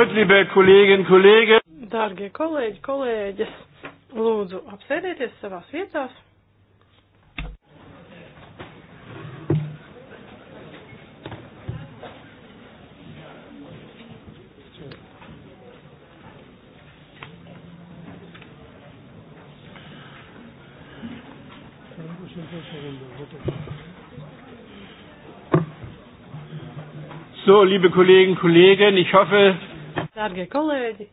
Gut, liebe Kolleginnen, Kollegen. Dārgie kolēģi, kolēģis, lūdzu apsēdieties savās vietās. So, liebe Kollegen, Kollegen, ich hoffe, Dārgie kolēģi,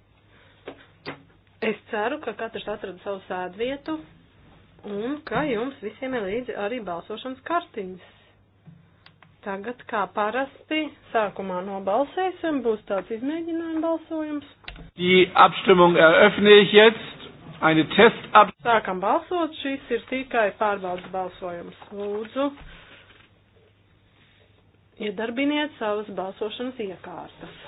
es ceru, ka katrs atrada savu sēdvietu un ka jums visiem ir līdzi arī balsošanas kartiņas. Tagad, kā parasti, sākumā nobalsēsim, būs tāds izmēģinājuma balsojums. Die Abstimmung eröffne ich jetzt. Eine Testab. Sākam balsot, šis ir tikai pārbaudas balsojums. Lūdzu, iedarbiniet savas balsošanas iekārtas.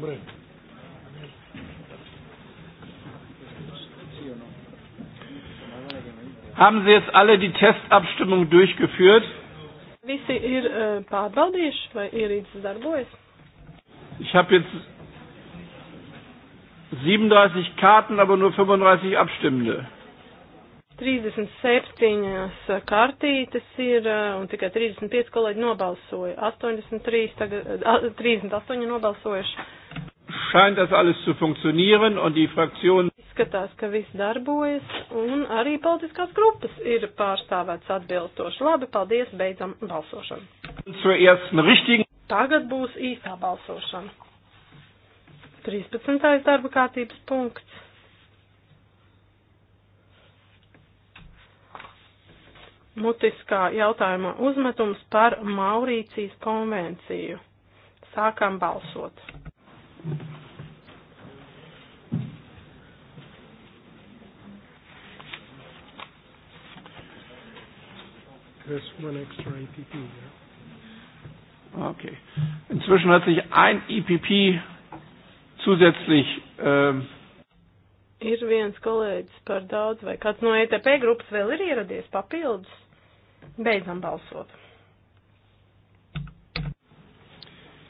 Breve. Haben Sie jetzt alle die Testabstimmung durchgeführt? Visi ir uh, pārbaudījuši, vai ierīces darbojas? Ich habe jetzt 37 Karten, aber nur 35 Abstimmende. 37 kartītes ir, eh, un tikai 35 kolēģi nobalsoja. 83, tagad, 38 nobalsojuši. Scheint das alles zu funktionieren un die Fraktion. Izskatās, ka viss darbojas, un arī politiskās grupas ir pārstāvētas atbilstoši. Labi, paldies, beidzam balsošanu. Tagad būs īstā balsošana. 13. darba kārtības punkts. mutiskā jautājuma uzmetums par Maurīcijas konvenciju. Sākam balsot. There's one extra EPP there. Okay. Inzwischen hat sich ein EPP zusätzlich. Ähm Ir viens kolēģis par daudz, vai kāds no ETP grupas vēl ir ieradies papildus? Beidzam balsot.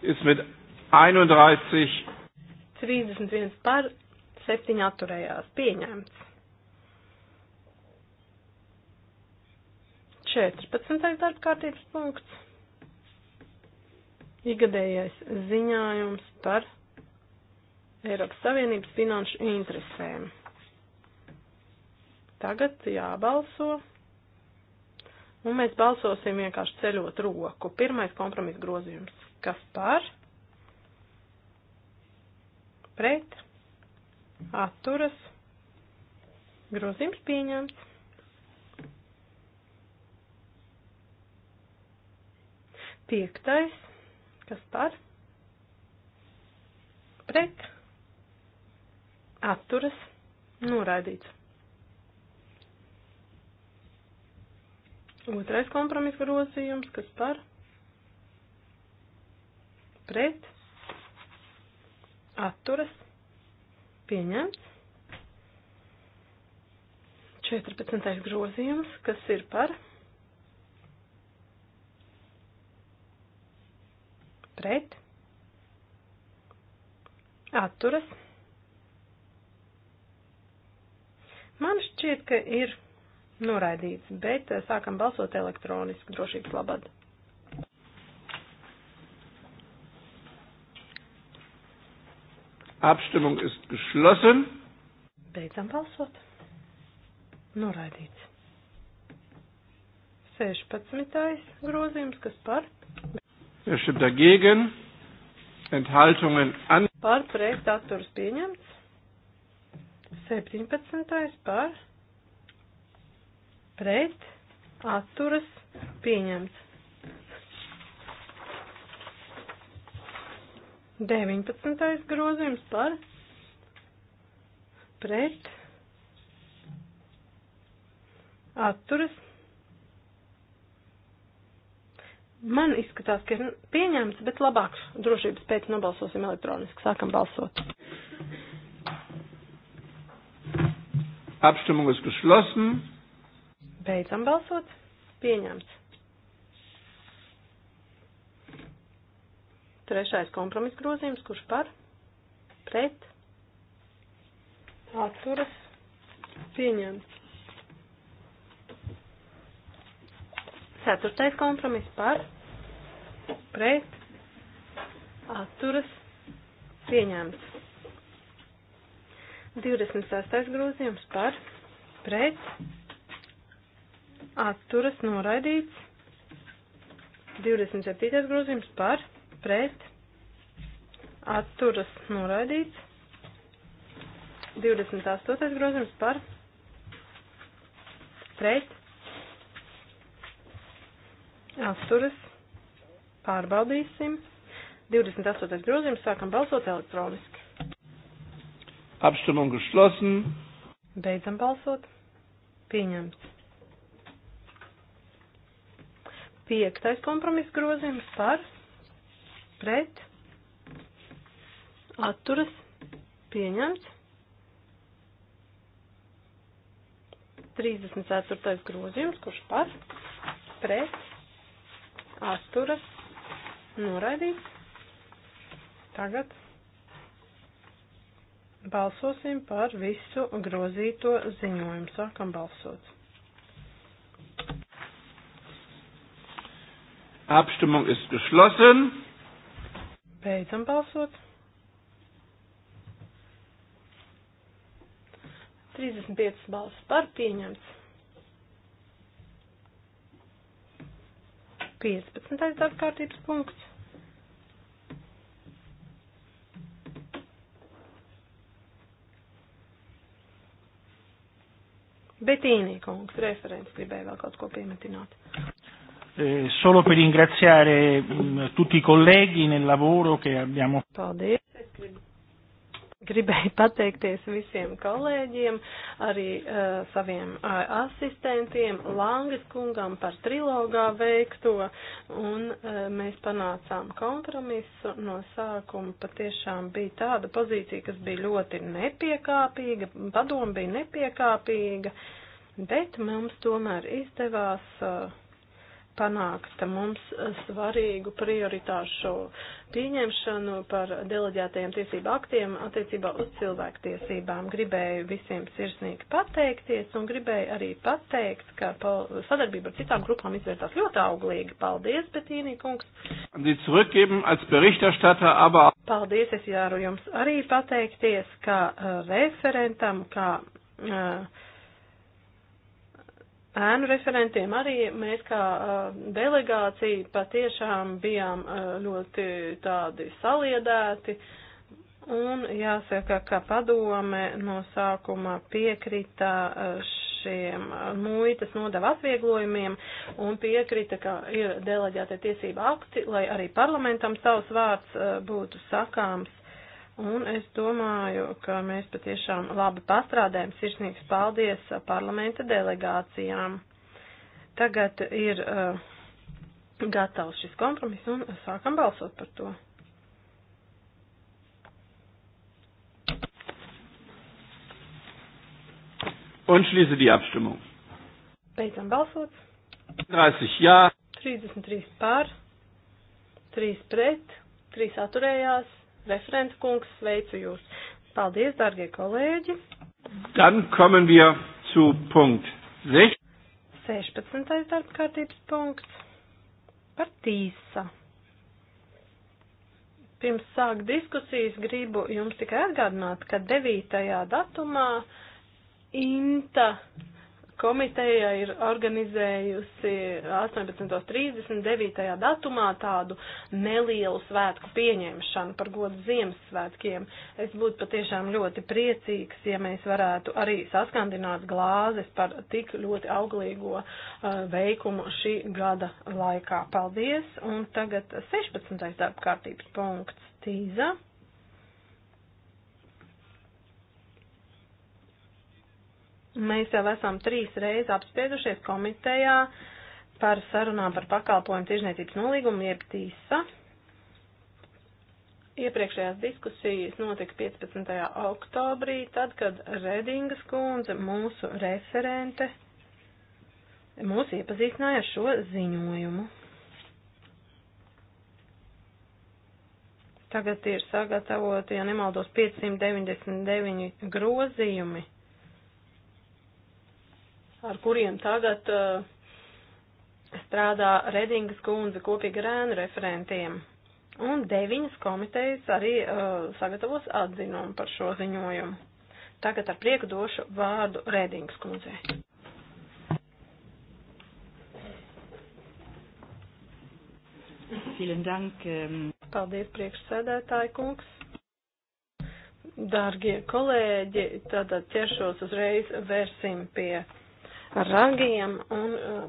Ist mit 31. 31 par, 7 atturējās. Pieņemts. 14. darbkārtības punkts. Igadējais ziņājums par Eiropas Savienības finanšu interesēm. Tagad jābalso Un nu, mēs balsosim vienkārši ceļot roku. Pirmais kompromis grozījums. Kas par? Pret? Atturas? Grozījums pieņemts. Piektais. Kas par? Pret? Atturas? Noraidīts. Otrais kompromis grozījums, kas par pret atturas pieņemts. 14. grozījums, kas ir par pret atturas. Man šķiet, ka ir noraidīts, bet eh, sākam balsot elektroniski drošības labad. Abstimmung ist geschlossen. Beidzam balsot. Noraidīts. 16. grozījums, kas par? Wer stimmt dagegen? Enthaltungen an. Par pret atturas pieņemts. 17. par pret, atturas, pieņemts. 19. grozījums par pret, atturas. Man izskatās, ka ir pieņemts, bet labāk drošības pēc nobalsosim elektroniski. Sākam balsot. Abstimmung ist geschlossen. Beidzam balsot. Pieņemts. Trešais kompromis grozījums, kurš par, pret, atturas, pieņemts. Ceturtais kompromis par, pret, atturas, pieņemts. 26. grozījums par, pret, atturas noraidīts. 27. grozījums par, pret, atturas noraidīts. 28. grozījums par, pret, atturas, pārbaudīsim. 28. grozījums sākam balsot elektroniski. Abstimmung geschlossen. Beidzam balsot. Pieņemts. Piektais kompromiss grozījums par pret atturas pieņemts. 34. grozījums, kurš par pret atturas noraidīts. Tagad balsosim par visu grozīto ziņojumu. Sākam balsot. Abstimmung ist geschlossen. Beidzam balsot. 35 balsis par pieņemts. 15. atkārtības punkts. Betīnī kungs, referents, gribēja vēl kaut ko piemetināt eh, solo per ringraziare mh, mm, tutti i colleghi nel lavoro che abbiamo fatto. Gribēju pateikties visiem kolēģiem, arī uh, saviem uh, asistentiem, Langas kungam par trilogā veikto, un uh, mēs panācām kompromisu no sākuma. Patiešām bija tāda pozīcija, kas bija ļoti nepiekāpīga, padoma bija nepiekāpīga, bet mums tomēr izdevās. Uh, panākt mums e, svarīgu prioritāšu pieņemšanu par deleģētajiem tiesību aktiem attiecībā uz cilvēktiesībām. Gribēju visiem sirsnīgi pateikties un gribēju arī pateikt, ka sadarbība ar citām grupām izvērtās ļoti auglīgi. Paldies, Betīnī kungs! Paldies, es jāru jums arī pateikties, kā e, referentam, kā. Uh, ēnu referentiem arī mēs kā uh, delegācija patiešām bijām uh, ļoti tādi saliedēti. Un jāsaka, ka padome no sākuma piekrita uh, šiem muitas nodeva atvieglojumiem un piekrita, ka ir deleģētie tiesība akti, lai arī parlamentam savs vārds būtu sakāms Un es domāju, ka mēs patiešām labi pastrādājam. Sirsnīgs paldies parlamenta delegācijām. Tagad ir uh, gatavs šis kompromiss un sākam balsot par to. Un schließe die Abstimmung. Beidzam balsot. 30 jā. 33 pār, 3 pret, 3 atturējās Referenta kungs, sveicu jūs. Paldies, dārgie kolēģi. Dann kommen wir zu Punkt 6. 16. darba kārtības punkts par tīsa. Pirms sāk diskusijas gribu jums tikai atgādināt, ka 9. datumā Inta komiteja ir organizējusi 18.39. datumā tādu nelielu svētku pieņemšanu par godu Ziemassvētkiem. Es būtu patiešām ļoti priecīgs, ja mēs varētu arī saskandināt glāzes par tik ļoti auglīgo uh, veikumu šī gada laikā. Paldies! Un tagad 16. darba kārtības punkts. Tīza. Mēs jau esam trīs reizes apspriedušies komitejā par sarunām par pakalpojumu tirzniecības nolīgumu, jeb tīsa. Iepriekšējās diskusijas notika 15. oktobrī, tad, kad Redingas kundze, mūsu referente, mūs iepazīstināja ar šo ziņojumu. Tagad ir sagatavoti, ja nemaldos, 599 grozījumi ar kuriem tagad uh, strādā Redingas kundze kopīgi ar ēnu referentiem. Un deviņas komitejas arī uh, sagatavos atzinumu par šo ziņojumu. Tagad ar prieku došu vārdu Redingas kundzei. Ähm, Paldies, priekšsēdētāji kungs. Dārgie kolēģi, tad ķeršos uzreiz vērsim pie ragiem un uh,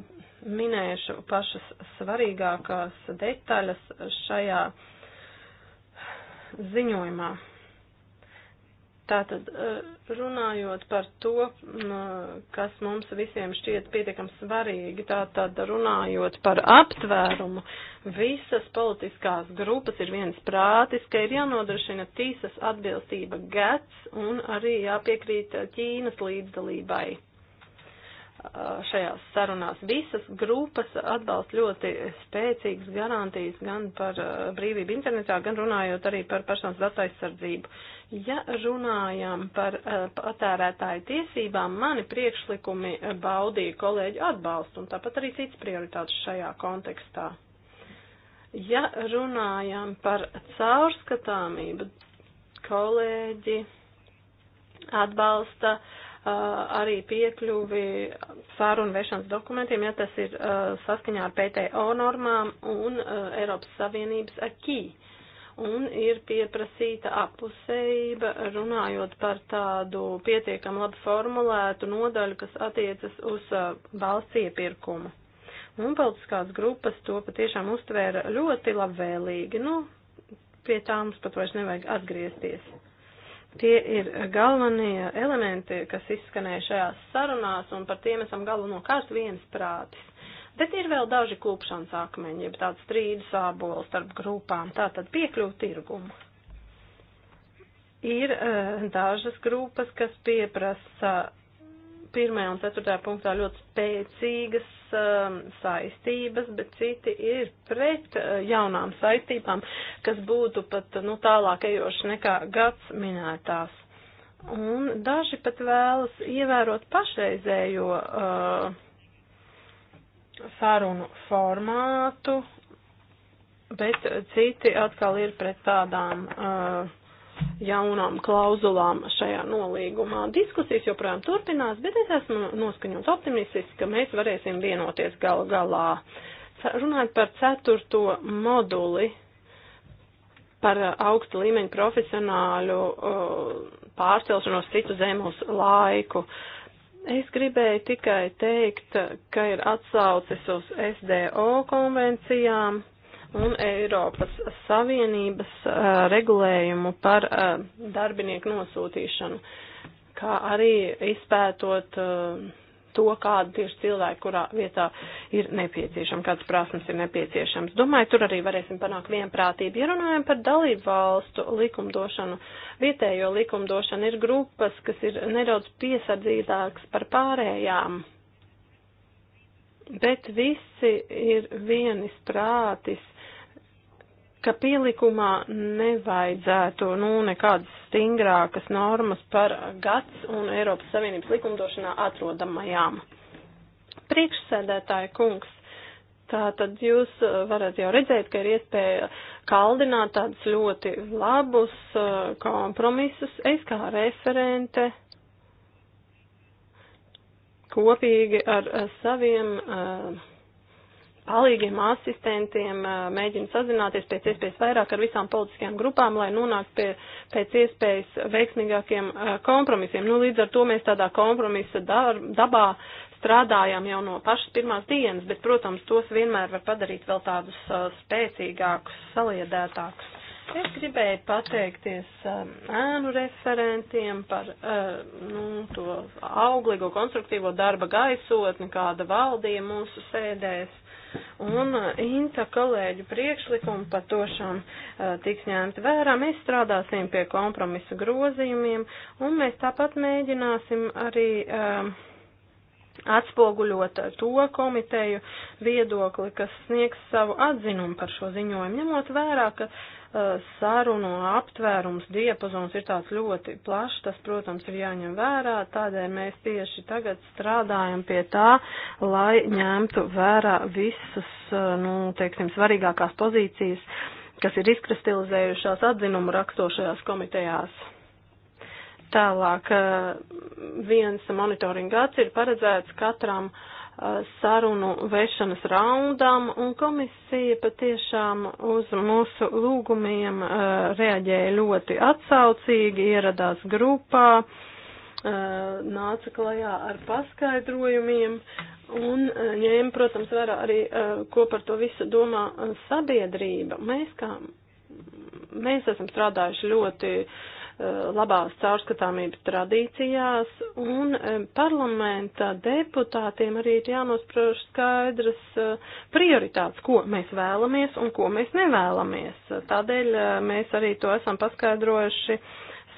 minēšu pašas svarīgākās detaļas šajā ziņojumā. Tātad uh, runājot par to, mm, kas mums visiem šķiet pietiekami svarīgi, tātad runājot par aptvērumu, visas politiskās grupas ir viens prātis, ka ir jānodrošina tīsas atbilstība gads un arī jāpiekrīt Ķīnas līdzdalībai šajās sarunās. Visas grupas atbalsta ļoti spēcīgas garantijas gan par brīvību internetā, gan runājot arī par personas datu aizsardzību. Ja runājam par patērētāju tiesībām, mani priekšlikumi baudīja kolēģu atbalstu un tāpat arī cits prioritātes šajā kontekstā. Ja runājam par caurskatāmību, kolēģi atbalsta uh, arī piekļuvi sārunu vešanas dokumentiem, ja tas ir saskaņā ar PTO normām un Eiropas Savienības akī un ir pieprasīta apusējība, runājot par tādu pietiekam labi formulētu nodaļu, kas attiecas uz valsts iepirkumu. Un politiskās grupas to patiešām uztvēra ļoti labvēlīgi, nu, pie tā mums pat vairs nevajag atgriezties. Tie ir galvenie elementi, kas izskanēja šajās sarunās, un par tiem esam galvenokārt viens prātis. Bet ir vēl daži klupšanas akmeņi, jeb tāds strīdus ābols starp grupām, tā tad piekļuvu tirgumu. Ir uh, dažas grupas, kas pieprasa pirmajā un ceturtajā punktā ļoti spēcīgas Um, saistības, bet citi ir pret uh, jaunām saistībām, kas būtu pat nu, tālāk ejoši nekā gads minētās. Un daži pat vēlas ievērot pašreizējo uh, sarunu formātu, bet citi atkal ir pret tādām uh, jaunām klauzulām šajā nolīgumā. Diskusijas joprojām turpinās, bet es esmu noskaņots optimistiski, ka mēs varēsim vienoties gal galā. Runājot par ceturto moduli, par uh, augsta līmeņa profesionāļu uh, pārcelšanos citu zemes laiku. Es gribēju tikai teikt, ka ir atsaucis uz SDO konvencijām un Eiropas Savienības uh, regulējumu par uh, darbinieku nosūtīšanu, kā arī izpētot uh, to, kāda tieši cilvēka, kurā vietā ir nepieciešama, kādas prasmes ir nepieciešams. Domāju, tur arī varēsim panākt vienprātību. Ja runājam par dalību valstu likumdošanu, vietējo likumdošanu ir grupas, kas ir nedaudz piesardzītāks par pārējām. Bet visi ir vienis prātis ka pielikumā nevajadzētu nu, nekādas stingrākas normas par gads un Eiropas Savienības likumdošanā atrodamajām. Priekšsēdētāja kungs, tātad jūs uh, varat jau redzēt, ka ir iespēja kaldināt tādus ļoti labus uh, kompromisus. Es kā referente kopīgi ar uh, saviem uh, palīgiem, asistentiem, mēģina sazināties pēc iespējas vairāk ar visām politiskajām grupām, lai nonāktu pie pēc iespējas veiksmīgākiem kompromisiem. Nu, līdz ar to mēs tādā kompromisa dar, dabā strādājām jau no pašas pirmās dienas, bet, protams, tos vienmēr var padarīt vēl tādus spēcīgākus, saliedētākus. Es gribēju pateikties ēnu referentiem par nu, to auglīgo konstruktīvo darba gaisotni, kāda valdīja mūsu sēdēs un uh, Inta kolēģu priekšlikumi par tošām uh, tiks ņemti vērā. Mēs strādāsim pie kompromisu grozījumiem, un mēs tāpat mēģināsim arī um, atspoguļot to komiteju viedokli, kas sniegs savu atzinumu par šo ziņojumu, ņemot vērā, ka uh, Eh, sarunu aptvērums, diapazons ir tāds ļoti plašs, tas, protams, ir jāņem vērā, tādēļ mēs tieši tagad strādājam pie tā, lai ņemtu vērā visas, eh, nu, teiksim, svarīgākās pozīcijas, kas ir izkristalizējušās atzinumu rakstošajās komitejās. Tālāk eh, viens monitorings gads ir paredzēts katram uh, sarunu vešanas raundām, un komisija patiešām uz mūsu lūgumiem uh, reaģēja ļoti atsaucīgi, ieradās grupā, uh, nāca klajā ar paskaidrojumiem un ņēma, uh, protams, vērā arī, ko par to visu domā sabiedrība. Mēs kā, mēs esam strādājuši ļoti uh, Eh, labās caurskatāmības tradīcijās, un eh, parlamenta deputātiem arī ir jānosprauž skaidras eh, prioritātes, ko mēs vēlamies un ko mēs nevēlamies. Tādēļ mēs arī to esam paskaidrojuši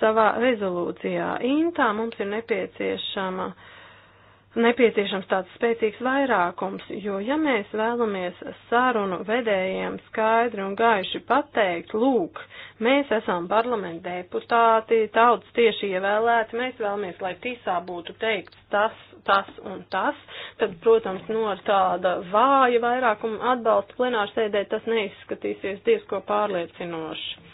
savā rezolūcijā. Intā mums ir nepieciešama uh, nepieciešams tāds spēcīgs vairākums, jo ja mēs vēlamies sarunu vedējiem skaidri un gaiši pateikt, lūk, mēs esam parlamenta deputāti, tautas tieši ievēlēti, mēs vēlamies, lai tīsā būtu teikts tas, tas un tas, tad, protams, no nu, tāda vāja vairākuma atbalsta plenārsēdē tas neizskatīsies diezko pārliecinoši.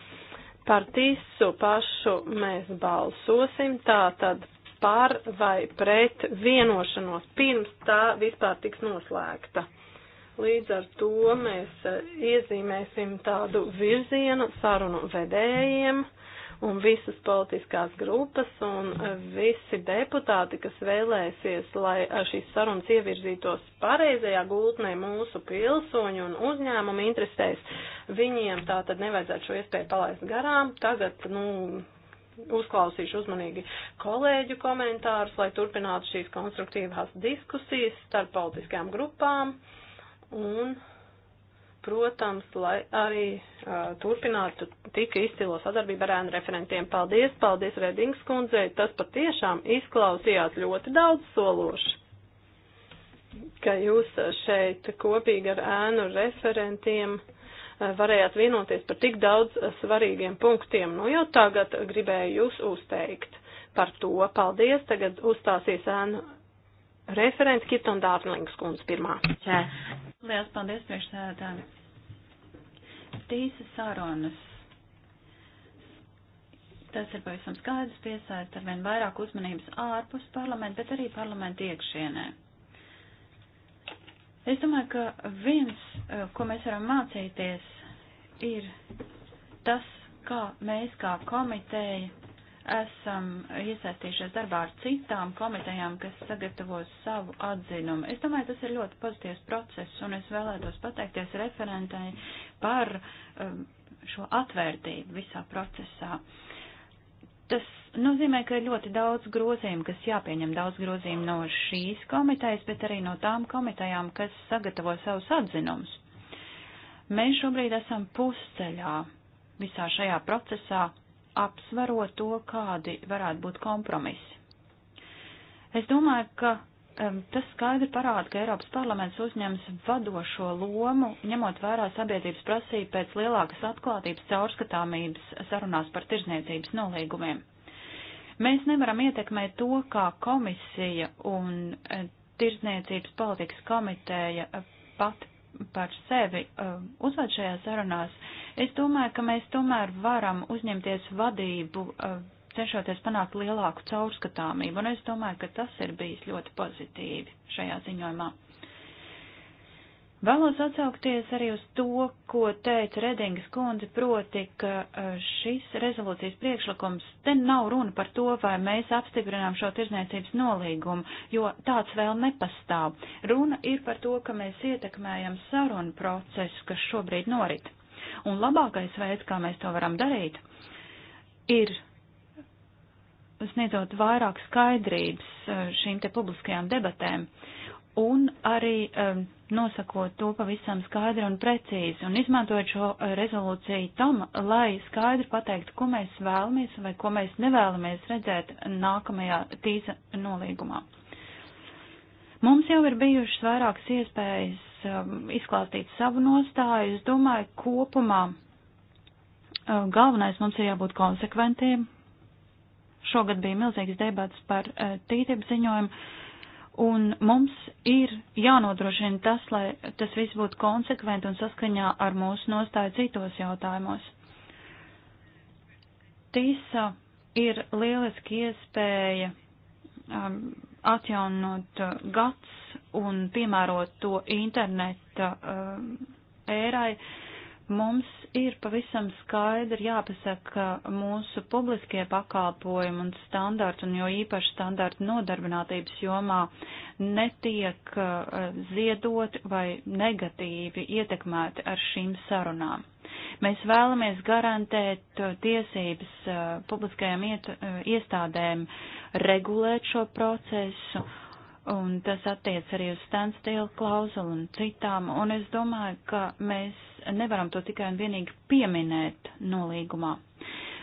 Par tīsu pašu mēs balsosim, tā tad par vai pret vienošanos pirms tā vispār tiks noslēgta. Līdz ar to mēs e, iezīmēsim tādu virzienu sarunu vedējiem un visas politiskās grupas un e, visi deputāti, kas vēlēsies, lai e, šīs sarunas ievirzītos pareizajā gultnē mūsu pilsoņu un uzņēmumu interesēs, viņiem tā tad nevajadzētu šo iespēju palaist garām. Tagad, nu, uzklausīšu uzmanīgi kolēģu komentārus, lai turpinātu šīs konstruktīvās diskusijas starp politiskajām grupām un, protams, lai arī uh, turpinātu tik izcilo sadarbību ar ēnu referentiem. Paldies, paldies Redings kundzei, tas patiešām izklausījās ļoti daudz sološi ka jūs šeit kopīgi ar ēnu referentiem uh, varējāt vienoties par tik daudz svarīgiem punktiem. Nu jau tagad gribēju jūs uzteikt par to. Paldies. Tagad uzstāsies ēnu referents Kirton Dārtlings kundze pirmā. Jā. Lielas paldies priekšsēdētāji. Tīsa sarunas. Tas ir pavisam skaidrs piesaist ar vien vairāk uzmanības ārpus parlamenta, bet arī parlamenta iekšienē. Es domāju, ka viens, e, ko mēs varam mācīties, ir tas, kā mēs kā komiteja esam iesaistījušies darbā ar citām komitejām, kas sagatavo savu atzinumu. Es domāju, tas ir ļoti pozitīvs process, un es vēlētos pateikties referentai par um, šo atvērtību visā procesā. Uh, Tas nozīmē, ka ir ļoti daudz grozījumu, kas jāpieņem daudz grozījumu no šīs komitejas, bet arī no tām komitejām, kas sagatavo savus atzinumus. Mēs šobrīd esam pusceļā visā šajā procesā, apsverot to, kādi varētu būt kompromisi. Es domāju, ka Tas skaidri parāda, ka Eiropas parlaments uzņems vadošo lomu, ņemot vērā sabiedrības prasību pēc lielākas atklātības caurskatāmības sarunās par tirzniecības nolīgumiem. Mēs nevaram ietekmēt to, kā komisija un eh, tirzniecības politikas komiteja eh, pat par sevi eh, uzved šajās sarunās. Es domāju, ka mēs tomēr varam uzņemties vadību cenšoties panākt lielāku caurskatāmību, un es domāju, ka tas ir bijis ļoti pozitīvi šajā ziņojumā. Vēlos atsaukties arī uz to, ko teica Redingas kundze, proti, ka e, šis rezolūcijas priekšlikums, te nav runa par to, vai mēs apstiprinām šo tirzniecības nolīgumu, jo tāds vēl nepastāv. Runa ir par to, ka mēs ietekmējam sarunu procesu, kas šobrīd norit. Un labākais veids, kā mēs to varam darīt, ir sniedzot vairāk skaidrības eh, šīm te publiskajām debatēm un arī um, nosakot to pavisam skaidri un precīzi un izmantojot šo eh, rezolūciju tam, lai skaidri pateiktu, ko mēs vēlamies vai ko mēs nevēlamies redzēt nākamajā tīza nolīgumā. Mums jau ir bijušas vairākas iespējas um, izklāstīt savu nostāju. Es domāju, kopumā um, galvenais mums ir jābūt konsekventiem, Šogad bija milzīgs debats par e, tītību ziņojumu, un mums ir jānodrošina tas, lai tas viss būtu konsekventi un saskaņā ar mūsu nostāju citos jautājumos. Tīsa ir lieliski iespēja um, atjaunot uh, gads un piemērot to interneta uh, ērai. Uh, Mums ir pavisam skaidri jāpasaka mūsu publiskie pakalpojumi un standarti, un jo īpaši standarti nodarbinātības jomā netiek eh, ziedoti vai negatīvi ietekmēti ar šīm sarunām. Mēs vēlamies garantēt eh, tiesības eh, publiskajām iestādēm regulēt šo procesu un tas attiec arī uz standstila klauzulu un citām, un es domāju, ka mēs nevaram to tikai un vienīgi pieminēt nolīgumā.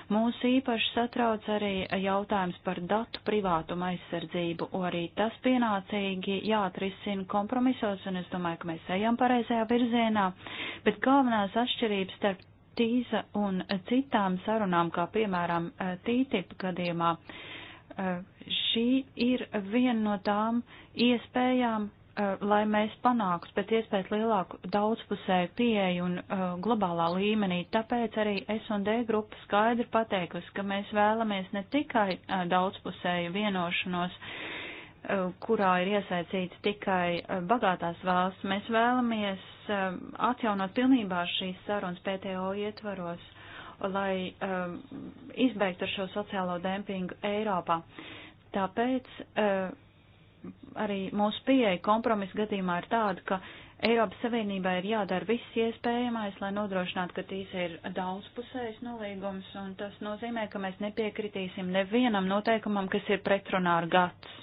Mūs īpaši satrauc arī jautājums par datu privātuma aizsardzību, arī tas pienācīgi jāatrisina kompromisos, un es domāju, ka mēs ejam pareizajā virzienā, bet galvenās atšķirības starp tīza un citām sarunām, kā piemēram eh, tītip gadījumā, uh, Eh, šī ir viena no tām iespējām, eh, lai mēs panāktu pēc iespējas lielāku daudzpusēju pieeju un uh, globālā līmenī. Tāpēc arī S&D grupa skaidri pateikusi, ka mēs vēlamies ne tikai uh, daudzpusēju vienošanos, uh, kurā ir iesaicīts tikai uh, bagātās valsts, mēs vēlamies uh, atjaunot pilnībā šīs sarunas PTO ietvaros lai um, izbeigtu ar šo sociālo dempingu Eiropā. Tāpēc uh, arī mūsu pieeja kompromisa gadījumā ir tāda, ka Eiropas Savienībā ir jādara viss iespējamais, lai nodrošinātu, ka tīs ir daudzpusējs nolīgums, un tas nozīmē, ka mēs nepiekritīsim nevienam noteikumam, kas ir pretrunā ar gads.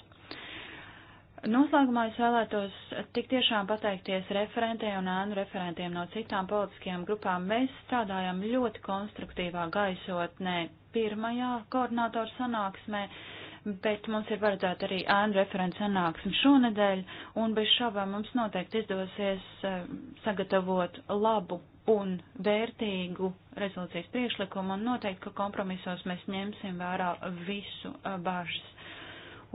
Noslēgumā es vēlētos tik tiešām pateikties referentiem un ēnu referentiem no citām politiskajām grupām. Mēs strādājam ļoti konstruktīvā gaisotnē pirmajā koordinātoru sanāksmē, bet mums ir paredzēta arī ēnu referents sanāksme šonedēļ, un bez šaubām mums noteikti izdosies e, sagatavot labu un vērtīgu rezolūcijas priekšlikumu, un noteikti, ka kompromisos mēs ņemsim vērā visu e, bāžas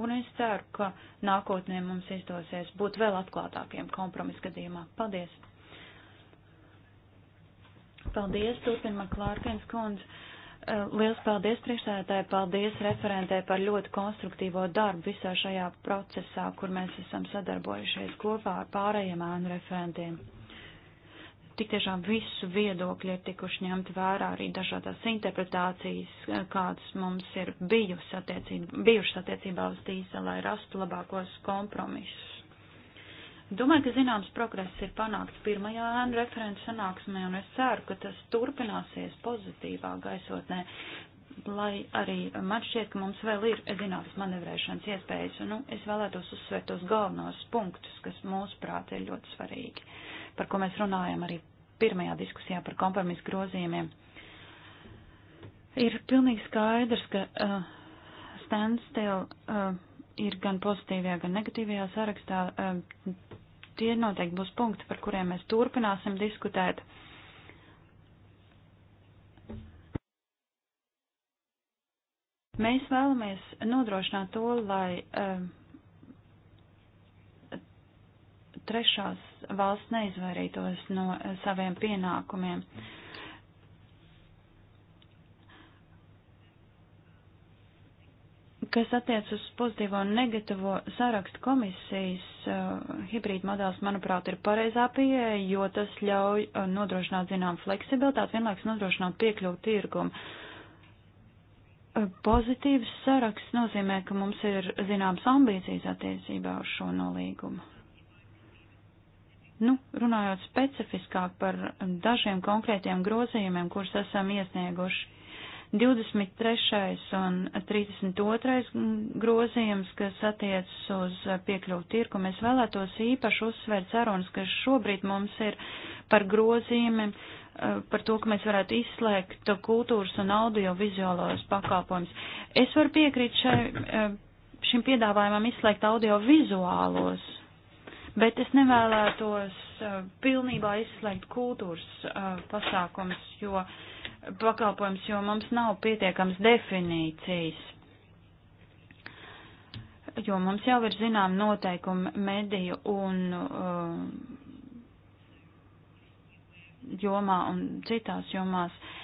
un es ceru, ka nākotnē mums izdosies būt vēl atklātākiem kompromisu gadījumā. Paldies! Paldies, turpina Klārkens kundze. E, liels paldies priekšsēdētāji, paldies referentē par ļoti konstruktīvo darbu visā šajā procesā, kur mēs esam sadarbojušies kopā ar pārējiem ēnu referentiem tik tiešām visu viedokļi ir tikuši ņemt vērā arī dažādās interpretācijas, kādas mums ir bijušas attiecībā, bijušas attiecībā uz tīsa, lai rastu labākos kompromisus. Domāju, ka zināms progress ir panākts pirmajā ēnu referents sanāksmē, un es ceru, ka tas turpināsies pozitīvā gaisotnē, lai arī man šķiet, ka mums vēl ir zināmas manevrēšanas iespējas, un nu, es vēlētos uzsvērt tos galvenos punktus, kas mūsuprāt ir ļoti svarīgi par ko mēs runājam arī pirmajā diskusijā par kompromisu grozījumiem. Ir pilnīgi skaidrs, ka uh, standstill uh, ir gan pozitīvajā, gan negatīvajā sarakstā. Uh, tie noteikti būs punkti, par kuriem mēs turpināsim diskutēt. Mēs vēlamies nodrošināt to, lai uh, trešās valsts neizvairītos no saviem pienākumiem. Kas attiec uz pozitīvo un negatīvo sarakstu komisijas, eh, hibrīd modelis, manuprāt, ir pareizā pieeja, jo tas ļauj eh, nodrošināt zinām fleksibilitāti, vienlaiks nodrošināt piekļuvu tirgumu. Eh, pozitīvs saraksts nozīmē, ka mums ir zināmas ambīcijas attiecībā uz šo nolīgumu. Nu, runājot specifiskāk par dažiem konkrētiem grozījumiem, kurus esam iesnieguši. 23. un 32. grozījums, kas attiecas uz piekļuvu tirku, mēs vēlētos īpaši uzsvērt sarunas, kas šobrīd mums ir par grozījumiem, eh, par to, ka mēs varētu izslēgt kultūras un audiovizuālos pakalpojumus. Es varu piekrīt šai, eh, šim piedāvājumam izslēgt audiovizuālos bet es nevēlētos uh, pilnībā izslēgt kultūras uh, pasākums, jo pakalpojums, jo mums nav pietiekams definīcijas. Jo mums jau ir zinām noteikumi mediju un uh, jomā un citās jomās. Uh,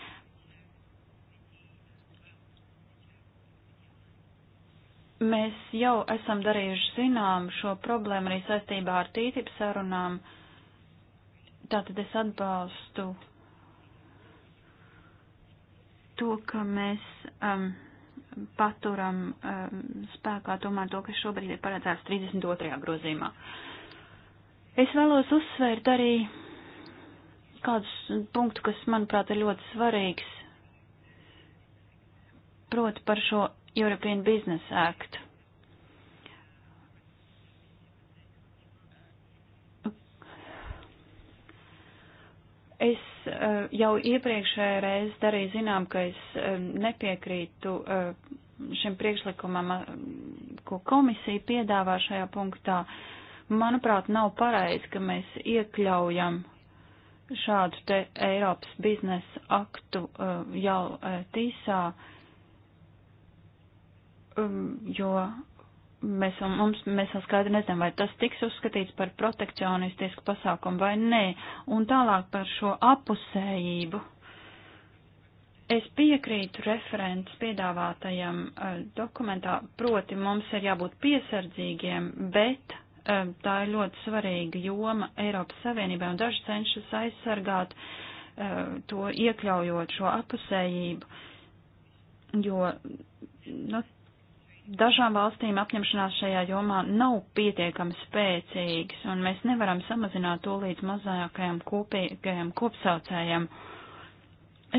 Mēs jau esam darījuši zinām šo problēmu arī saistībā ar tītip sarunām. Tātad es atbalstu to, ka mēs um, paturam um, spēkā tomēr to, kas šobrīd ir paredzēts 32. grozīmā. Es vēlos uzsvērt arī kādus punktu, kas, manuprāt, ir ļoti svarīgs, proti par šo European Business Act. Es eh, jau iepriekšējā reizē darīju zinām, ka es eh, nepiekrītu eh, šim priekšlikumam, ko komisija piedāvā šajā punktā. Manuprāt, nav pareizi, ka mēs iekļaujam šādu te Eiropas biznesa aktu jau tīsā. Uh, Um, jo mēs, mums, mēs vēl skaidri nezinām, vai tas tiks uzskatīts par protekcionistisku pasākumu vai nē. Un tālāk par šo apusējību. Es piekrītu referents piedāvātajam uh, dokumentā, proti mums ir jābūt piesardzīgiem, bet uh, tā ir ļoti svarīga joma Eiropas Savienībai un daži cenšas aizsargāt uh, to iekļaujot šo apusējību, jo nu, Dažām valstīm apņemšanās šajā jomā nav pietiekami spēcīgas, un mēs nevaram samazināt to līdz mazākajam kopīgajam kopsaucējam.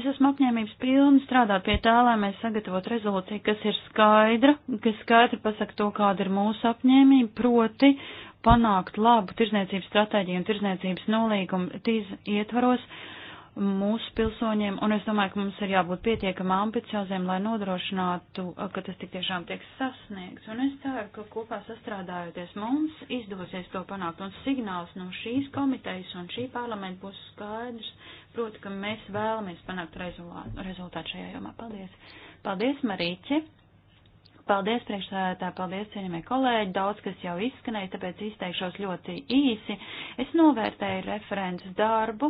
Es esmu apņēmības pilna strādāt pie tā, lai mēs sagatavotu rezolūciju, kas ir skaidra, kas skaidri pasaka to, kāda ir mūsu apņēmība, proti panākt labu tirzniecības stratēģiju un tirzniecības nolīgumu tīz ietvaros, uh, mūsu pilsoņiem, un es domāju, ka mums ir jābūt pietiekami ambicioziem, lai nodrošinātu, ka tas tik tiešām tiek sasniegts. Un es ceru, ka kopā sastrādājoties mums izdosies to panākt, un signāls no šīs komitejas un šī parlamenta būs skaidrs, proti, ka mēs vēlamies panākt rezultātu šajā jomā. Paldies! Paldies, Marīķi! Paldies, priekšsēdētāji, paldies, cienījamie kolēģi. Daudz, kas jau izskanēja, tāpēc izteikšos ļoti īsi. Es novērtēju referents darbu,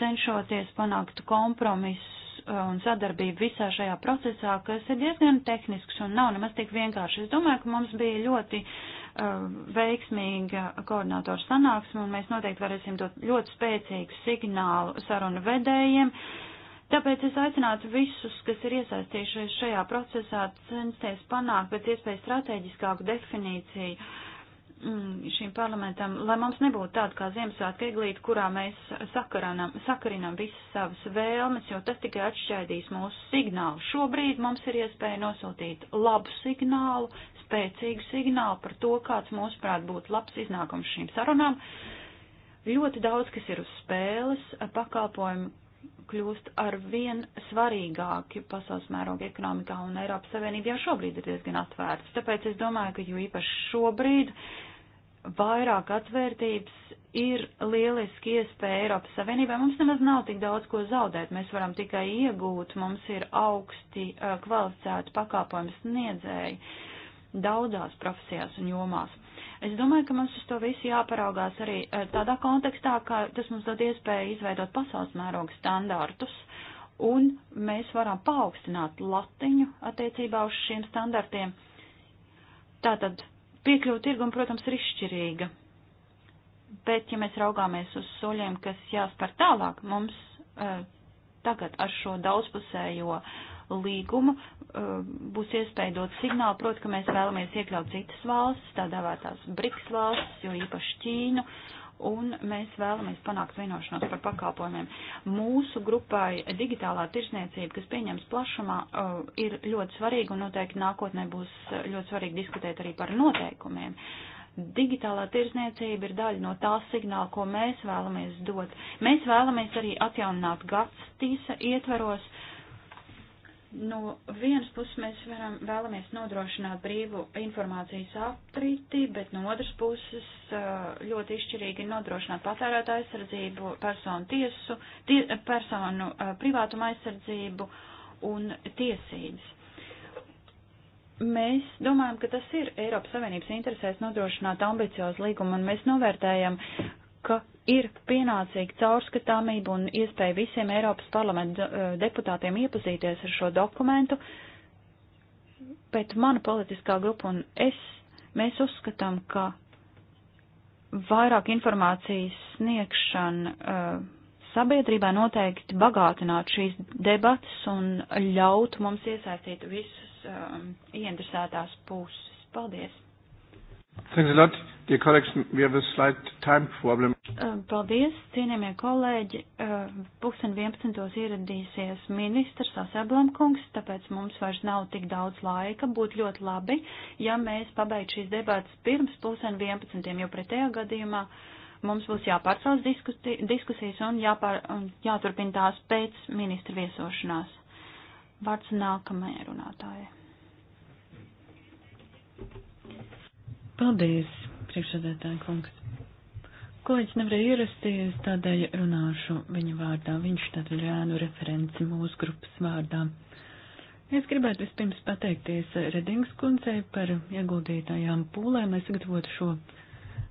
cenšoties panākt kompromisu uh, un sadarbību visā šajā procesā, kas ir diezgan tehnisks un nav nemaz tik vienkārši. Es domāju, ka mums bija ļoti uh, veiksmīga koordinātora sanāksme, un mēs noteikti varēsim dot ļoti spēcīgu signālu sarunu vedējiem. Uh, Tāpēc es aicinātu visus, kas ir iesaistījušies šajā procesā, censties panākt pēc iespējas strateģiskāku definīciju šīm mm, parlamentam, lai mums nebūtu tāda kā Ziemassvētka eglīte, kurā mēs sakaranam, sakarinam visas savas vēlmes, jo tas tikai atšķaidīs mūsu signālu. Šobrīd mums ir iespēja nosūtīt labu signālu, spēcīgu signālu par to, kāds mūsuprāt būtu labs iznākums šīm sarunām. Ļoti daudz, kas ir uz spēles, pakalpojumu kļūst ar vien svarīgāki pasaules mēroga ekonomikā un Eiropas Savienība jau šobrīd ir diezgan atvērtas. Tāpēc es domāju, ka jo īpaši šobrīd vairāk atvērtības ir lieliski iespēja Eiropas Savienībai. Mums nemaz nav tik daudz ko zaudēt, mēs varam tikai iegūt, mums ir augsti eh, kvalificēti pakāpojums sniedzēji daudzās profesijās un jomās. Es domāju, ka mums uz to visu jāparaugās arī eh, tādā kontekstā, ka tas mums dod iespēju izveidot pasaules mēroga standartus, un mēs varam paaugstināt latiņu attiecībā uz šiem standartiem. Tātad piekļuva tirgum, protams, ir izšķirīga, bet ja mēs raugāmies uz soļiem, kas jāspēr tālāk, mums eh, tagad ar šo daudzpusējo eh, līguma uh, būs iespēja dot signālu, proti, ka mēs vēlamies iekļaut citas valstis, tā dēvētās BRICS valstis, jo īpaši Ķīnu, un mēs vēlamies panākt vienošanos par pakalpojumiem. Mūsu grupai digitālā tirsniecība, kas pieņems plašumā, uh, ir ļoti svarīga un noteikti nākotnē būs ļoti svarīgi diskutēt arī par noteikumiem. Digitālā tirzniecība ir daļa no tā signāla, ko mēs vēlamies dot. Mēs vēlamies arī atjaunināt GATS tīsa ietveros uh, no vienas puses mēs varam, vēlamies nodrošināt brīvu informācijas aprīti, bet no otras puses ļoti izšķirīgi nodrošināt patērētāju aizsardzību, personu tiesu, tie, personu privātuma aizsardzību un tiesības. Mēs domājam, ka tas ir Eiropas Savienības interesēs nodrošināt ambiciozu līgumu, un mēs novērtējam ka ir pienācīga caurskatāmība un iespēja visiem Eiropas parlamenta eh, deputātiem iepazīties ar šo dokumentu, bet mana politiskā grupa un es, mēs uzskatām, ka vairāk informācijas sniegšana uh, eh, sabiedrībā noteikti bagātinātu šīs debatas un ļautu mums iesaistīt visus uh, eh, ieinteresētās puses. Paldies! Thanks a lot, dear colleagues. We have a slight time problem. Uh, paldies, cienījamie kolēģi. Uh, pūksteni 11. ieradīsies ministrs Aseblankungs, tāpēc mums vairs nav tik daudz laika. Būtu ļoti labi, ja mēs pabeigtu šīs debātas pirms pūksteni 11. jo pretējā gadījumā mums būs jāpārcels diskusi, diskusijas un, jāpār, un jāturpina tās pēc ministra viesošanās. Vārds nākamajai runātājai. Paldies, priekšsēdētāja kungs. Kolēģis nevarēja ierasties, tādēļ runāšu viņa vārdā. Viņš tad ir ēnu referenci mūsu grupas vārdā. Es gribētu vispirms pateikties Redings kundzei par ieguldītajām pūlēm, lai sagatavotu šo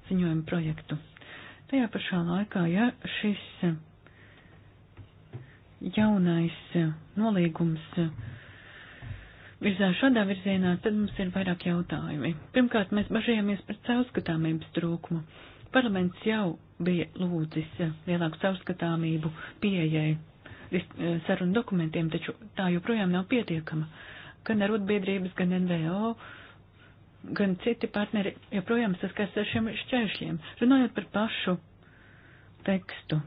ziņojumu projektu. Tajā pašā laikā, ja šis jaunais nolīgums virzās šādā virzienā, tad mums ir vairāk jautājumi. Pirmkārt, mēs bažījāmies par caurskatāmības trūkumu. Parlaments jau bija lūdzis lielāku caurskatāmību pieejai sarunu dokumentiem, taču tā joprojām nav pietiekama. Gan arotbiedrības, gan NVO, gan citi partneri joprojām saskars ar šiem šķēršļiem. Runājot par pašu tekstu,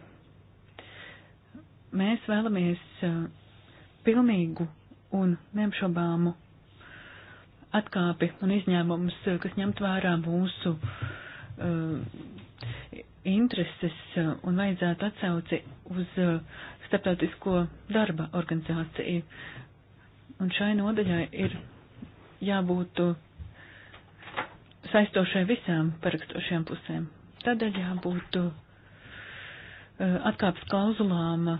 mēs vēlamies uh, pilnīgu un neapšaubāmu atkāpi un izņēmumus, kas ņemt vērā mūsu uh, intereses un vajadzētu atsauci uz uh, starptautisko darba organizāciju. Un šai nodaļai ir jābūt uh, saistošai visām parakstošajām pusēm. Tādēļ jābūt uh, atkāpes klauzulām,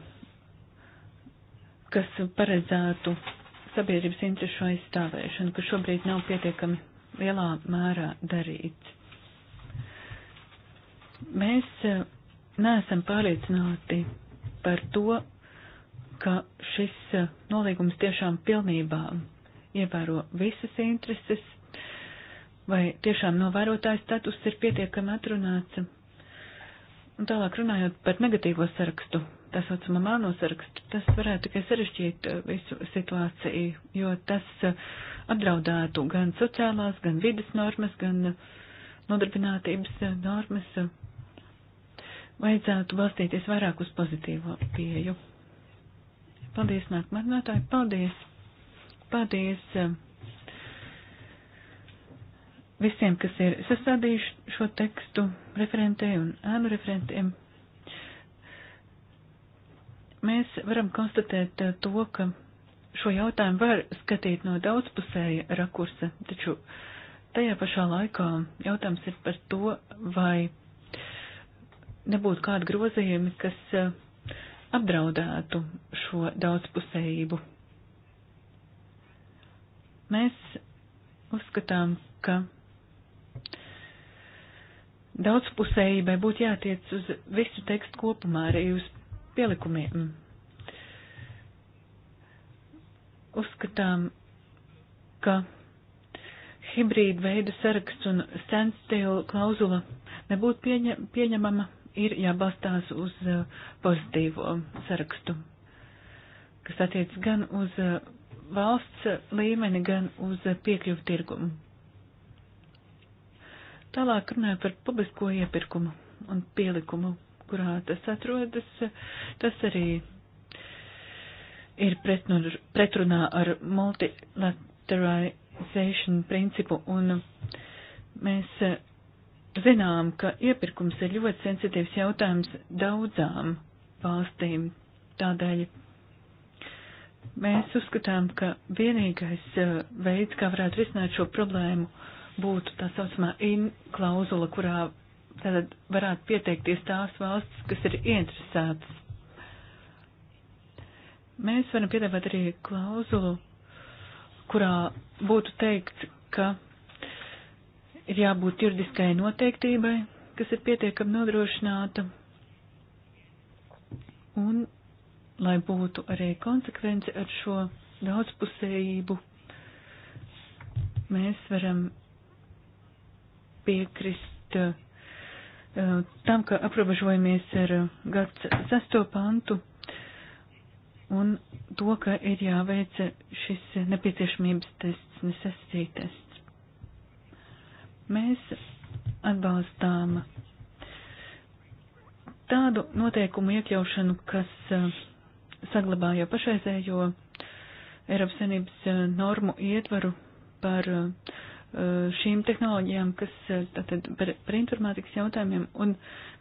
kas paredzētu sabiedrības interešu aizstāvēšanu, kas šobrīd nav pietiekami lielā mērā darīts. Mēs e, neesam pārliecināti par to, ka šis e, nolīgums tiešām pilnībā ievēro visas intereses, vai tiešām novērotājs status ir pietiekami atrunāts. Un tālāk runājot par negatīvo sarakstu tā saucamā melno sarakstu, tas varētu tikai sarežģīt eh, visu situāciju, jo tas eh, apdraudētu gan sociālās, gan vidas normas, gan eh, nodarbinātības normas. Vajadzētu balstīties vairāk uz pozitīvo pieju. Paldies, nākamā runātāja. Paldies. Paldies visiem, kas ir sastādījuši šo tekstu referentē un ēnu referentiem. Mēs varam konstatēt eh, to, ka šo jautājumu var skatīt no daudzpusēja rakursa, taču tajā pašā laikā jautājums ir par to, vai nebūtu kādi grozījumi, kas eh, apdraudētu šo daudzpusējību. Mēs uzskatām, ka daudzpusējībai būtu jātiec uz visu tekstu kopumā, arī uz pielikumiem. Mm. Uzskatām, ka hibrīda veida saraksts un standstill klauzula nebūtu pieņem, pieņemama, ir jābalstās uz uh, pozitīvo sarakstu, kas attiec gan uz uh, valsts līmeni, gan uz uh, piekļuvu tirgumu. Tālāk runāju par publisko iepirkumu un pielikumu kurā tas atrodas, tas arī ir pretrunā ar multilateralization principu, un mēs eh, zinām, ka iepirkums ir ļoti sensitīvs jautājums daudzām valstīm. Tādēļ mēs uzskatām, ka vienīgais eh, veids, kā varētu risināt šo problēmu, būtu tā saucamā in klauzula, kurā Tātad varētu pieteikties tās valstis, kas ir interesētas. Mēs varam piedāvāt arī klauzulu, kurā būtu teikts, ka ir jābūt juridiskai noteiktībai, kas ir pietiekami nodrošināta, un lai būtu arī konsekvence ar šo daudzpusējību, mēs varam piekrist Eh, tam, ka aprobežojamies ar eh, gads sesto pantu un to, ka ir jāveic šis nepieciešamības tests, necessity tests. Mēs atbalstām tādu noteikumu iekļaušanu, kas eh, saglabā jau pašreizējo Eiropas Savienības normu ietvaru par uh, Eh, šīm tehnoloģijām, kas eh, tātad par, par informātikas jautājumiem, un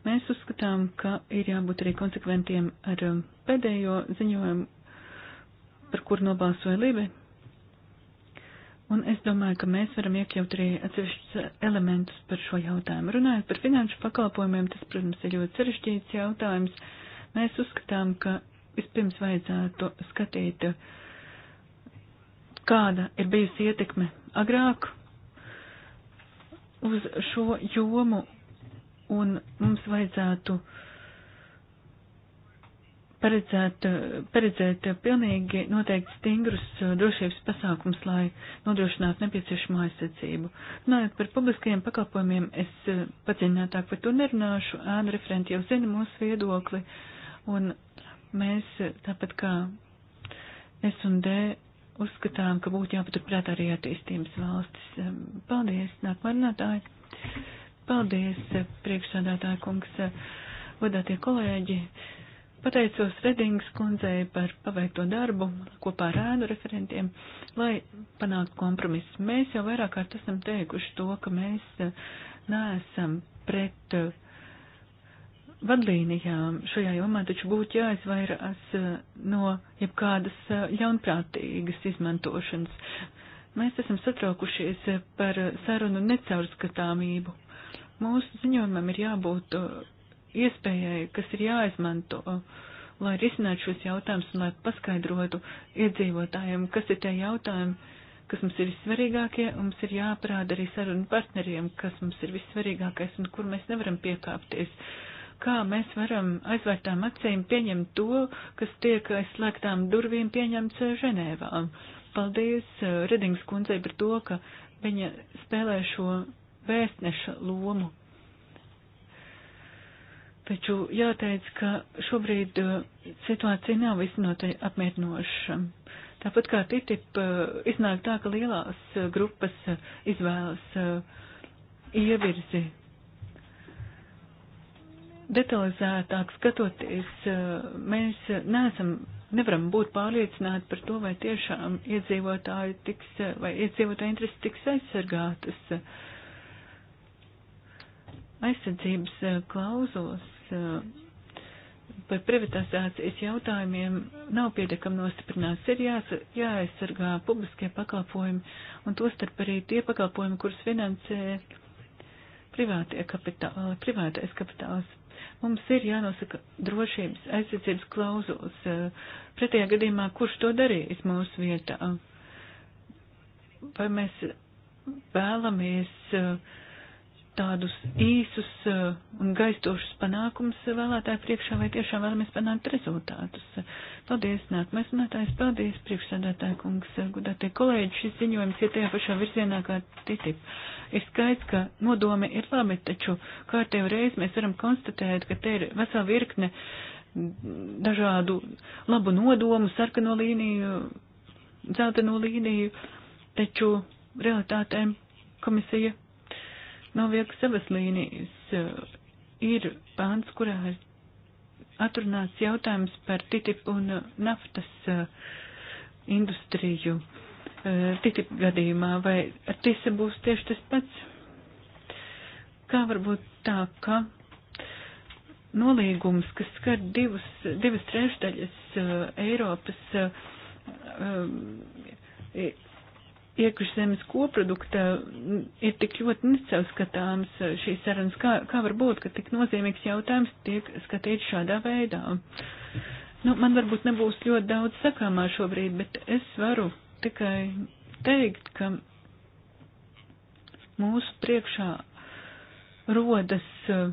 mēs uzskatām, ka ir jābūt arī konsekventiem ar eh, pēdējo ziņojumu, par kur nobalsoja Libe. Un es domāju, ka mēs varam iekļaut arī atsevišķus elementus par šo jautājumu. Runājot par finanšu pakalpojumiem, tas, protams, ir ļoti sarežģīts jautājums. Mēs uzskatām, ka vispirms vajadzētu skatīt, kāda ir bijusi ietekme agrāk uz šo jomu un mums vajadzētu paredzēt, paredzēt pilnīgi noteikti stingrus drošības pasākums, lai nodrošinātu nepieciešamo aizsardzību. Runājot par publiskajiem pakalpojumiem, es eh, padziļinātāk par to nerunāšu, ēna referenti jau zina mūsu viedokli, un mēs eh, tāpat kā S un D uzskatām, ka būtu jāpaturprāt arī attīstības valstis. Paldies, nākamā runātāja. Paldies, eh, priekšsādātāja kungs, vadātie eh, kolēģi. Pateicos Redings kundzei par paveikto darbu kopā ar ēnu referentiem, lai panāktu kompromisu. Mēs jau vairāk kārt esam teikuši to, ka mēs eh, neesam pret uh, vadlīnijām šajā jomā taču būtu jāizvairās eh, no jebkādas eh, ļaunprātīgas izmantošanas. Mēs esam satraukušies eh, par sarunu necaurskatāmību. Mūsu ziņojumam ir jābūt iespējai, kas ir jāizmanto, lai risinātu šos jautājumus un lai paskaidrotu iedzīvotājiem, kas ir tie jautājumi, kas mums ir vissvarīgākie, un mums ir jāparāda arī sarunu partneriem, kas mums ir vissvarīgākais un kur mēs nevaram piekāpties. Uh, kā mēs varam aizvērtām acīm pieņemt to, kas tiek aizslēgtām durvīm pieņemts Ženēvā. Paldies uh, Redings kundzei par to, ka viņa spēlē šo vēstneša lomu. Taču jāteic, ka šobrīd uh, situācija nav visnotaļ apmierinoša. Tāpat kā TTIP uh, iznāk tā, ka lielās grupas izvēlas ievirzi detalizētāk skatoties, eh, mēs neesam, nevaram būt pārliecināti par to, vai tiešām iedzīvotāji tiks, vai iedzīvotāji intereses tiks aizsargātas. Aizsardzības eh, klauzulas eh, par privatizācijas jautājumiem nav pietiekami nostiprināts. Ir jās, jāaizsargā publiskie pakalpojumi, un tostarp arī tie pakalpojumi, kurus finansē privātie kapitāli, privātais kapitāls. Mums ir jānosaka drošības aizsardzības klauzulas. Eh, pretējā gadījumā, kurš to darīs mūsu vietā? Vai mēs vēlamies eh, tādus īsus eh, un gaistošus panākumus vēlētāju priekšā, vai tiešām vēlamies panākt rezultātus? Paldies, nākamais runātājs, paldies, priekšsēdētāja kungs, gudātie kolēģi, šis ziņojums ir tajā pašā virzienā kā TTIP. Ir skaidrs, ka nodomi ir labi, taču kārtējo reizi mēs varam konstatēt, ka te ir vesela virkne dažādu labu nodomu, sarkano līniju, dzelteno līniju, taču realitātē komisija noviek savas līnijas. Ir pāns, kurā ir atrunāts jautājums par TTIP un naftas eh, industriju. Uh, TTIP e, gadījumā, vai ar TISA būs tieši tas pats? Kā varbūt tā, ka nolīgums, kas skar divus, divas trešdaļas uh, Eiropas uh, iekšzemes koprodukta, ir tik ļoti necaurskatāms šīs sarunas. Kā, kā var būt, ka tik nozīmīgs jautājums tiek skatīts šādā veidā? Nu, man varbūt nebūs ļoti daudz sakāmā šobrīd, bet es varu tikai teikt, ka mūsu priekšā rodas eh,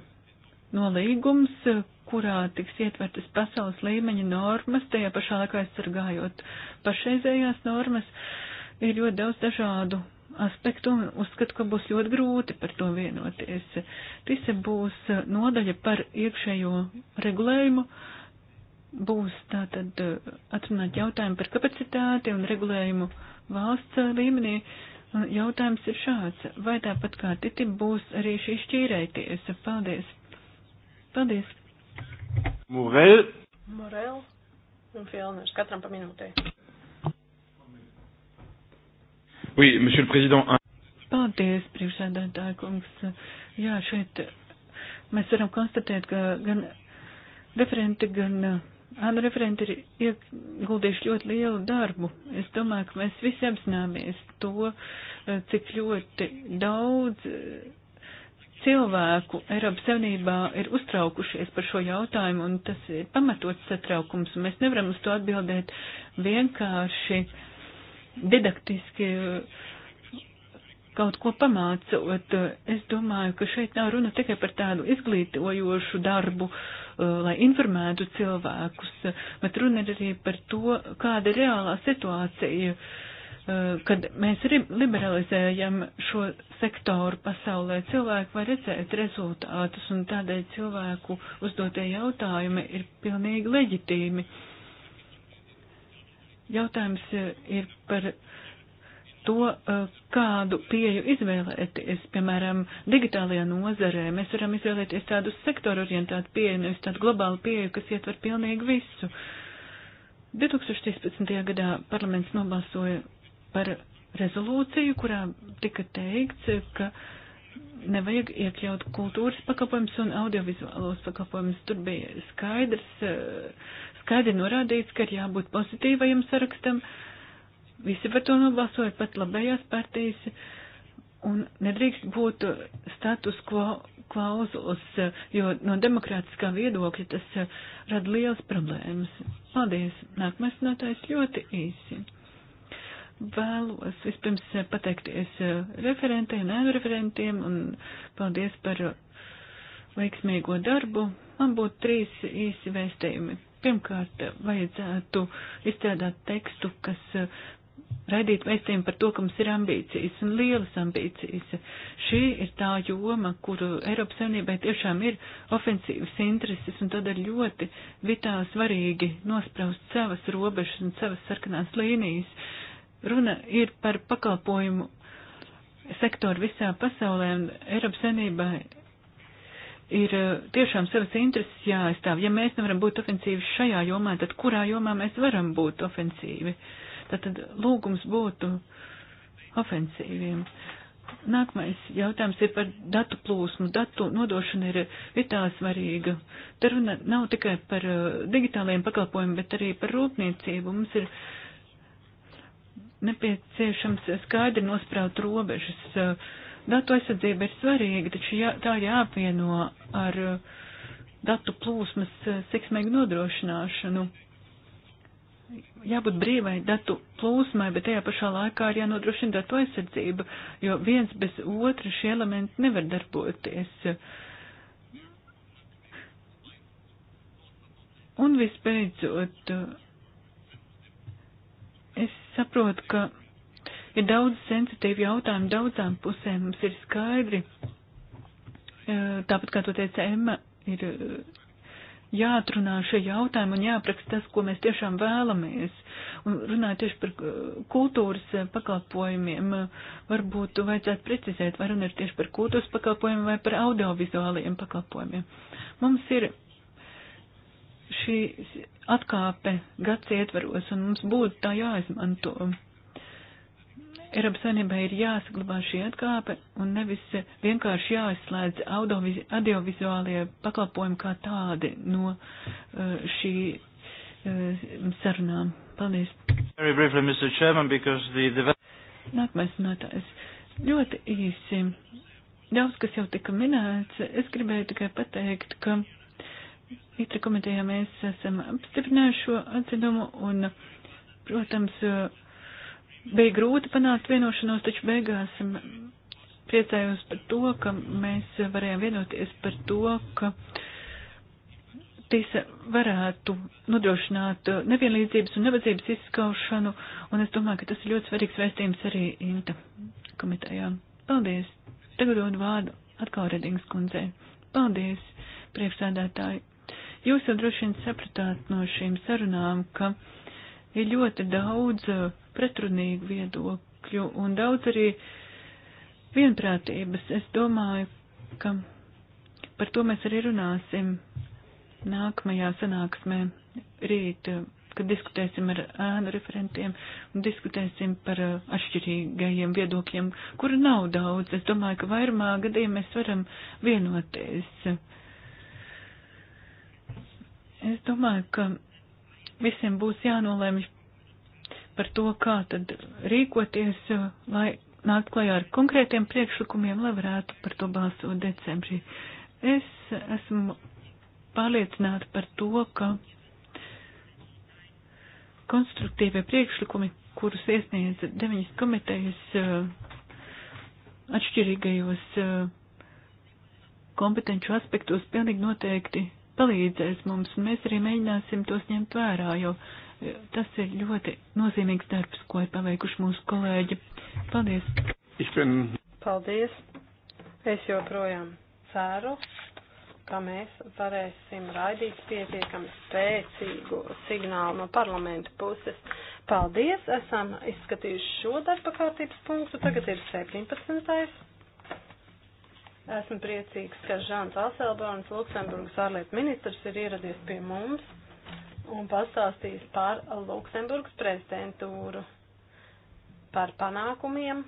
nolīgums, kurā tiks ietvertas pasaules līmeņa normas, tajā pašā laikā aizsargājot pašreizējās normas, ir ļoti daudz dažādu aspektu un uzskatu, ka būs ļoti grūti par to vienoties. Tise būs eh, nodaļa par iekšējo regulējumu, uh, būs tātad eh, atrunāt jautājumu par kapacitāti un regulējumu valsts eh, līmenī. Jautājums ir šāds, vai tāpat kā TTIP būs arī šī šķīrēties? Paldies. Paldies. Morel. Morel un Fielners, katram pa minūtē. Oui, monsieur le président. Paldies, priekšsēdētāja kungs. Jā, šeit mēs varam konstatēt, ka gan referenti, gan uh, Ēnu referenti ir ieguldījuši ļoti lielu darbu. Es domāju, ka mēs visi apzināmies to, eh, cik ļoti daudz eh, cilvēku Eiropas Savienībā ir uztraukušies par šo jautājumu, un tas ir pamatots satraukums, un mēs nevaram uz to atbildēt vienkārši didaktiski eh, kaut ko pamācot. Uh, es domāju, ka šeit nav runa tikai par tādu izglītojošu darbu, uh, lai informētu cilvēkus, bet runa ir arī par to, kāda ir reālā situācija, uh, kad mēs liberalizējam šo sektoru pasaulē. Cilvēki var redzēt rezultātus, un tādēļ cilvēku uzdotie jautājumi ir pilnīgi leģitīmi. Jautājums ir par to, eh, kādu pieju izvēlēties. Piemēram, digitālajā nozarē mēs varam izvēlēties tādu sektoru orientētu pieju, nevis tādu globālu pieju, kas ietver pilnīgi visu. 2013. gadā parlaments nobalsoja par rezolūciju, kurā tika teikts, ka nevajag iekļaut kultūras pakalpojumus un audiovizuālos pakalpojumus. Tur bija skaidrs, eh, skaidri norādīts, ka ir jābūt pozitīvajam sarakstam, uh, visi par to nobalsoja, pat labējās partijas, un nedrīkst būt status quo klauzulas, jo no demokrātiskā viedokļa tas eh, rada liels problēmas. Paldies! Nākamais notājs ļoti īsi. Vēlos vispirms eh, pateikties eh, referentiem, nereferentiem un paldies par veiksmīgo darbu. Man būtu trīs īsi vēstījumi pirmkārt vajadzētu izstrādāt tekstu, kas raidīt vēstījumu par to, ka mums ir ambīcijas un lielas ambīcijas. Šī ir tā joma, kuru Eiropas Savienībai tiešām ir ofensīvas intereses un tad ir ļoti vitāli svarīgi nospraust savas robežas un savas sarkanās līnijas. Runa ir par pakalpojumu sektoru visā pasaulē un Eiropas Savienībai ir eh, tiešām savas intereses jāaizstāv. Ja mēs nevaram būt ofensīvi šajā jomā, tad kurā jomā mēs varam būt ofensīvi? Uh, Tātad lūgums būtu ofensīviem. Nākamais jautājums ir par datu plūsmu. Datu nodošana ir vitā svarīga. Te runa nav tikai par uh, digitālajiem pakalpojumiem, bet arī par rūpniecību. Mums ir nepieciešams skaidri nospraut robežas. Uh, datu aizsardzība ir svarīga, taču jā, tā jāapvieno ar uh, datu plūsmas sekmīgu nodrošināšanu. Nu, jābūt brīvai datu plūsmai, bet tajā pašā laikā ir jānodrošina datu aizsardzība, jo viens bez otra šie elementi nevar darboties. Un visbeidzot, es saprotu, ka ir daudz sensitīvu jautājumu daudzām pusēm, mums ir skaidri, eh, tāpat kā to teica Emma, ir jāatrunā šie jautājumi un jāapraksta tas, ko mēs tiešām vēlamies. Un runājot tieši par uh, kultūras uh, pakalpojumiem, uh, varbūt vajadzētu precizēt, vai runa ir tieši par kultūras pakalpojumiem vai par audiovizuālajiem pakalpojumiem. Mums ir šī atkāpe gads ietvaros, un mums būtu tā jāizmanto. Eiropas Savienībai ir jāsaglabā šī atkāpe un nevis vienkārši jāizslēdz audiovizuālie pakalpojumi kā tādi no uh, šī uh, sarunām. Paldies. Very briefly, Mr. Chairman, because the, the... Nākamais runātājs. Ļoti īsi. Daudz, kas jau tika minēts, es gribēju tikai pateikt, ka Itra komitejā mēs esam apstiprinājuši šo atzinumu un, protams, Bija grūti panākt vienošanos, taču beigās priecājos par to, ka mēs varējām vienoties par to, ka tisa varētu nodrošināt nevienlīdzības un nevadzības izskaušanu, un es domāju, ka tas ir ļoti svarīgs vēstījums arī Inta komitejā. Paldies! Tagad dodu vārdu atkal Redings kundzei. Paldies, priekšsēdētāji! Jūs jau droši vien sapratāt no šīm sarunām, ka ir ļoti daudz uh, pretrunīgu viedokļu un daudz arī vienprātības. Es domāju, ka par to mēs arī runāsim nākamajā sanāksmē rīt, kad diskutēsim ar ēnu referentiem un diskutēsim par uh, atšķirīgajiem viedokļiem, kuru nav daudz. Es domāju, ka vairumā gadījumā mēs varam vienoties. Es domāju, ka visiem būs jānolēmj par to, kā tad rīkoties, uh, lai nākt klajā ar konkrētiem priekšlikumiem, lai varētu par to balsot decembrī. Es esmu pārliecināta par to, ka konstruktīvie priekšlikumi, kurus iesniedz deviņas komitejas uh, atšķirīgajos uh, kompetenču aspektos, pilnīgi noteikti palīdzēs mums, un mēs arī mēģināsim tos ņemt vērā, jo uh, Tas ir ļoti nozīmīgs darbs, ko ir paveikuši mūsu kolēģi. Paldies! Bin... Paldies! Es joprojām ceru, ka mēs varēsim raidīt pietiekami spēcīgu signālu no parlamenta puses. Paldies! Esam izskatījuši šo darba kārtības punktu. Tagad ir 17. Esmu priecīgs, ka Žants Aselborns, Luksemburgas ārlietu ministrs, ir ieradies pie mums un pastāstīs par Luksemburgas prezidentūru, par panākumiem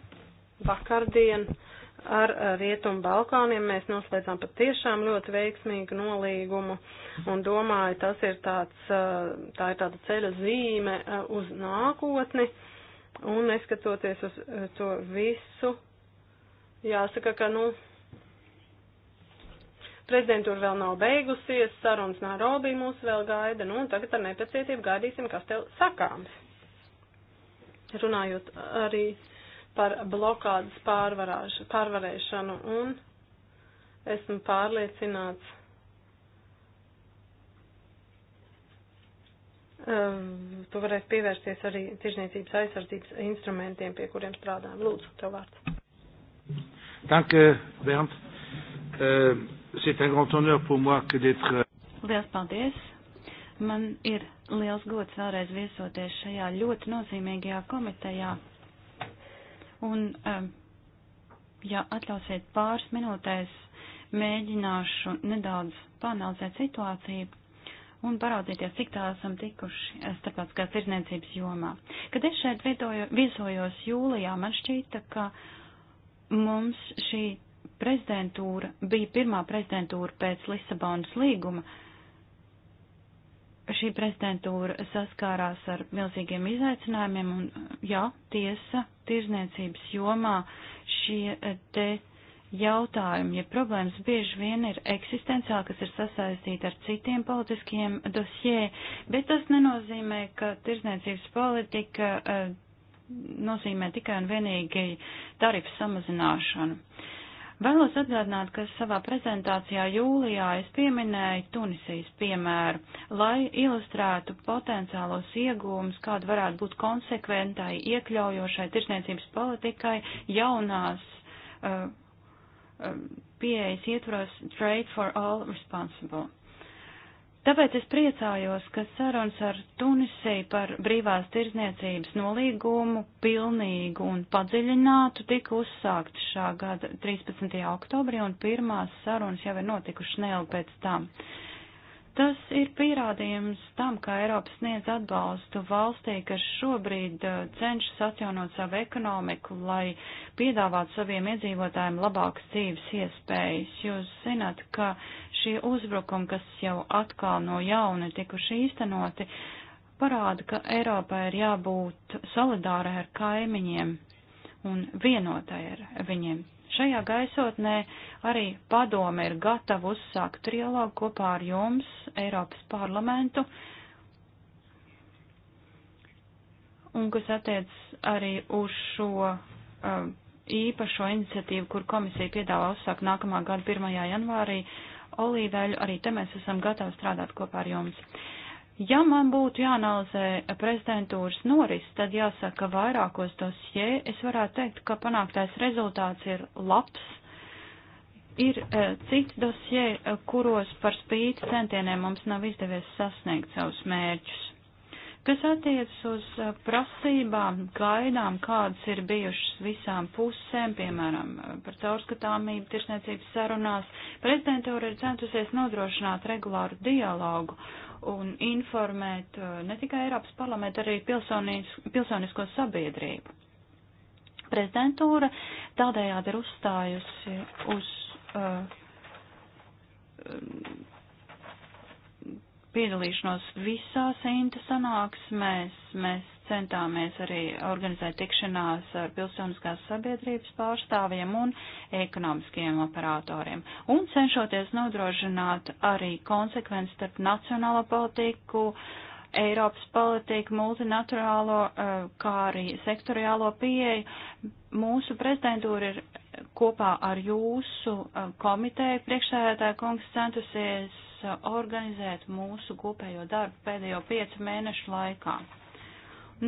vakardien ar Rietumu Balkāniem mēs noslēdzām patiešām ļoti veiksmīgu nolīgumu un domāju, tas ir tāds, tā ir tāda ceļa zīme uz nākotni un neskatoties uz to visu, jāsaka, ka, nu, Prezidentūra vēl nav beigusies, sarunas Nairobi mūs vēl gaida, nu, un tagad ar nepacietību gaidīsim, kas tev sakāms. Runājot arī par blokādas pārvarēšanu, un esmu pārliecināts, eh, tu varēsi pievērsties arī tirzniecības aizsardzības instrumentiem, pie kuriem strādājam. Lūdzu, tev vārds. Danke, Bernd. Uh, C'est un grand honneur pour moi que d'être. Euh, liels paldies! Man ir liels gods vēlreiz viesoties šajā ļoti nozīmīgajā komitejā. Un, um, ja atļausiet pāris minūtēs, mēģināšu nedaudz panalizēt situāciju un paraudzīties, cik tā esam tikuši eh, starptautiskās tirdzniecības jomā. Kad es šeit vietojos jūlijā, man šķīta, ka mums šī prezidentūra bija pirmā prezidentūra pēc Lisabonas līguma. Šī prezidentūra saskārās ar milzīgiem izaicinājumiem un, jā, tiesa, tirzniecības jomā šie eh, te jautājumi, ja problēmas bieži vien ir eksistenciāli, kas ir sasaistīti ar citiem politiskiem dosjē, bet tas nenozīmē, ka tirzniecības politika eh, nozīmē tikai un vienīgi tarifu samazināšanu. Vēlos atgādināt, ka savā prezentācijā jūlijā es pieminēju Tunisijas piemēru, lai ilustrētu potenciālos iegūmus, kāda varētu būt konsekventai, iekļaujošai tirsniecības politikai jaunās uh, uh pieejas ietvaros Trade for All Responsible. Tāpēc es priecājos, ka sarunas ar Tunisiju par brīvās tirzniecības nolīgumu pilnīgu un padziļinātu tika uzsākts šā gada 13. oktobrī, un pirmās sarunas jau ir notikušas neilgi pēc tam. Uh, Tas ir pierādījums tam, ka Eiropa sniedz atbalstu valstī, kas šobrīd uh, cenšas atjaunot savu ekonomiku, lai piedāvātu saviem iedzīvotājiem labākas dzīves iespējas. Jūs zināt, ka šie uzbrukumi, kas jau atkal no jauna ir tikuši īstenoti, parāda, ka Eiropai ir jābūt solidārai ar kaimiņiem un vienotai ar viņiem. Šajā gaisotnē arī padome ir gatava uzsākt trialogu kopā ar jums, Eiropas parlamentu, un kas attiec arī uz šo um, īpašo iniciatīvu, kur komisija piedāvā uzsākt nākamā gada 1. janvārī olīveļu, arī te mēs esam gatavi strādāt kopā ar jums. Uh, Ja man būtu jāanalizē prezidentūras noris, tad jāsaka, ka vairākos dosjē es varētu teikt, ka panāktais rezultāts ir labs. Ir e, citi dosjē, e, kuros par spīti centieniem mums nav izdevies sasniegt savus mērķus. Kas attiecas uz prasībām, gaidām, kādas ir bijušas visām pusēm, piemēram, par caurskatāmību tirsniecības sarunās, prezidentūra ir centusies nodrošināt regulāru dialogu un informēt ne tikai Eiropas parlamentu, arī pilsonis, pilsonisko sabiedrību. Prezidentūra tādējādi ir uzstājusi uz. Uh, piedalīšanos visās inta sanāksmēs. Mēs centāmies arī organizēt tikšanās ar pilsoniskās sabiedrības pārstāvjiem un ekonomiskiem operatoriem. Un cenšoties nodrošināt arī konsekvenci starp nacionālo politiku, Eiropas politiku, multinaturālo, eh, kā arī sektoriālo pieeju. Mūsu prezidentūra ir kopā ar jūsu eh, komiteju priekšsēdētāja kungs centusies Uh, organizēt mūsu kopējo darbu pēdējo piecu mēnešu laikā.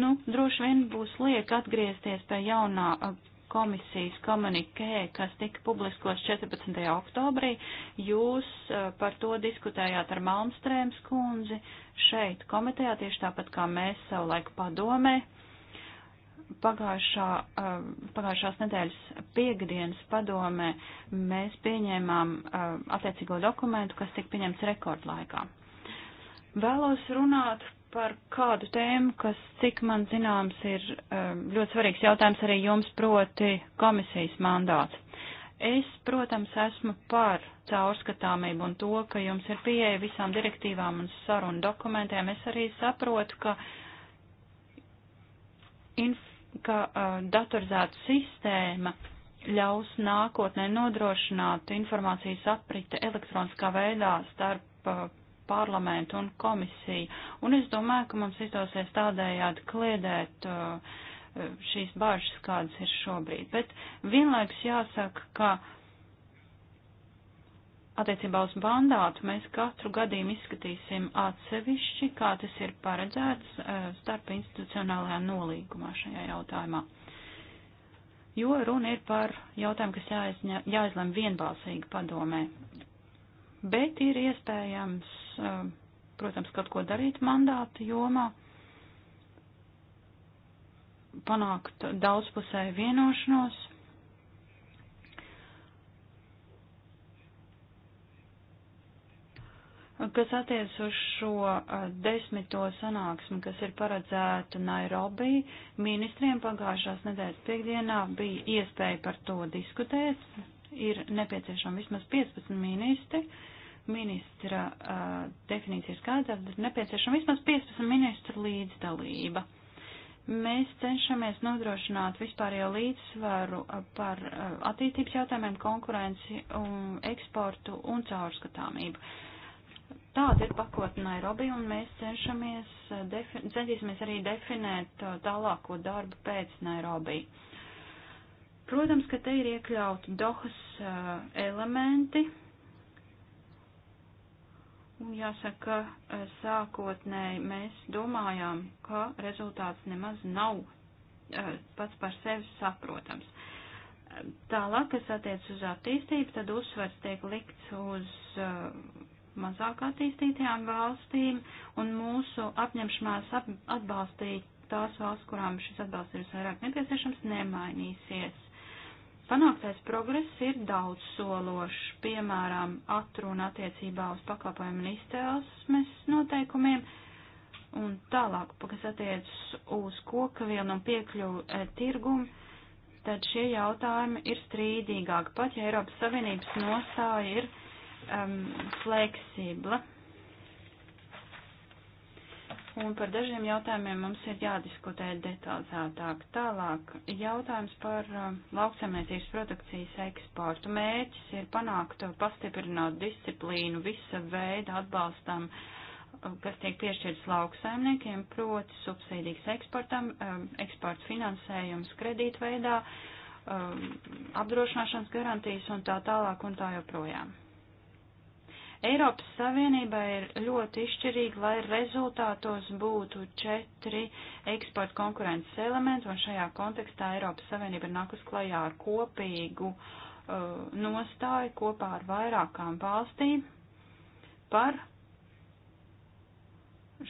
Nu, droši vien būs liek atgriezties pie jaunā uh, komisijas komunikē, kas tika publiskos 14. oktobrī. Jūs uh, par to diskutējāt ar Malmstrēms kundzi šeit komitejā, tieši tāpat kā mēs savulaik padomē pagājušā, eh, pagājušās nedēļas piekdienas padomē mēs pieņēmām eh, attiecīgo dokumentu, kas tika pieņemts rekordlaikā. Vēlos runāt par kādu tēmu, kas, cik man zināms, ir eh, ļoti svarīgs jautājums arī jums, proti komisijas mandāts. Es, protams, esmu par caurskatāmību un to, ka jums ir pieeja visām direktīvām un sarunu dokumentiem. Es arī saprotu, ka inf ka uh, datorizēta sistēma ļaus nākotnē nodrošināt informācijas aprite elektroniskā veidā starp uh, parlamentu un komisiju. Un es domāju, ka mums izdosies tādējādi kliedēt uh, šīs bažas, kādas ir šobrīd. Bet vienlaiks jāsaka, ka attiecībā uz bandātu mēs katru gadījumu izskatīsim atsevišķi, kā tas ir paredzēts eh, starp institucionālajā nolīgumā šajā jautājumā. Jo runa ir par jautājumu, kas jāizņa, jāizlem vienbalsīgi padomē. Bet ir iespējams, eh, protams, kaut ko darīt mandātu jomā, panākt daudzpusēju vienošanos, Kas attiec uz šo desmito sanāksmi, kas ir paredzēta Nairobi, ministriem pagājušās nedēļas piekdienā bija iespēja par to diskutēt. Ir nepieciešami vismaz 15 ministri. Ministra uh, definīcija ir skaidra, bet nepieciešama vismaz 15 ministru līdzdalība. Mēs cenšamies nodrošināt vispārējo līdzsvaru par attīstības jautājumiem, konkurenci, um, eksportu un caurskatāmību. Uh, Tāda ir pakotne Nairobi, un mēs cenšamies, eh, centīsimies arī definēt eh, tālāko darbu pēc Nairobi. Protams, ka te ir iekļauti Dohas eh, elementi, un jāsaka, sākotnēji mēs domājām, ka rezultāts nemaz nav pats par sevi saprotams. Tālāk, kas attiec uz attīstību, tad uzsvars tiek likts uz mazāk attīstītajām valstīm un mūsu apņemšanās ap atbalstīt tās valsts, kurām šis atbalsts ir visvairāk nepieciešams, nemainīsies. Panāktais progress ir daudz sološs, piemēram, atruna attiecībā uz pakalpojumu un izcelsmes noteikumiem, un tālāk, kas attiecas uz kokaviem un piekļuvu e, eh, tirgumu, tad šie jautājumi ir strīdīgāki, pat ja Eiropas Savienības nostāja ir um, fleksibla. Un par dažiem jautājumiem mums ir jādiskutē detalizētāk. Tālāk jautājums par uh, lauksaimniecības produkcijas eksportu. Mērķis ir panākt uh, pastiprināt disciplīnu visa veida atbalstam, uh, kas tiek piešķirts lauksaimniekiem, proti subsīdīgs eksportam, uh, eksporta finansējums kredītveidā, um, apdrošināšanas garantijas un tā tālāk un tā joprojām. Eiropas Savienībā ir ļoti izšķirīgi, lai rezultātos būtu četri eksporta konkurences elementi, un šajā kontekstā Eiropas Savienība ir nākus klajā ar kopīgu uh, nostāju kopā ar vairākām valstīm par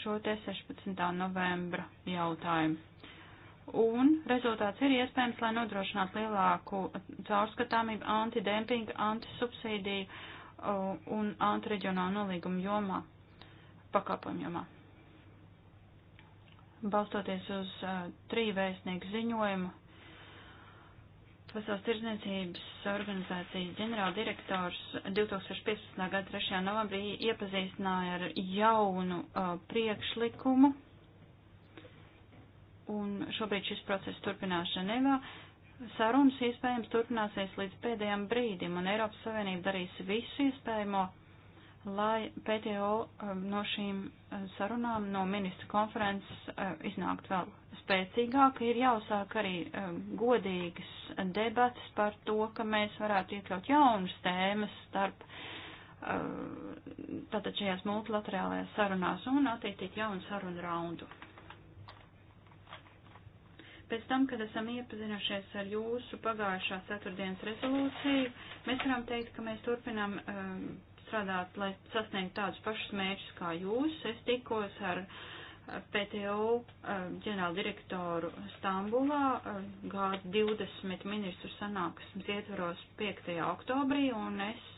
šo te 16. novembra jautājumu un rezultāts ir iespējams, lai nodrošinātu lielāku caurskatāmību antidempinga, antisubsīdiju Uh, un antireģionālu nolīgumu jomā, pakāpojumu jomā. Balstoties uz uh, triju vēstnieku ziņojumu, Pasaules tirdzniecības organizācijas ģenerāldirektors 2015. Uh, gada 3. novembrī iepazīstināja ar jaunu uh, priekšlikumu, un šobrīd šis process turpinās Ženevā. Uh, Sarunas iespējams turpināsies līdz pēdējiem brīdim, un Eiropas Savienība darīs visu iespējamo, lai PTO eh, no šīm eh, sarunām, no ministra konferences eh, iznākt vēl spēcīgāk. Ir jāuzsāk arī godīgas debatas par to, ka mēs varētu iekļaut jaunas tēmas starp tātad šajās multilaterālajās sarunās un attīstīt jaunu sarunu raundu. Pēc tam, kad esam iepazinušies ar jūsu pagājušā ceturtdienas rezolūciju, mēs varam teikt, ka mēs turpinām um, strādāt, lai sasniegtu tādus pašus mērķus kā jūs. Es tikos ar PTO um, ģenerāla direktoru Stambulā um, G20 ministru sanāksmes ietvaros 5. oktobrī, un es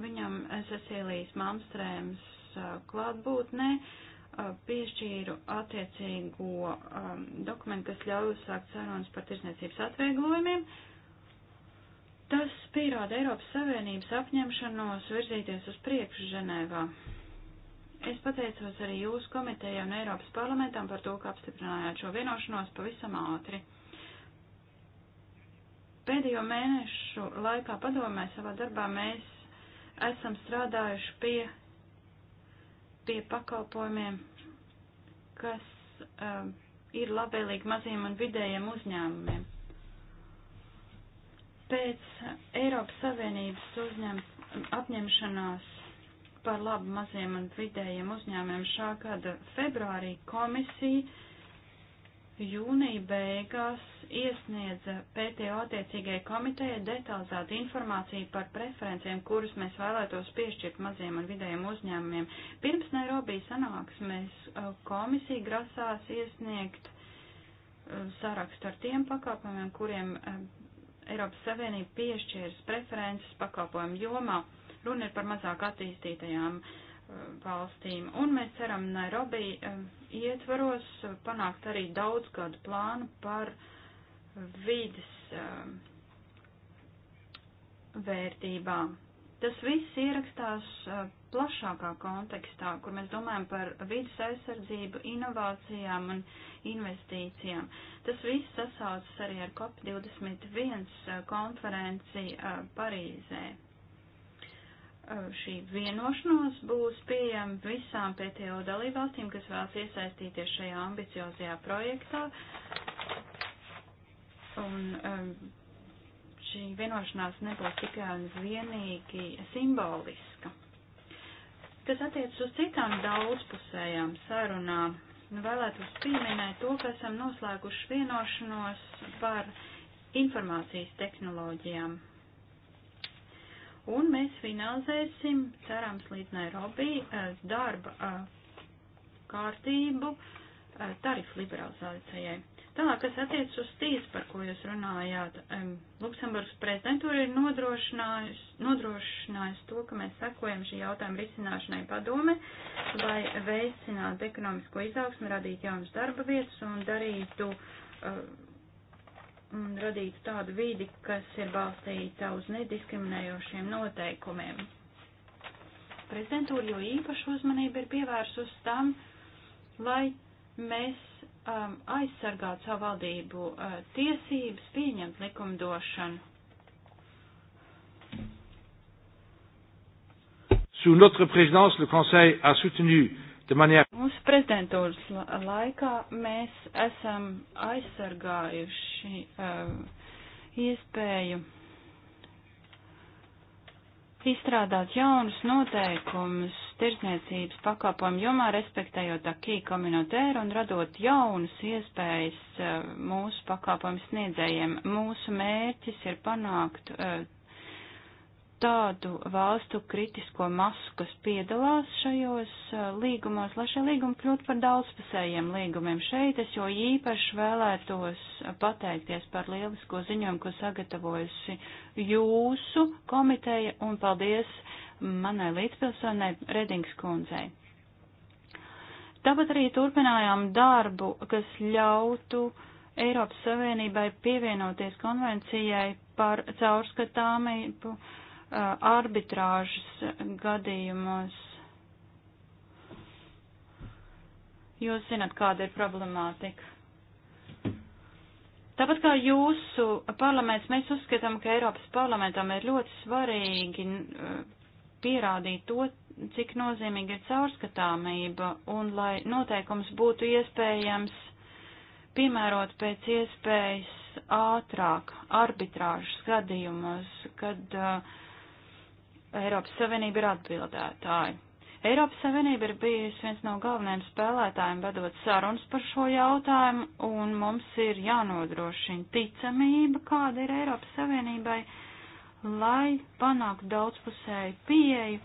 viņam Cecīlijas Mamstrēmas uh, klātbūtnē piešķīru attiecīgo um, dokumentu, kas ļauj uzsākt sarunas par tirsniecības atvieglojumiem. Tas pierāda Eiropas Savienības apņemšanos virzīties uz priekšu Ženēvā. Es pateicos arī jūsu komitejai un Eiropas parlamentam par to, ka apstiprinājāt šo vienošanos pavisam ātri. Pēdējo mēnešu laikā padomē savā darbā mēs esam strādājuši pie pie pakalpojumiem, kas uh, ir labvēlīgi maziem un vidējiem uzņēmumiem. Pēc Eiropas Savienības uzņem, apņemšanās par labu maziem un vidējiem uzņēmumiem šā gada februārī komisija jūnija beigās iesniedza PTO attiecīgajai komitejai detalizētu informāciju par preferencēm, kuras mēs vēlētos piešķirt maziem un vidējiem uzņēmumiem. Pirms Nairobi sanāksmēs uh, komisija grasās iesniegt uh, sarakstu ar tiem pakalpojumiem, kuriem uh, Eiropas Savienība piešķirs preferences pakalpojumu jomā. Runa ir par mazāk attīstītajām uh, valstīm. Un mēs ceram Nairobi ietvaros panākt arī daudzgadu plānu par vidas um, vērtībām. Tas viss ierakstās uh, plašākā kontekstā, kur mēs domājam par vidas aizsardzību, inovācijām un investīcijām. Tas viss sasaucas arī ar COP21 uh, konferenci uh, Parīzē. Šī vienošanos būs pieejama visām PTO dalībvalstīm, kas vēlas iesaistīties šajā ambiciozajā projektā, Un um, šī vienošanās nebūs tikai un vienīgi simboliska. Kas attiecas uz citām daudzpusējām sarunām, nu, vēlētos pieminēt to, ka esam noslēguši vienošanos par informācijas tehnoloģijām. Un mēs finalizēsim, cerams, līdz Nairobi eh, darba eh, kārtību eh, tarifu liberalizācijai. Tālāk, kas attiec uz tīs, par ko jūs runājāt, Luksemburgas prezidentūra ir nodrošinājusi nodrošinājus to, ka mēs sekojam šī jautājuma risināšanai padome, lai veicinātu ekonomisko izaugsmu, radītu jaunas darba vietas un darītu uh, un radītu tādu vidi, kas ir balstīta uz nediskriminējošiem noteikumiem. Prezidentūra jau īpašu uzmanību ir pievērsus tam, lai mēs um, aizsargāt savu valdību uh, tiesības, pieņemt likumdošanu. Sous notre présidence, le Conseil a soutenu de manière. Mūsu prezidentūras laikā mēs esam aizsargājuši uh, iespēju izstrādāt jaunus noteikumus tirsniecības pakalpojumu jomā, respektējot akī kominotēru un radot jaunas iespējas eh, mūsu pakalpojumu sniedzējiem. Mūsu mērķis ir panākt eh, tādu valstu kritisko masu, kas piedalās šajos eh, līgumos, lai šie līgumi kļūtu par daudzpusējiem līgumiem. Šeit es jo īpaši vēlētos pateikties par lielisko ziņojumu, ko sagatavojusi jūsu komiteja, un paldies manai līdzpilsonai Redings kundzei. Tāpat arī turpinājām darbu, kas ļautu Eiropas Savienībai pievienoties konvencijai par caurskatāmību arbitrāžas gadījumos. Jūs zinat, kāda ir problemātika. Tāpat kā jūsu parlaments, mēs uzskatām, ka Eiropas parlamentam ir ļoti svarīgi pierādīt to, cik nozīmīga ir caurskatāmība un lai noteikums būtu iespējams piemērot pēc iespējas ātrāk arbitrāžu gadījumos, kad uh, Eiropas Savienība ir atbildētāji. Eiropas Savienība ir bijusi viens no galvenajiem spēlētājiem vedot sarunas par šo jautājumu, un mums ir jānodrošina ticamība, kāda ir Eiropas Savienībai. Uh, lai panāktu daudzpusēju pieeju,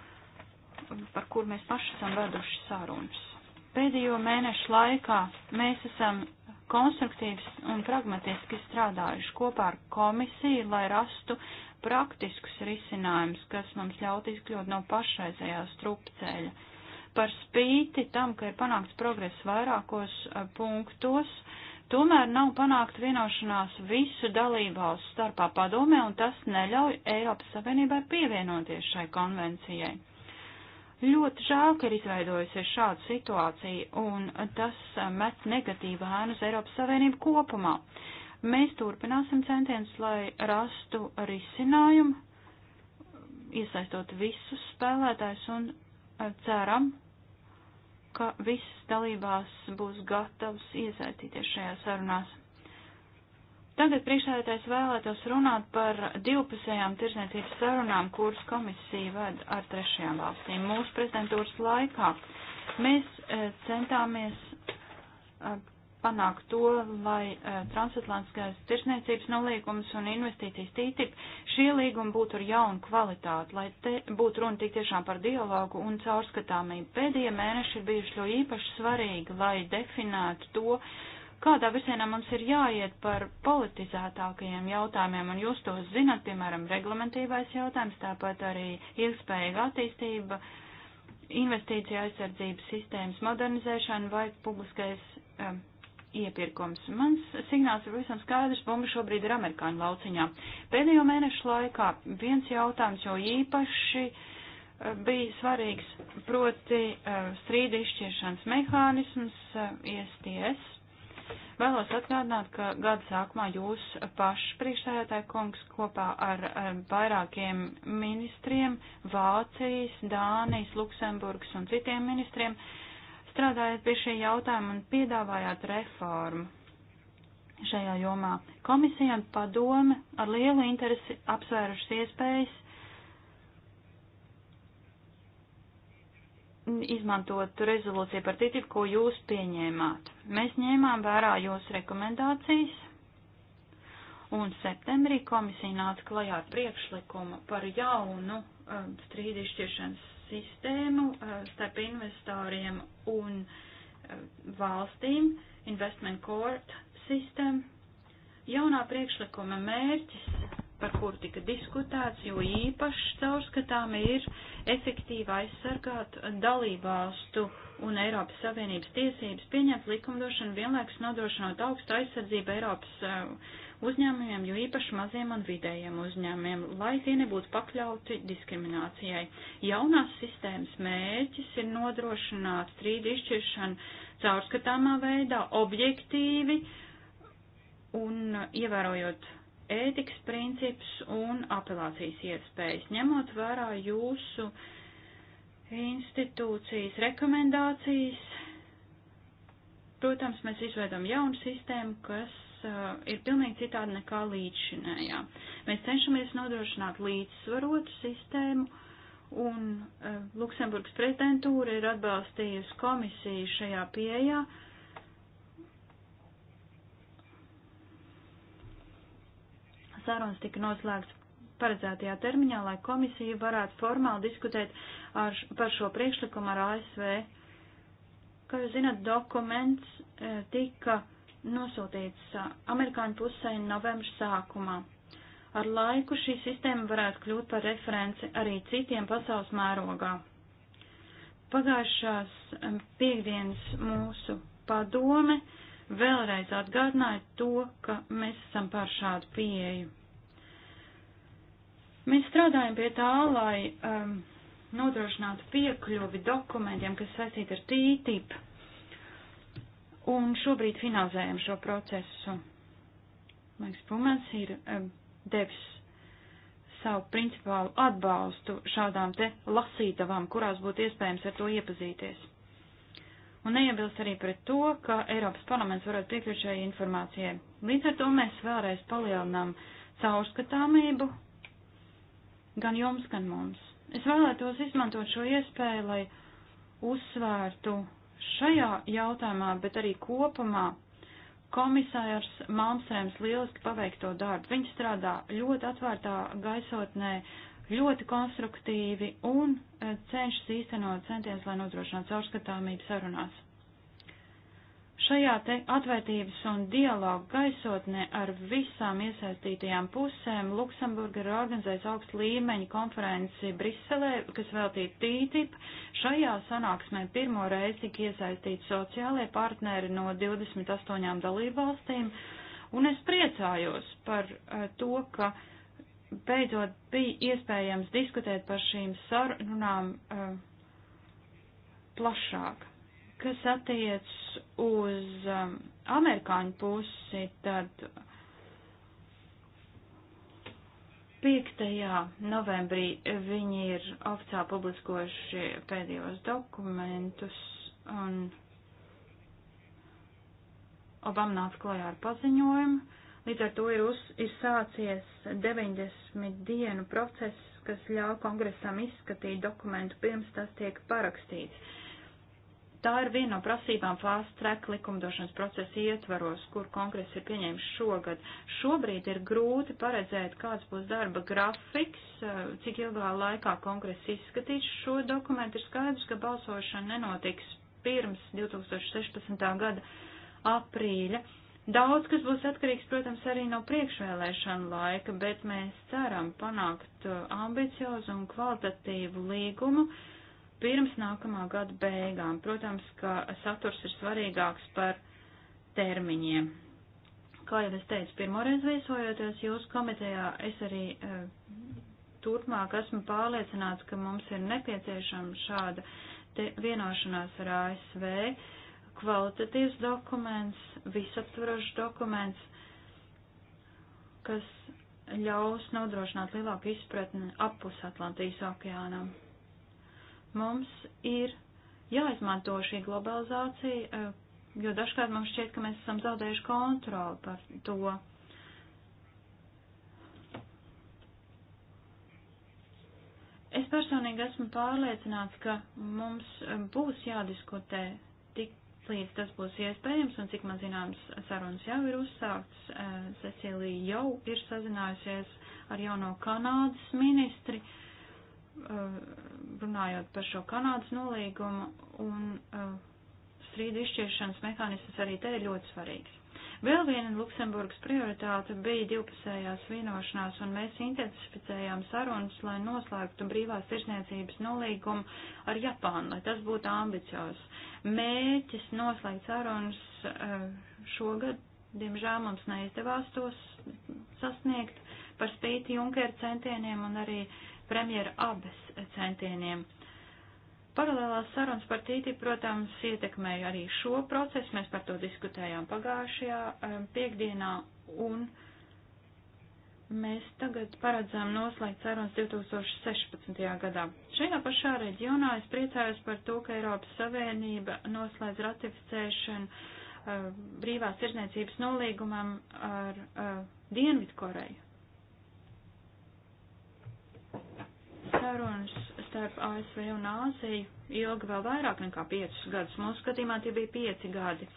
par kur mēs paši esam veduši sarunas. Pēdējo mēnešu laikā mēs esam konstruktīvs un pragmatiski strādājuši kopā ar komisiju, lai rastu praktiskus risinājumus, kas mums ļaut izkļūt no pašreizējā strupceļa. Par spīti tam, ka ir panākts progress vairākos eh, punktos, uh, Tomēr nav panākt vienošanās visu dalībvalstu starpā padomē, un tas neļauj Eiropas Savienībai pievienoties šai konvencijai. Ļoti žēl, ka ir izveidojusies šāda situācija, un tas eh, met negatīvu ēnu uz Eiropas Savienību kopumā. Mēs turpināsim centienus, lai rastu risinājumu, iesaistot visus spēlētājus, un eh, ceram, ka visas dalībās būs gatavs iesaistīties šajā sarunās. Tagad priekšsēdētājs vēlētos runāt par divpusējām tirsniecības sarunām, kuras komisija ved ar trešajām valstīm. Mūsu prezidentūras laikā mēs eh, centāmies eh, panākt to, lai eh, transatlantiskās tirsniecības nolīgums un investīcijas tītip šie līgumi būtu ar jaunu kvalitāti, lai te būtu runa tik tiešām par dialogu un caurskatāmību. Pēdējie mēneši ir bijuši ļoti īpaši svarīgi, lai definētu to, kādā virsienā mums ir jāiet par politizētākajiem jautājumiem, un jūs to zinat, piemēram, reglamentīvais jautājums, tāpat arī ilgspējīga attīstība, investīcija aizsardzības sistēmas modernizēšana vai publiskais um, iepirkums. Mans signāls ir visam skaidrs, bumba šobrīd ir amerikāņu lauciņā. Pēdējo mēnešu laikā viens jautājums jau īpaši eh, bija svarīgs, proti eh, strīda izšķiršanas mehānisms, ISTS. Eh, Vēlos atgādināt, ka gada sākumā jūs paši priekšsēdētāji kungs kopā ar vairākiem ministriem, Vācijas, Dānijas, Luksemburgas un citiem ministriem, uh, strādājat pie šī jautājuma un piedāvājāt reformu šajā jomā. Komisija un padome ar lielu interesi apsvērušas iespējas izmantot rezolūciju par TTIP, ko jūs pieņēmāt. Mēs ņēmām vērā jūsu rekomendācijas, un septembrī komisija nāca klajā ar priekšlikumu par jaunu um, strīdišķiešanas sistēmu eh, starp investoriem un eh, valstīm, investment court sistēmu. Jaunā priekšlikuma mērķis par kuru tika diskutēts, jo īpaši caurskatām ir efektīvi aizsargāt dalībvalstu un Eiropas Savienības tiesības pieņemt likumdošanu vienlaikus nodrošinot augstu aizsardzību Eiropas eh, uzņēmumiem, jo īpaši maziem un vidējiem uzņēmumiem, lai tie nebūtu pakļauti diskriminācijai. Jaunās sistēmas mērķis ir nodrošināt strīdu izšķiršanu caurskatāmā veidā, objektīvi un ievērojot ētikas princips un apelācijas iespējas, ņemot vērā jūsu institūcijas rekomendācijas. Protams, mēs izveidam jaunu sistēmu, kas uh, ir pilnīgi citāda nekā līdzšinējā. Mēs cenšamies nodrošināt līdzsvarotu sistēmu, un uh, Luksemburgas prezidentūra ir atbalstījusi komisiju šajā pieejā. Uh, sarunas tika noslēgts paredzētajā termiņā, lai komisija varētu formāli diskutēt ar, par šo priekšlikumu ar ASV. Kā jūs zināt, dokuments e, tika nosūtīts e, amerikāņu pusē novembra sākumā. Ar laiku šī sistēma varētu kļūt par referenci arī citiem pasaules mērogā. Pagājušās piekdienas mūsu padome uh, vēlreiz atgādināja to, ka mēs esam par šādu pieeju. Mēs strādājam pie tā, lai um, nodrošinātu piekļuvi dokumentiem, kas saistīti ar TTIP, un šobrīd finalizējam šo procesu. Maiks Pumans ir um, devis savu principālu atbalstu šādām te lasītavām, kurās būtu iespējams ar to iepazīties un neiebilst arī pret to, ka Eiropas parlaments varētu piekļūt šai informācijai. Līdz ar to mēs vēlreiz palielinām caurskatāmību gan jums, gan mums. Es vēlētos izmantot šo iespēju, lai uzsvērtu šajā jautājumā, bet arī kopumā komisārs Malmstrēms lieliski paveikto darbu. Viņš strādā ļoti atvērtā gaisotnē, ļoti konstruktīvi un e, cenšas īstenot centienus, lai nodrošinātu caurskatāmību sarunās. Šajā te atvērtības un dialogu gaisotnē ar visām iesaistītajām pusēm Luksemburga ir organizējis augstu līmeņu konferenci Briselē, kas veltīta TTIP. Šajā sanāksmē pirmo reizi tika iesaistīti sociālie partneri no 28 dalībvalstīm, un es priecājos par e, to, ka uh, beidzot bija iespējams diskutēt par šīm sarunām uh, plašāk. Kas attiec uz um, amerikāņu pusi, tad 5. novembrī viņi ir oficiāli publiskojuši pēdējos dokumentus un Obama nāca klajā ar paziņojumu Līdz ar to ir, uz, ir sācies 90 dienu process, kas ļauj kongresam izskatīt dokumentu pirms tas tiek parakstīts. Tā ir viena no prasībām fast track likumdošanas procesa ietvaros, kur kongress ir pieņēmis šogad. Šobrīd ir grūti paredzēt, kāds būs darba grafiks, cik ilgā laikā kongress izskatīs šo dokumentu. Ir skaidrs, ka balsošana nenotiks pirms 2016. gada aprīļa. Daudz, kas būs atkarīgs, protams, arī no priekšvēlēšana laika, bet mēs ceram panākt uh, ambiciozu un kvalitatīvu līgumu pirms nākamā gada beigām. Protams, ka saturs ir svarīgāks par termiņiem. Kā jau es teicu, pirmoreiz viesojoties jūsu komitejā, es arī e, turpmāk esmu pārliecināts, ka mums ir nepieciešama šāda vienošanās ar ASV kvalitatīvs dokuments visaptvarošs dokuments, kas ļaus nodrošināt lielāku izpratni apus Atlantijas okeānam. Mums ir jāizmanto šī globalizācija, eh, jo dažkārt mums šķiet, ka mēs esam zaudējuši kontroli par to. Es personīgi esmu pārliecināts, ka mums eh, būs jādiskutē līdz tas būs iespējams, un cik man zināms, sarunas jau ir uzsākts. Eh, Cecilija jau ir sazinājusies ar jauno Kanādas ministri, eh, runājot par šo Kanādas nolīgumu, un eh, strīdu izšķiršanas mehānisms arī te ir ļoti svarīgs. Vēl viena Luksemburgas prioritāte bija divpusējās vienošanās, un mēs intensificējām sarunas, lai noslēgtu brīvās tirsniecības nolīgumu ar Japānu, lai tas būtu ambicios. Mēķis noslēgt sarunas eh, šogad, diemžēl mums neizdevās tos sasniegt par spīti Junkera centieniem un arī premjera abas centieniem. Paralēlās sarunas par TTIP, protams, ietekmēja arī šo procesu. Mēs par to diskutējām pagājušajā eh, piekdienā un mēs tagad paredzam noslēgt sarunas 2016. gadā. Šajā pašā reģionā es priecājos par to, ka Eiropas Savienība noslēdz ratificēšanu eh, brīvās tirzniecības nolīgumam ar eh, Dienvidkoreju. Sarunas starp ASV un Āziju ilga vēl vairāk nekā 5 gadus. Mūsu skatījumā tie bija 5 gadi.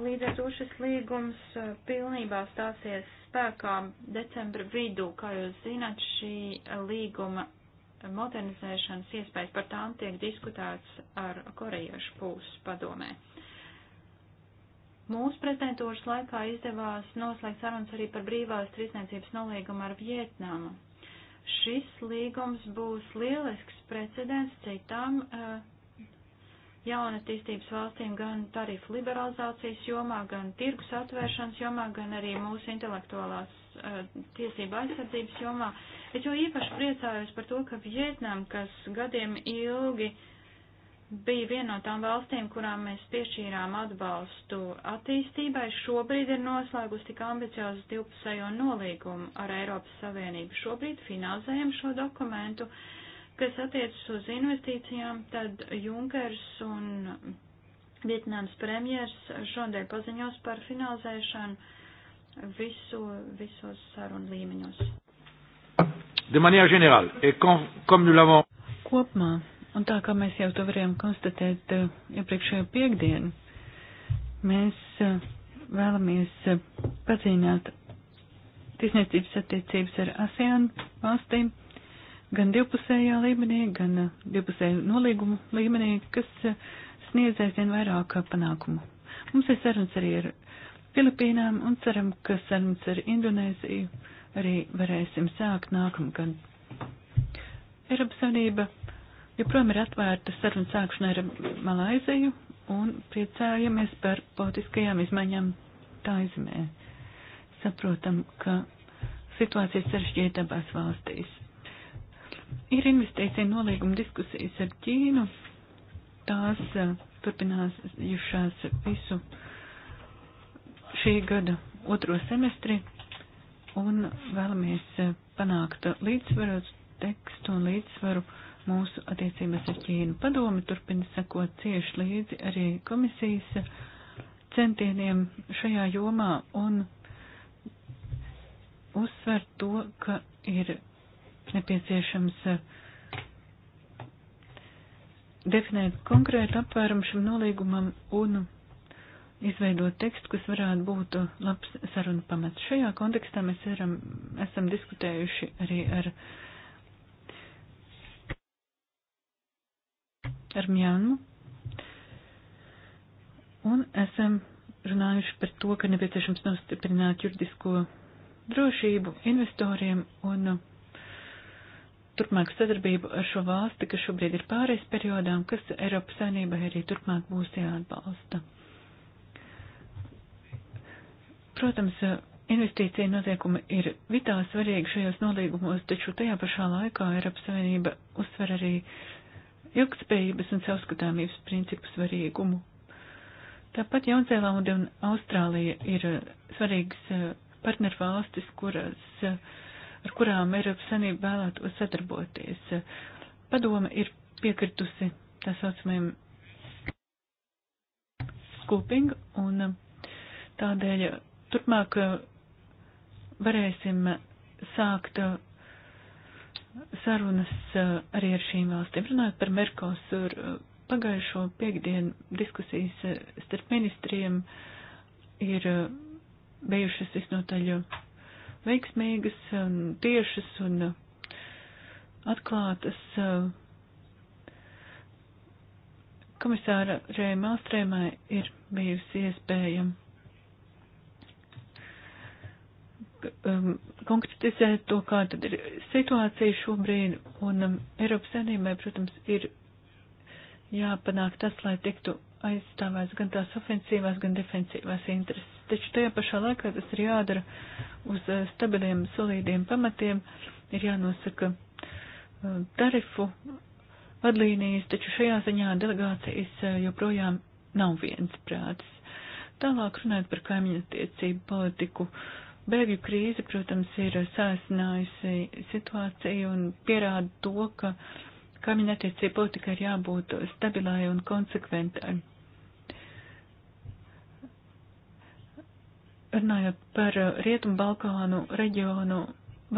Līdz ar to šis līgums uh, pilnībā stāsies spēkā decembra vidū. Kā jūs zināt, šī uh, līguma modernizēšanas iespējas par tām tiek diskutēts ar korejiešu puses padomē. Mūsu prezidentūras laikā izdevās noslēgt sarunas arī par brīvās trīsniecības nolīgumu ar Vietnamu. Šis līgums būs lielisks precedents citām eh, jaunatīstības valstīm gan tarifu liberalizācijas jomā, gan tirgus atvēršanas jomā, gan arī mūsu intelektuālās eh, tiesība aizsardzības jomā. Es jau īpaši priecājos par to, ka Vietnam, kas gadiem ilgi uh, bija viena no tām valstīm, kurām mēs piešķīrām atbalstu attīstībai, šobrīd ir noslēgusi tik ambiciozu divpusējo nolīgumu ar Eiropas Savienību. Šobrīd finalizējam šo dokumentu, kas attiecas uz investīcijām, tad Junkers un Vietnams premjers šodien paziņos par finalizēšanu visu, visos sarunu līmeņos. De manière générale, et com, comme nous l'avons. Kopumā Un tā kā mēs jau to varējām konstatēt uh, iepriekšējo ja piekdienu, mēs uh, vēlamies uh, pazīnāt tirsniecības attiecības ar ASEAN valstīm gan divpusējā līmenī, gan divpusēju nolīgumu līmenī, kas sniedz aizvien vairāk panākumu. Mums ir sarunas arī ar Filipīnām un ceram, ka sarunas ar Indonēziju arī varēsim sākt nākamgad. Eiropas Savienība joprojām ir atvērta saruna sākšana ar Malaiziju un priecājamies par politiskajām izmaiņām tā izmē. Saprotam, ka situācija sarežģīta abās valstīs. Ir investīcija nolīguma diskusijas ar Ķīnu. Tās turpinās jušās visu šī gada otro semestri un vēlamies panākt līdzsvarotu tekstu un līdzsvaru uh, mūsu attiecības ar Ķīnu. Padomi turpina sekot cieši līdzi arī komisijas centieniem šajā jomā un uzsver to, ka ir nepieciešams definēt konkrētu apvērumu šim nolīgumam un izveidot tekstu, kas varētu būt labs sarunu pamats. Šajā kontekstā mēs eram, esam diskutējuši arī ar uh, ar Mjānmu. Un esam runājuši par to, ka nepieciešams nostiprināt juridisko drošību investoriem un turpmāk sadarbību ar šo valsti, kas šobrīd ir pārējais periodā un kas Eiropas saimnībai arī turpmāk būs jāatbalsta. Protams, investīcija noteikumi ir vitāli svarīgi šajos nolīgumos, taču tajā pašā laikā Eiropas Savienība uzsver arī uh, ilgspējības un savskatāmības principu svarīgumu. Tāpat Jaunzēlanda un Austrālija ir uh, svarīgas uh, partnervalstis, kuras, uh, ar kurām Eiropas Sanība vēlētos sadarboties. Padoma ir piekritusi tā saucamajam skuping, un tādēļ turpmāk varēsim sākt sarunas eh, arī ar šīm valstīm. Runājot par Merkosur, eh, pagājušo piekdienu diskusijas eh, starp ministriem ir bijušas visnotaļ veiksmīgas, un tiešas un atklātas. Komisāra Rēma Alstrēmai ir bijusi iespējama um, konkretizēt to, kāda ir situācija šobrīd, un um, Eiropas saimnībai, protams, ir jāpanāk tas, lai tiktu aizstāvēts gan tās ofensīvās, gan defensīvās intereses. Taču tajā pašā laikā tas ir jādara uz uh, stabiliem, solīdiem pamatiem, ir jānosaka uh, tarifu vadlīnijas, taču šajā ziņā delegācijas uh, joprojām nav viens prāts. Tālāk runājot par kaimiņu tiecību politiku. Uh, Bēgļu krīze, protams, ir sāsinājusi situāciju un pierāda to, ka kaimiņa attiecība politika ir jābūt stabilai un konsekventai. Runājot par Rietumu Balkānu reģionu,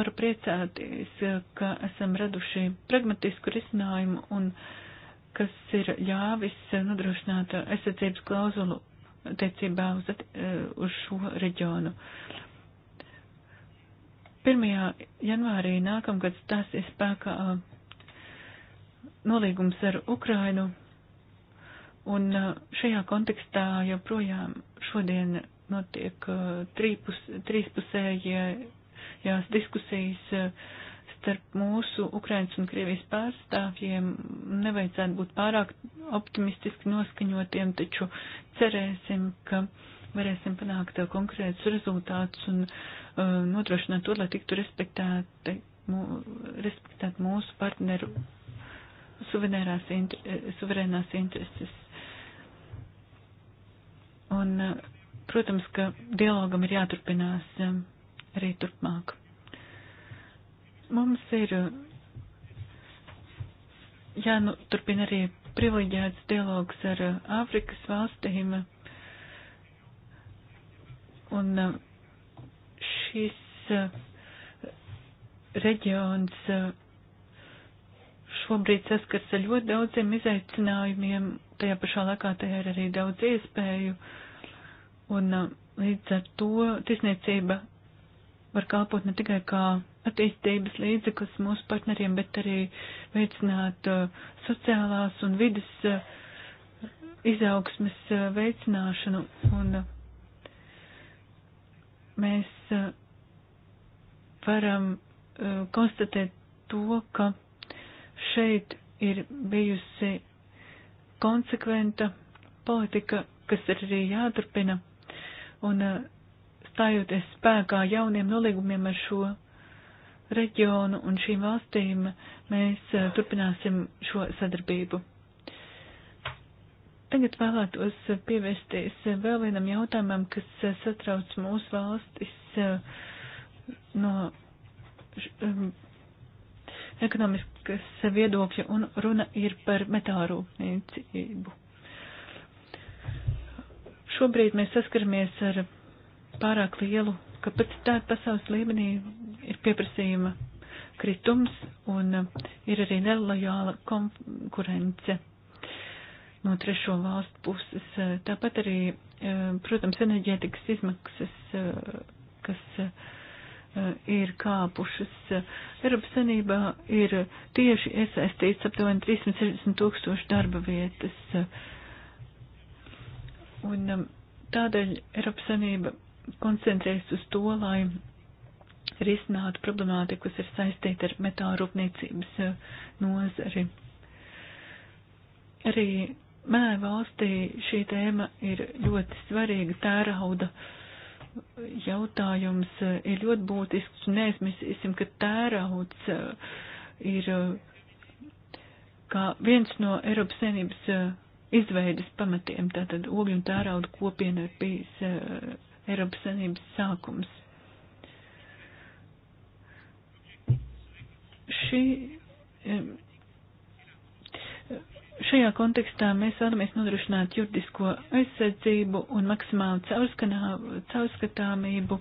varu priecāties, ka esam raduši pragmatisku risinājumu un kas ir ļāvis nodrošināt aizsardzības klauzulu attiecībā uz, eh, uz šo reģionu. Uh, 1. janvārī nākamgad stāsies spēkā nolīgums ar Ukrainu, un šajā kontekstā joprojām šodien notiek trīpus, trīspusējās diskusijas starp mūsu Ukrainas un Krievijas pārstāvjiem. Nevajadzētu būt pārāk optimistiski noskaņotiem, taču cerēsim, ka varēsim panākt konkrētus rezultātus un uh, Uh, nodrošināt to, lai tiktu respektēti, mū, respektēt mūsu partneru inter, eh, suverēnās intereses. Un, uh, protams, ka dialogam ir jāturpinās um, arī turpmāk. Mums ir uh, jāturpina arī privileģēts dialogs ar Āfrikas valstīm. Un Šis eh, reģions eh, šobrīd saskars ar ļoti daudziem izaicinājumiem, tajā pašā laikā tajā ir arī daudz iespēju, un eh, līdz ar to tisniecība var kalpot ne tikai kā attīstības līdzeklis mūsu partneriem, bet arī veicināt sociālās un vidas izaugsmes veicināšanu un mēs e, varam e, konstatēt to, ka šeit ir bijusi konsekventa politika, kas ir arī jāturpina, un e, stājoties spēkā jauniem nolīgumiem ar šo reģionu un šīm valstīm, mēs turpināsim šo sadarbību. Tagad vēlētos pievērsties vēl vienam jautājumam, kas eh, satrauc mūsu valstis eh, no eh, ekonomiskas viedokļa, un runa ir par metārūpniecību. Šobrīd mēs saskaramies ar pārāk lielu kapacitāti pasaules līmenī, ir pieprasījuma kritums un ir arī nelojāla konkurence no trešo valstu puses. Eh, tāpat arī, eh, protams, enerģētikas izmaksas, eh, kas ir kāpušas. Eiropas Sanībā ir tieši iesaistīts aptuveni 360 tūkstoši darba vietas. Un tādēļ Eiropas Sanība koncentrējas uz to, lai risinātu problemātiku, kas ir saistīta ar metālu rūpniecības nozari. Arī Manai valstī šī tēma ir ļoti svarīga, tērauda jautājums ir ļoti būtisks. Neaizmirsīsim, ka tērauds eh, ir eh, kā viens no Eiropas Savienības eh, izveidas pamatiem, tātad ogļu un tērauda kopiena ir bijis Eiropas Savienības sākums. Šī Šajā kontekstā mēs vēlamies nodrošināt juridisko aizsardzību un maksimālu caurskatāmību.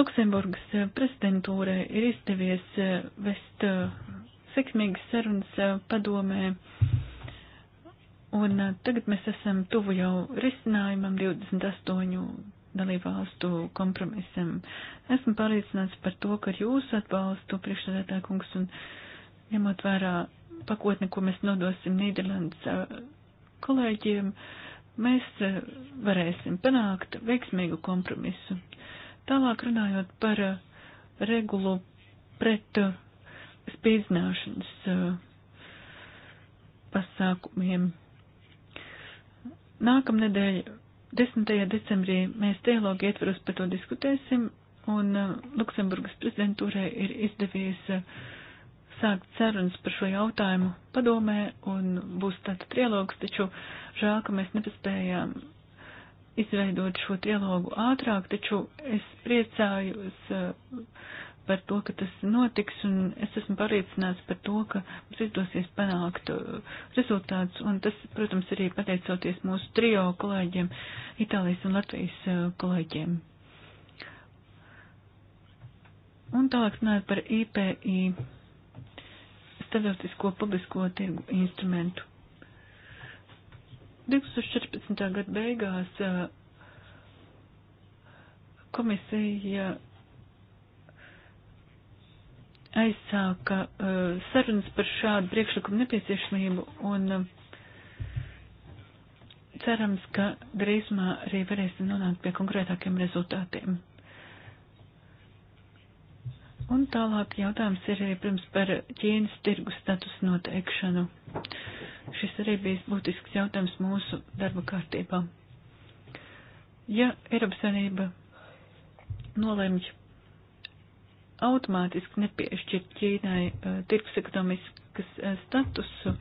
Luksemburgas prezidentūrai ir izdevies eh, vest eh, sekmīgas sarunas eh, padomē Un uh, tagad mēs esam tuvu jau risinājumam 28 dalībvalstu kompromisam. Esmu pārliecināts par to, ka ar jūsu atbalstu priekšsēdētā kungs un ņemot vērā pakotni, ko mēs nodosim Nīderlandes uh, kolēģiem, mēs uh, varēsim panākt veiksmīgu kompromisu. Tālāk runājot par regulu pret spīdzināšanas pasākumiem. Nākamnedēļ, 10. decembrī, mēs dialogu ietvaros par to diskutēsim, un uh, Luksemburgas prezidentūrai ir izdevies uh, sākt sarunas par šo jautājumu padomē, un būs tāds trialogs, taču žēl, ka mēs nepaspējām izveidot šo trialogu ātrāk, taču es priecājos uh, par to, ka tas notiks, un es esmu pārliecināts par to, ka mums izdosies panākt uh, rezultāts, un tas, protams, arī pateicoties mūsu trio kolēģiem, Itālijas un Latvijas uh, kolēģiem. Un tālāk runājot par IPI, starptautisko publisko tirgu instrumentu. 2014. gada beigās uh, komisija aizsāka uh, sarunas par šādu priekšlikumu nepieciešamību un uh, cerams, ka drīzumā arī varēsim nonākt pie konkrētākiem rezultātiem. Un tālāk jautājums ir arī pirms par Ķīnas tirgu statusu noteikšanu. Šis arī bijis būtisks jautājums mūsu darba kārtībā. Ja Eiropas Savienība nolemj automātiski nepiešķir Ķīnai eh, tirgus ekonomiskas eh, statusu,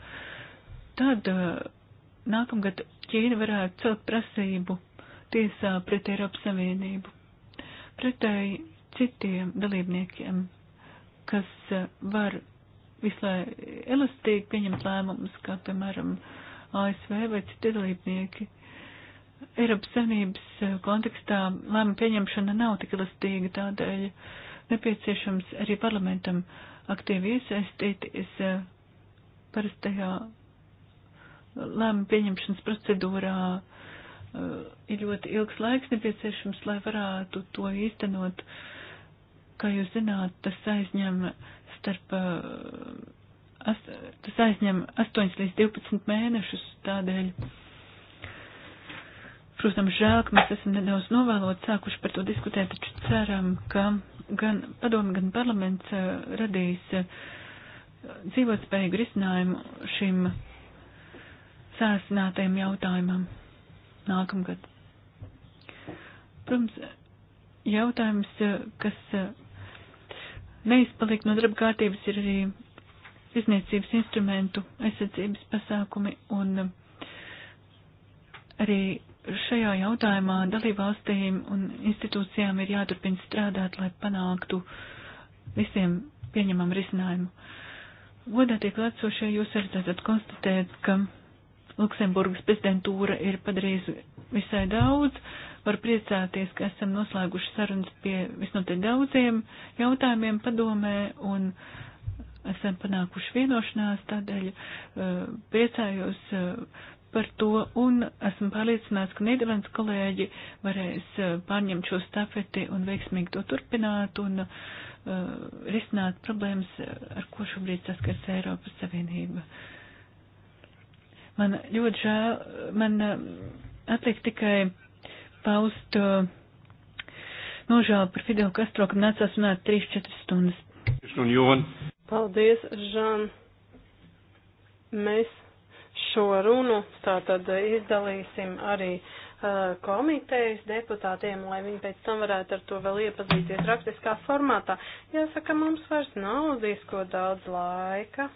tad eh, nākamgad Ķīna varētu celt prasību tiesā pret Eiropas Savienību. Pretēji citiem dalībniekiem, kas var vislai elastīgi pieņemt lēmumus, kā piemēram ASV vai citi dalībnieki. Eiropas Savienības kontekstā lēma pieņemšana nav tik elastīga, tādēļ nepieciešams arī parlamentam aktīvi iesaistīties eh, parastajā lēma pieņemšanas procedūrā. Eh, ir ļoti ilgs laiks nepieciešams, lai varētu to īstenot. Kā jūs zināt, tas aizņem starp eh, as, tas aizņem 8 līdz 12 mēnešus, tādēļ, protams, žēl, ka mēs esam nedaudz novēlot sākuši par to diskutēt, taču ceram, ka gan padomi, gan parlaments eh, radīs eh, dzīvotspējīgu risinājumu šim sāsinātajam jautājumam nākamgad. Protams, jautājums, eh, kas neizpaliek no darba kārtības, ir arī izniecības instrumentu aizsardzības pasākumi un arī Šajā jautājumā dalībvalstīm un institūcijām ir jāturpina strādāt, lai panāktu visiem pieņemam risinājumu. Godātie klātsošie, jūs arī tātad konstatējat, ka Luksemburgas prezidentūra ir padarījusi visai daudz. Var priecāties, ka esam noslēguši sarunas pie visnotaļ daudziem jautājumiem padomē un esam panākuši vienošanās, tādēļ uh, priecājos uh, par to, un esmu pārliecināts, ka Nīderlandes kolēģi varēs eh, pārņemt šo stafeti un veiksmīgi to turpināt un uh, risināt problēmas, eh, ar ko šobrīd saskars Eiropas Savienība. Man ļoti žēl, man uh, atliek tikai paust uh, nožēlu par Fidelu Kastro, ka nācās runāt 3-4 stundas. Paldies, Žan. Mēs šo runu, tātad izdalīsim arī uh, komitejas deputātiem, lai viņi pēc tam varētu ar to vēl iepazīties rakstiskā formātā. Jāsaka, mums vairs nav diezko daudz laika.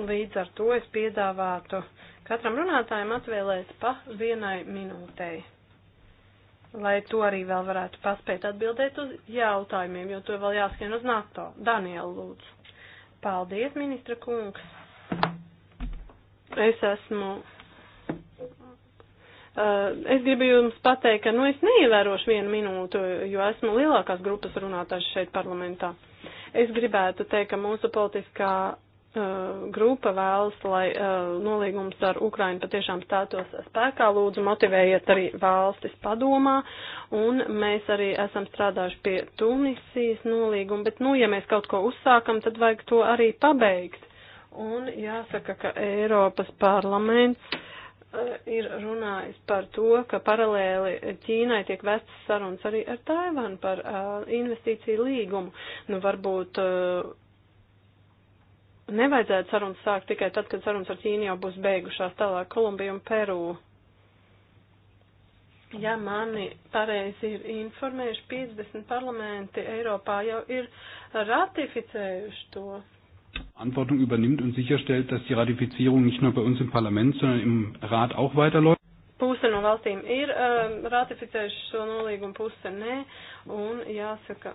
Līdz ar to es piedāvātu katram runātājam atvēlēt pa vienai minūtei. Lai to arī vēl varētu paspēt atbildēt uz jautājumiem, jo to vēl jāskan uz NATO. Daniela, lūdzu. Paldies, ministra kungs. Es esmu. Eh, es gribu jums pateikt, ka nu, es neievērošu vienu minūtu, jo esmu lielākās grupas runātājs šeit parlamentā. Es gribētu teikt, ka mūsu politiskā eh, grupa vēlas, lai uh, nolīgums ar Ukrainu patiešām stātos spēkā. Lūdzu, motivējiet arī valstis padomā. Un mēs arī esam strādājuši pie Tunisijas nolīguma, bet, nu, ja mēs kaut ko uzsākam, tad vajag to arī pabeigt. Un jāsaka, ka Eiropas parlaments e, ir runājis par to, ka paralēli Ķīnai tiek vestas sarunas arī ar Taivanu par e, investīciju līgumu. Nu, varbūt e, nevajadzētu sarunas sākt tikai tad, kad sarunas ar Ķīnu jau būs beigušās tālāk Kolumbija un Peru. Ja mani pareizi ir informējuši, 50 parlamenti Eiropā jau ir ratificējuši to Verantwortung übernimmt und sicherstellt, dass die Ratifizierung nicht nur bei uns im Parlament, sondern im Rat auch weiterläuft? Puse no valstīm ir uh, ratificējuši šo nolīgumu, puse nē, un jāsaka.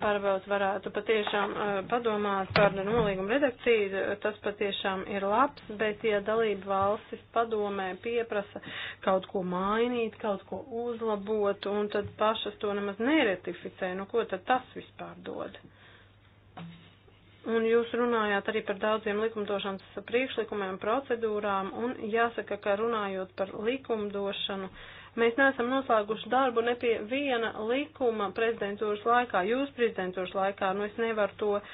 parlaments varētu patiešām eh, padomāt par nolīgumu redakciju, tas patiešām ir labs, bet ja dalība valstis padomē pieprasa kaut ko mainīt, kaut ko uzlabot, un tad pašas to nemaz neretificē, nu ko tad tas vispār dod? Un jūs runājāt arī par daudziem likumdošanas priekšlikumiem, procedūrām, un jāsaka, ka runājot par likumdošanu, uh, Mēs neesam noslēguši darbu ne pie viena likuma prezidentūras laikā, jūs prezidentūras laikā, nu es nevaru to uh,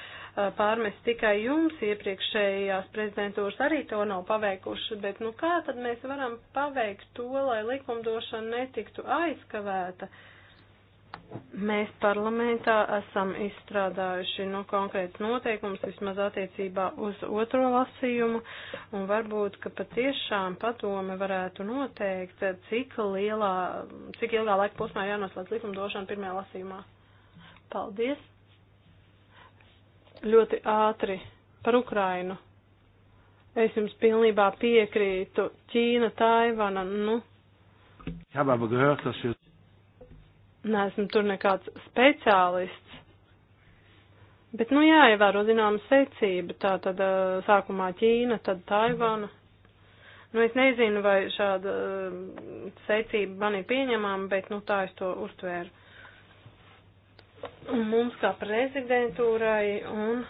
pārmest tikai jums, iepriekšējās prezidentūras arī to nav paveikuši, bet nu kā tad mēs varam paveikt to, lai likumdošana netiktu aizkavēta? Uh, Mēs parlamentā esam izstrādājuši nu, konkrēts noteikums vismaz attiecībā uz otro lasījumu, un varbūt, ka patiešām padome varētu noteikt, cik, lielā, cik ilgā laika posmā jānoslēdz likumdošana pirmajā lasījumā. Paldies! Ļoti ātri par Ukrainu. Es jums pilnībā piekrītu. Ķīna, Taivana, nu. Ich habe aber gehört, dass wir neesmu tur nekāds speciālists. Bet, nu jā, ievēro zināma secība, tā tad sākumā Ķīna, tad Taivana. Nu, es nezinu, vai šāda secība man ir pieņemama, bet, nu, tā es to uztvēru. Un mums kā prezidentūrai un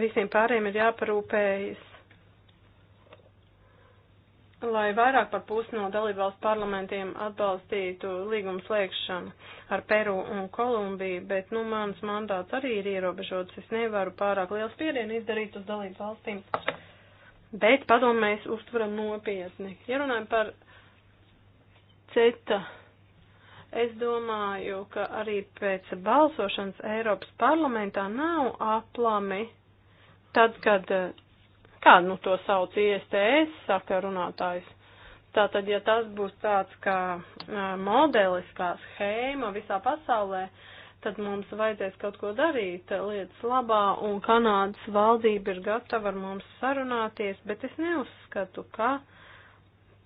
visiem pārējiem ir jāparūpējas lai vairāk par pusi no dalībvalstu parlamentiem atbalstītu līgumu slēgšanu ar Peru un Kolumbiju, bet, nu, mans mandāts arī ir ierobežots. Es nevaru pārāk liels spiedienu izdarīt uz dalībvalstīm, bet padomu mēs uztveram nopietni. Ja runājam par CETA, es domāju, ka arī pēc balsošanas Eiropas parlamentā nav aplami tad, kad Kā nu to sauc ISTS, saka runātājs. Tātad, ja tas būs tāds kā modelis, kā schēma visā pasaulē, tad mums vajadzēs kaut ko darīt lietas labā, un Kanādas valdība ir gatava ar mums sarunāties, bet es neuzskatu, ka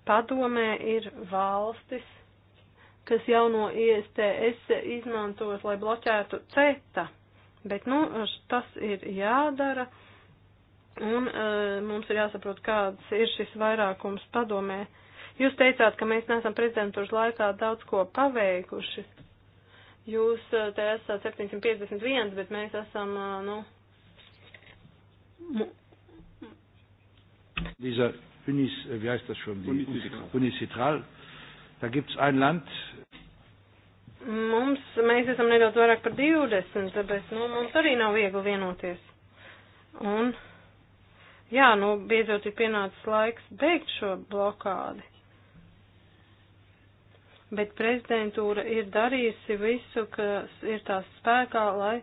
padomē ir valstis, kas jau no ISTS izmantos, lai bloķētu CETA. Bet, nu, tas ir jādara. Un uh, mums ir jāsaprot, kāds ir šis vairākums padomē. Jūs teicāt, ka mēs neesam prezidentūras laikā daudz ko paveikuši. Jūs uh, te esat 751, bet mēs esam, uh, nu. Dieser Unis, äh, wie heißt das schon? Unicitral. Unicitral. Da gibt es ein Land, Mums, mēs esam nedaudz vairāk par 20, tāpēc, nu, mums arī nav viegli vienoties. Un Jā, nu, beidzot ir pienācis laiks beigt šo blokādi. Bet prezidentūra ir darījusi visu, kas ir tās spēkā, lai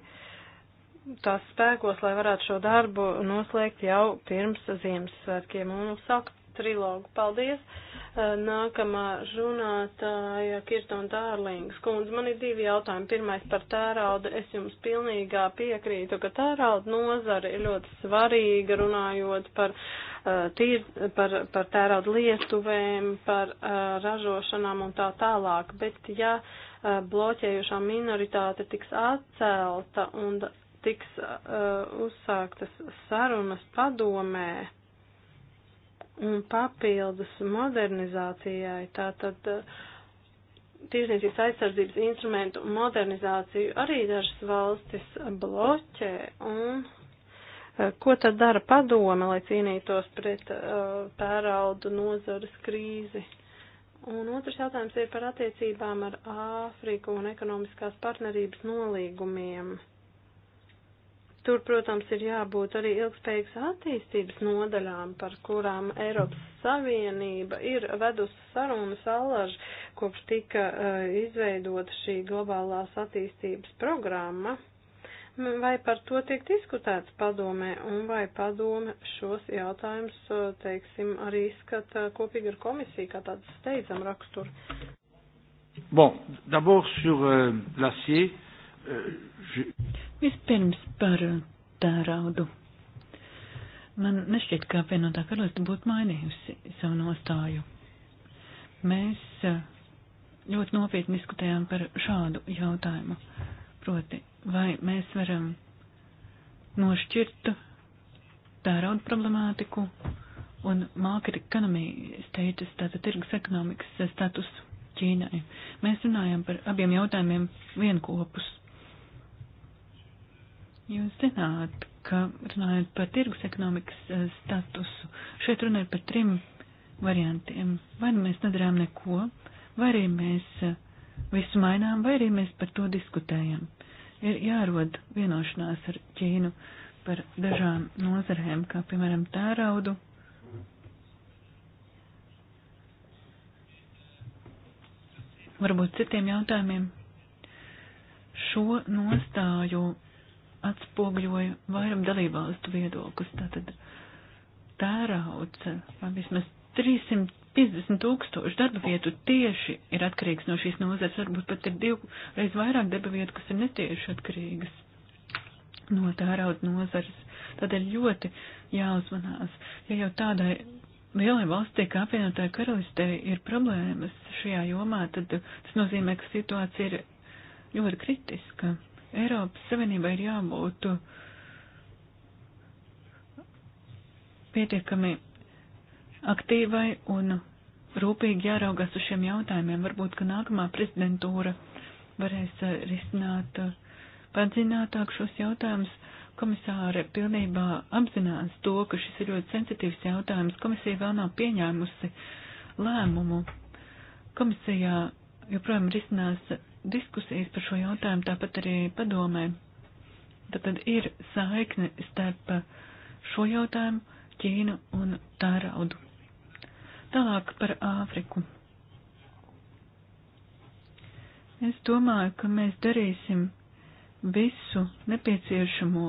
tās spēkos, lai varētu šo darbu noslēgt jau pirms Ziemassvētkiem un uzsākt trilogu. Paldies! Nākamā runātāja Kirtona Dārlings. Kundze, man ir divi jautājumi. Pirmais par tērauda. Es jums pilnīgā piekrītu, ka tērauda nozara ir ļoti svarīga runājot par, uh, tīr, par, par tērauda lietuvēm, par uh, ražošanām un tā tālāk. Bet ja uh, bloķējušā minoritāte tiks atcelta un tiks uh, uzsāktas sarunas padomē, un papildus modernizācijai, tātad eh, tirzniecības aizsardzības instrumentu modernizāciju arī dažas valstis bloķē un eh, ko tad dara padome, lai cīnītos pret uh, eh, pēraudu nozares krīzi? Un otrs jautājums ir par attiecībām ar Āfriku un ekonomiskās partnerības nolīgumiem. Uh, Tur, protams, ir jābūt arī ilgspējīgas attīstības nodaļām, par kurām Eiropas Savienība ir vedusi sarunu salažu, kopš tika uh, izveidota šī globālās attīstības programma. Vai par to tiek diskutēts padomē, un vai padome šos jautājumus, eh, teiksim, arī izskata kopīgi ar komisiju, kā tādu steidzam raksturu? Bon, d'abord sur euh, l'acier. Euh, ži... Vispirms par uh, tēraudu. Man nešķiet, ka apvienotā karalista būtu mainījusi savu nostāju. Mēs uh, ļoti nopietni diskutējām par šādu jautājumu. Proti, vai mēs varam nošķirt tērauda problemātiku un market economy status, tātad tirgus ekonomikas status Ķīnai. Mēs runājam par abiem jautājumiem vienkopus. Jūs zināt, ka runājot par tirgus ekonomikas eh, statusu, šeit runājot par trim variantiem. Vai nu mēs nedarām neko, vai arī mēs eh, visu mainām, vai arī mēs par to diskutējam. Ir jārod vienošanās ar Ķīnu par dažām nozarēm, kā piemēram tēraudu. Varbūt citiem jautājumiem. Šo nostāju atspoguļoja vairam dalībvalstu viedokļus. Tātad tērauts, vai vismaz 350 tūkstoši darba vietu tieši ir atkarīgs no šīs nozares, varbūt pat ir divreiz vairāk darba vietu, kas ir netieši atkarīgas no tērauda nozares. Tādēļ ļoti jāuzmanās, ja jau tādai lielai valstī kā apvienotā karalistē ir problēmas šajā jomā, tad tas nozīmē, ka situācija ir ļoti kritiska. Eiropas Savienībai ir jābūt pietiekami aktīvai un rūpīgi jāraugās uz šiem jautājumiem. Varbūt, ka nākamā prezidentūra varēs eh, risināt eh, padziļinātāk šos jautājumus. Komisāre pilnībā apzinās to, ka šis ir ļoti sensitīvs jautājums. Komisija vēl nav pieņēmusi lēmumu. Komisijā joprojām risinās diskusijas par šo jautājumu, tāpat arī padomē. Tātad ir saikne starp šo jautājumu, Ķīnu un tāraudu. Tālāk par Āfriku. Es domāju, ka mēs darīsim visu nepieciešamo,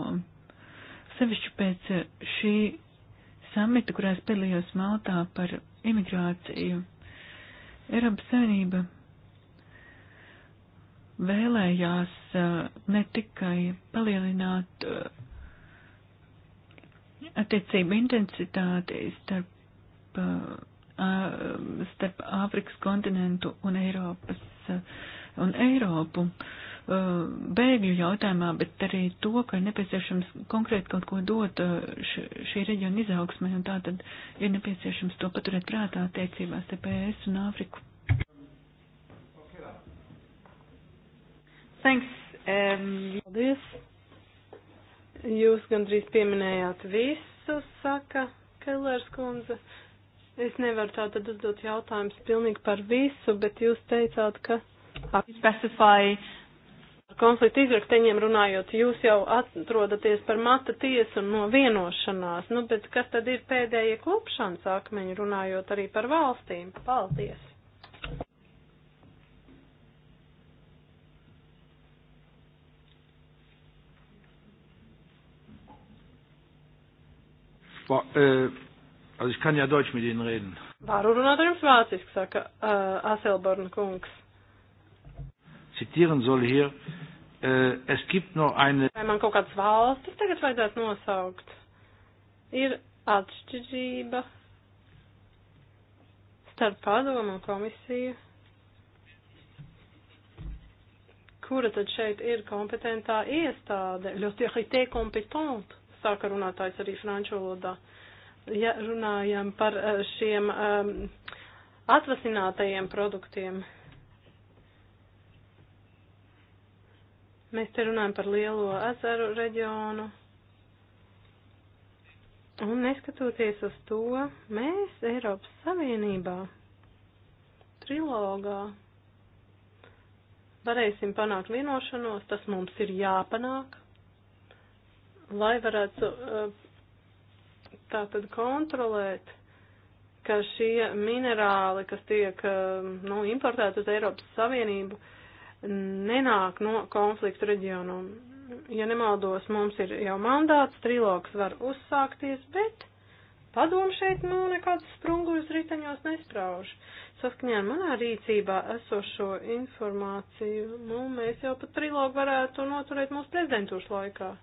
sevišķi pēc šī samita, kurā es piedalījos Maltā par imigrāciju. Eiropas Savienība vēlējās eh, ne tikai palielināt eh, attiecību intensitāti starp, eh, starp Āfrikas kontinentu un Eiropas un Eiropu bēgļu jautājumā, bet arī to, ka ir nepieciešams konkrēti kaut ko dot š, šī reģiona izaugsmē, un tā tad ir nepieciešams to paturēt prātā attiecībās TPS e un Āfriku. Thanks. Um, Paldies. Jūs gandrīz pieminējāt visu, saka Kellers kundze. Es nevaru tā tad uzdot jautājumus pilnīgi par visu, bet jūs teicāt, ka specify par konfliktu izrakteņiem runājot, jūs jau atrodaties par mata tiesu un no vienošanās, nu, bet kas tad ir pēdējie klupšanas akmeņi runājot arī par valstīm? Paldies! Äh, also ich kann ja Deutsch mit Ihnen reden. Varu runāt ar jums vāciski, saka uh, Aselborn kungs. Citieren soll hier, uh, es gibt nur eine... Vai man kaut kāds valstis tagad vajadzētu nosaukt? Ir atšķirība starp padomu un komisiju. Kura tad šeit ir kompetentā iestāde? Ļoti ir te kompetenta sāka runātājs arī franču valodā. Ja runājam par eh, šiem um, atvasinātajiem produktiem, mēs te runājam par lielo ezeru reģionu. Un neskatoties uz to, mēs Eiropas Savienībā, trilogā, varēsim panākt vienošanos, tas mums ir jāpanāk lai varētu eh, tātad kontrolēt, ka šie minerāli, kas tiek eh, nu, importēti uz Eiropas Savienību, nenāk no konfliktu reģionum. Ja nemaldos, mums ir jau mandāts, trilogs var uzsākties, bet padomu šeit nu nekāds sprunguļus riteņos nesprauž. Saskaņā ar manā rīcībā esošo informāciju, nu, mēs jau pat trilogu varētu noturēt mūsu prezidentūšu laikā.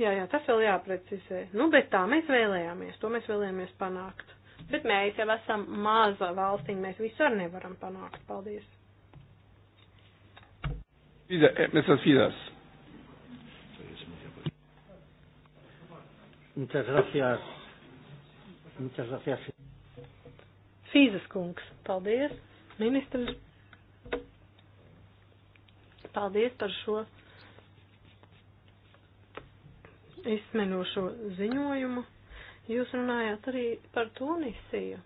Jā, jā, tas vēl jāprecizē. Nu, bet tā mēs vēlējāmies, to mēs vēlējāmies panākt. Bet mēs jau esam maza valstiņa, mēs visu arī nevaram panākt. Paldies. Eh, Mr. Fidas. Muchas gracias. Muchas gracias. Fīzes kungs, paldies, ministrs. Paldies par šo izsmeļošo ziņojumu. Jūs runājāt arī par Tunisiju.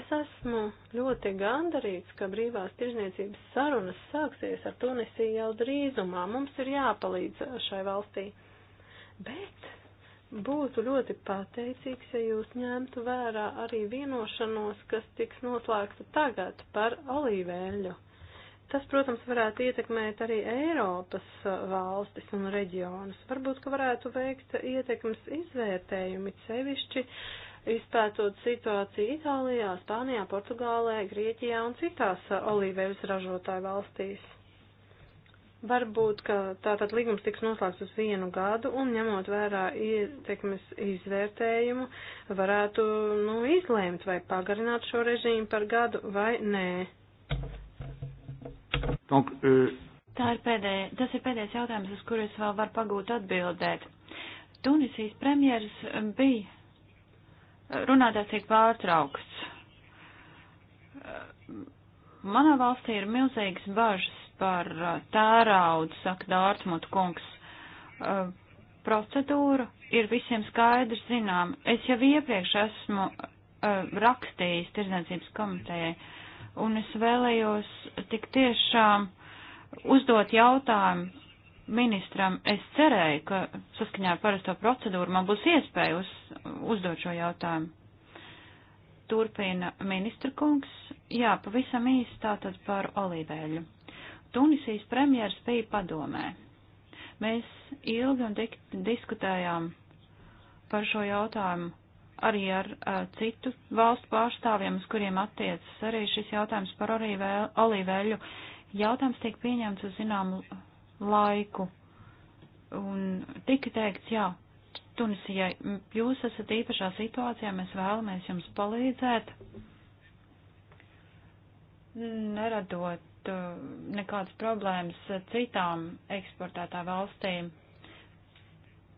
Es esmu ļoti gandarīts, ka brīvās tirzniecības sarunas sāksies ar Tunisiju jau drīzumā. Mums ir jāpalīdz šai valstī. Bet būtu ļoti pateicīgs, ja jūs ņemtu vērā arī vienošanos, kas tiks noslēgta tagad par olīvēļu. Tas, protams, varētu ietekmēt arī Eiropas uh, valstis un reģionus. Varbūt, ka varētu veikt ietekmes izvērtējumi sevišķi, izpētot situāciju Itālijā, Spānijā, Portugālē, Grieķijā un citās uh, olīveļas ražotāju valstīs. Varbūt, ka tātad līgums tiks noslēgts uz vienu gadu un ņemot vērā ietekmes izvērtējumu, varētu, nu, izlēmt vai pagarināt šo režīmu par gadu vai nē. Donc, euh... Tā ir pēdējais, tas ir pēdējais jautājums, uz kuru es vēl varu pagūt atbildēt. Tunisijas premjeras um, bija, uh, runātājs tiek pārtraukts. Uh, manā valstī ir milzīgas bažas par uh, tēraudu, saka Dārtmut kungs. Procedūra ir visiem skaidrs zinām. Es jau iepriekš esmu rakstījis Tirzniecības komitejai un es vēlējos tik tiešām uzdot jautājumu ministram. Es cerēju, ka saskaņā ar parasto procedūru man būs iespēja uz, uzdot šo jautājumu. Turpina ministra kungs. Jā, pavisam īsti tātad par olīvēļu. Tunisijas premjeras bija padomē. Mēs ilgi un dik, diskutējām par šo jautājumu arī ar uh, citu valstu pārstāvjiem, uz kuriem attiecas arī šis jautājums par olīveļu. Jautājums tiek pieņemts uz zināmu laiku. Un tika teikts, jā, Tunisijai, jūs esat īpašā situācijā, mēs vēlamies jums palīdzēt, neradot uh, nekādas problēmas citām eksportētā valstīm.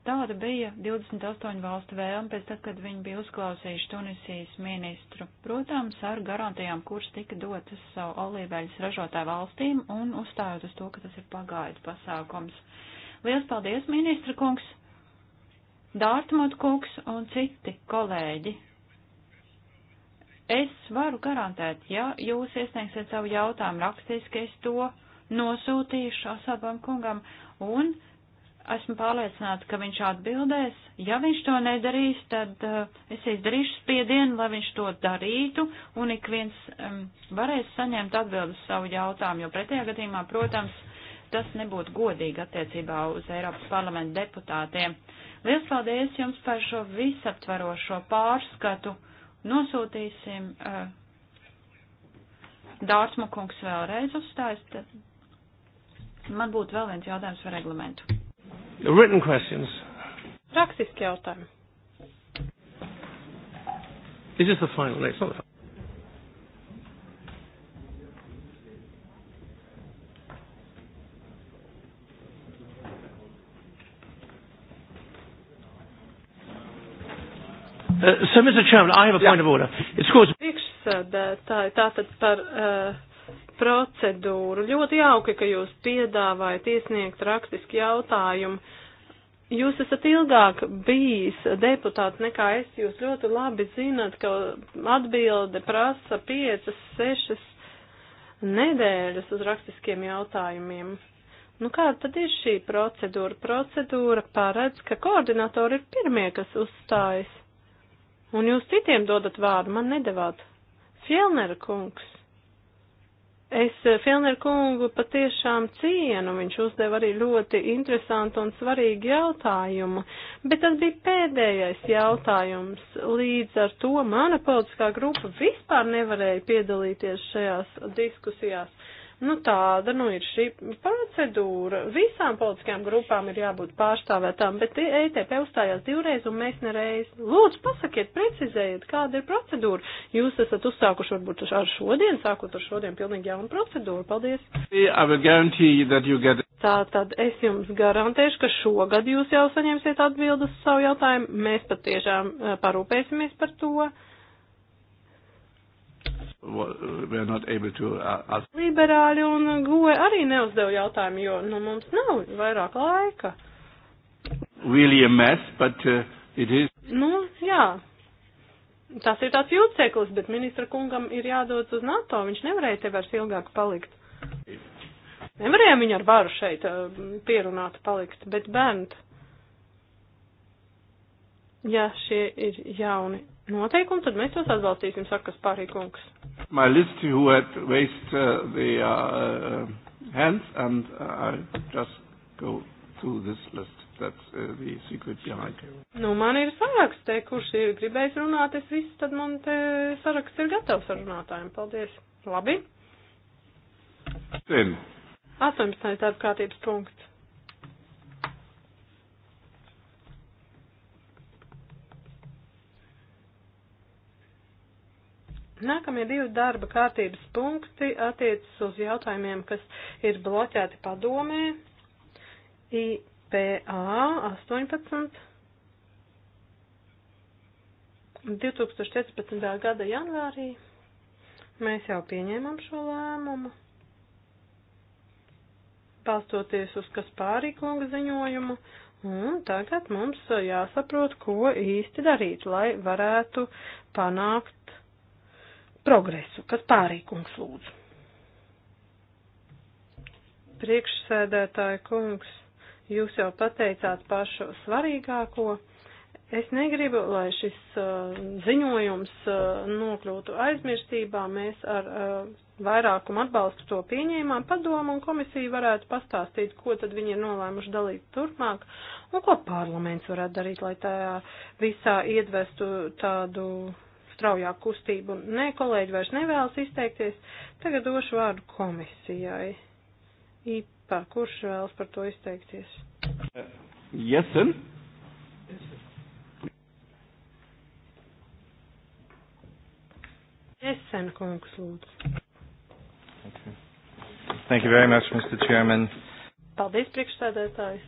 Tāda bija 28 valstu vēlme pēc tad, kad viņi bija uzklausījuši Tunisijas ministru. Protams, ar garantijām, kuras tika dotas savu olīveļas ražotāju valstīm un uzstājot uz to, ka tas ir pagaidu pasākums. Lielas paldies, ministra kungs, Dārtmut kungs un citi kolēģi. Es varu garantēt, ja jūs iesniegsiet savu jautājumu rakstiski, es to nosūtīšu Asabam kungam un esmu pārliecināta, ka viņš atbildēs. Ja viņš to nedarīs, tad uh, es izdarīšu spiedienu, lai viņš to darītu, un ik viens um, varēs saņemt atbildes savu jautājumu, jo pretējā gadījumā, protams, tas nebūtu godīgi attiecībā uz Eiropas parlamenta deputātiem. Lielas paldies jums par šo visaptvarošo pārskatu. Nosūtīsim. Uh, eh, Dārtsma kungs vēlreiz uzstājas. Man būtu vēl viens jautājums par reglamentu. Written questions. Rakstiski jautājumi. Is this the final? No, it's not the final. Uh, so, Mr. Chairman, I have a point yeah. of order. It's called. Priekšsēdētāji, tātad par uh, procedūru. Ļoti jauki, ka jūs piedāvājat iesniegt rakstiski jautājumu. Jūs esat ilgāk bijis deputāts nekā es, jūs ļoti labi zinat, ka atbilde prasa 5, 6 nedēļas uz rakstiskiem jautājumiem. Nu kā tad ir šī procedūra? Procedūra paredz, ka koordinatori ir pirmie, kas uzstājas. Un jūs citiem dodat vārdu, man nedavāt. Fjellner kungs. Es eh, Fjellner kungu patiešām cienu, viņš uzdeva arī ļoti interesantu un svarīgu jautājumu, bet tas bija pēdējais jautājums. Līdz ar to mana politiskā grupa vispār nevarēja piedalīties šajās diskusijās. Nu, tāda nu ir šī procedūra. Visām politiskajām grupām ir jābūt pārstāvētām, bet ETP e uzstājās divreiz un mēs nereiz. Lūdzu, pasakiet, precizējiet, kāda ir procedūra. Jūs esat uzsākuši varbūt ar šodien, sākot ar šodien pilnīgi jaunu procedūru. Paldies. Get... Tā tad es jums garantēšu, ka šogad jūs jau saņemsiet atbildes uz savu jautājumu. Mēs patiešām eh, parūpēsimies par to. To, uh, Liberāļi un goja arī neuzdeva jautājumu, jo nu, mums nav vairāk laika. Really a mess, but uh, it is. Nu, jā. Tas ir tāds jūtseklis, bet ministra kungam ir jādodas uz NATO. Viņš nevarēja te vairs ilgāk palikt. Nevarējām viņu ar varu šeit uh, pierunāt palikt, bet bērnt. Ja šie ir jauni noteikumu, tad mēs tos atbalstīsim, saka Spārī kungs. My list who had raised uh, the uh, uh, hands and uh, I just go through this list. That's uh, the secret behind. Nu, man ir saraksts, te, kurš ir gribējis runāt, es viss, tad man te saraksts ir gatavs ar runātājiem. Paldies. Labi. Zin. 18. apkārtības punkts. Nākamie divi darba kārtības punkti attiecas uz jautājumiem, kas ir bloķēti padomē. IPA 18. 2014. gada janvārī mēs jau pieņēmām šo lēmumu, balstoties uz Kaspārī kunga ziņojumu, un tagad mums jāsaprot, ko īsti darīt, lai varētu panākt progresu. Kas pārīkums lūdzu? Priekšsēdētāja kungs, jūs jau pateicāt pašu svarīgāko. Es negribu, lai šis uh, ziņojums uh, nokļūtu aizmirstībā. Mēs ar uh, vairākumu atbalstu to pieņēmām. Padomu un komisija varētu pastāstīt, ko tad viņi ir nolēmuši dalīt turpmāk un ko parlaments varētu darīt, lai tajā visā iedvestu tādu uh, straujā kustība. Nē, kolēģi vairs nevēlas izteikties. Tagad došu vārdu komisijai. Īpā, kurš vēlas par to izteikties? Jesen. Jesen, kungs, lūdzu. Okay. Thank you very much, Mr. Chairman. Paldies, priekšsēdētājs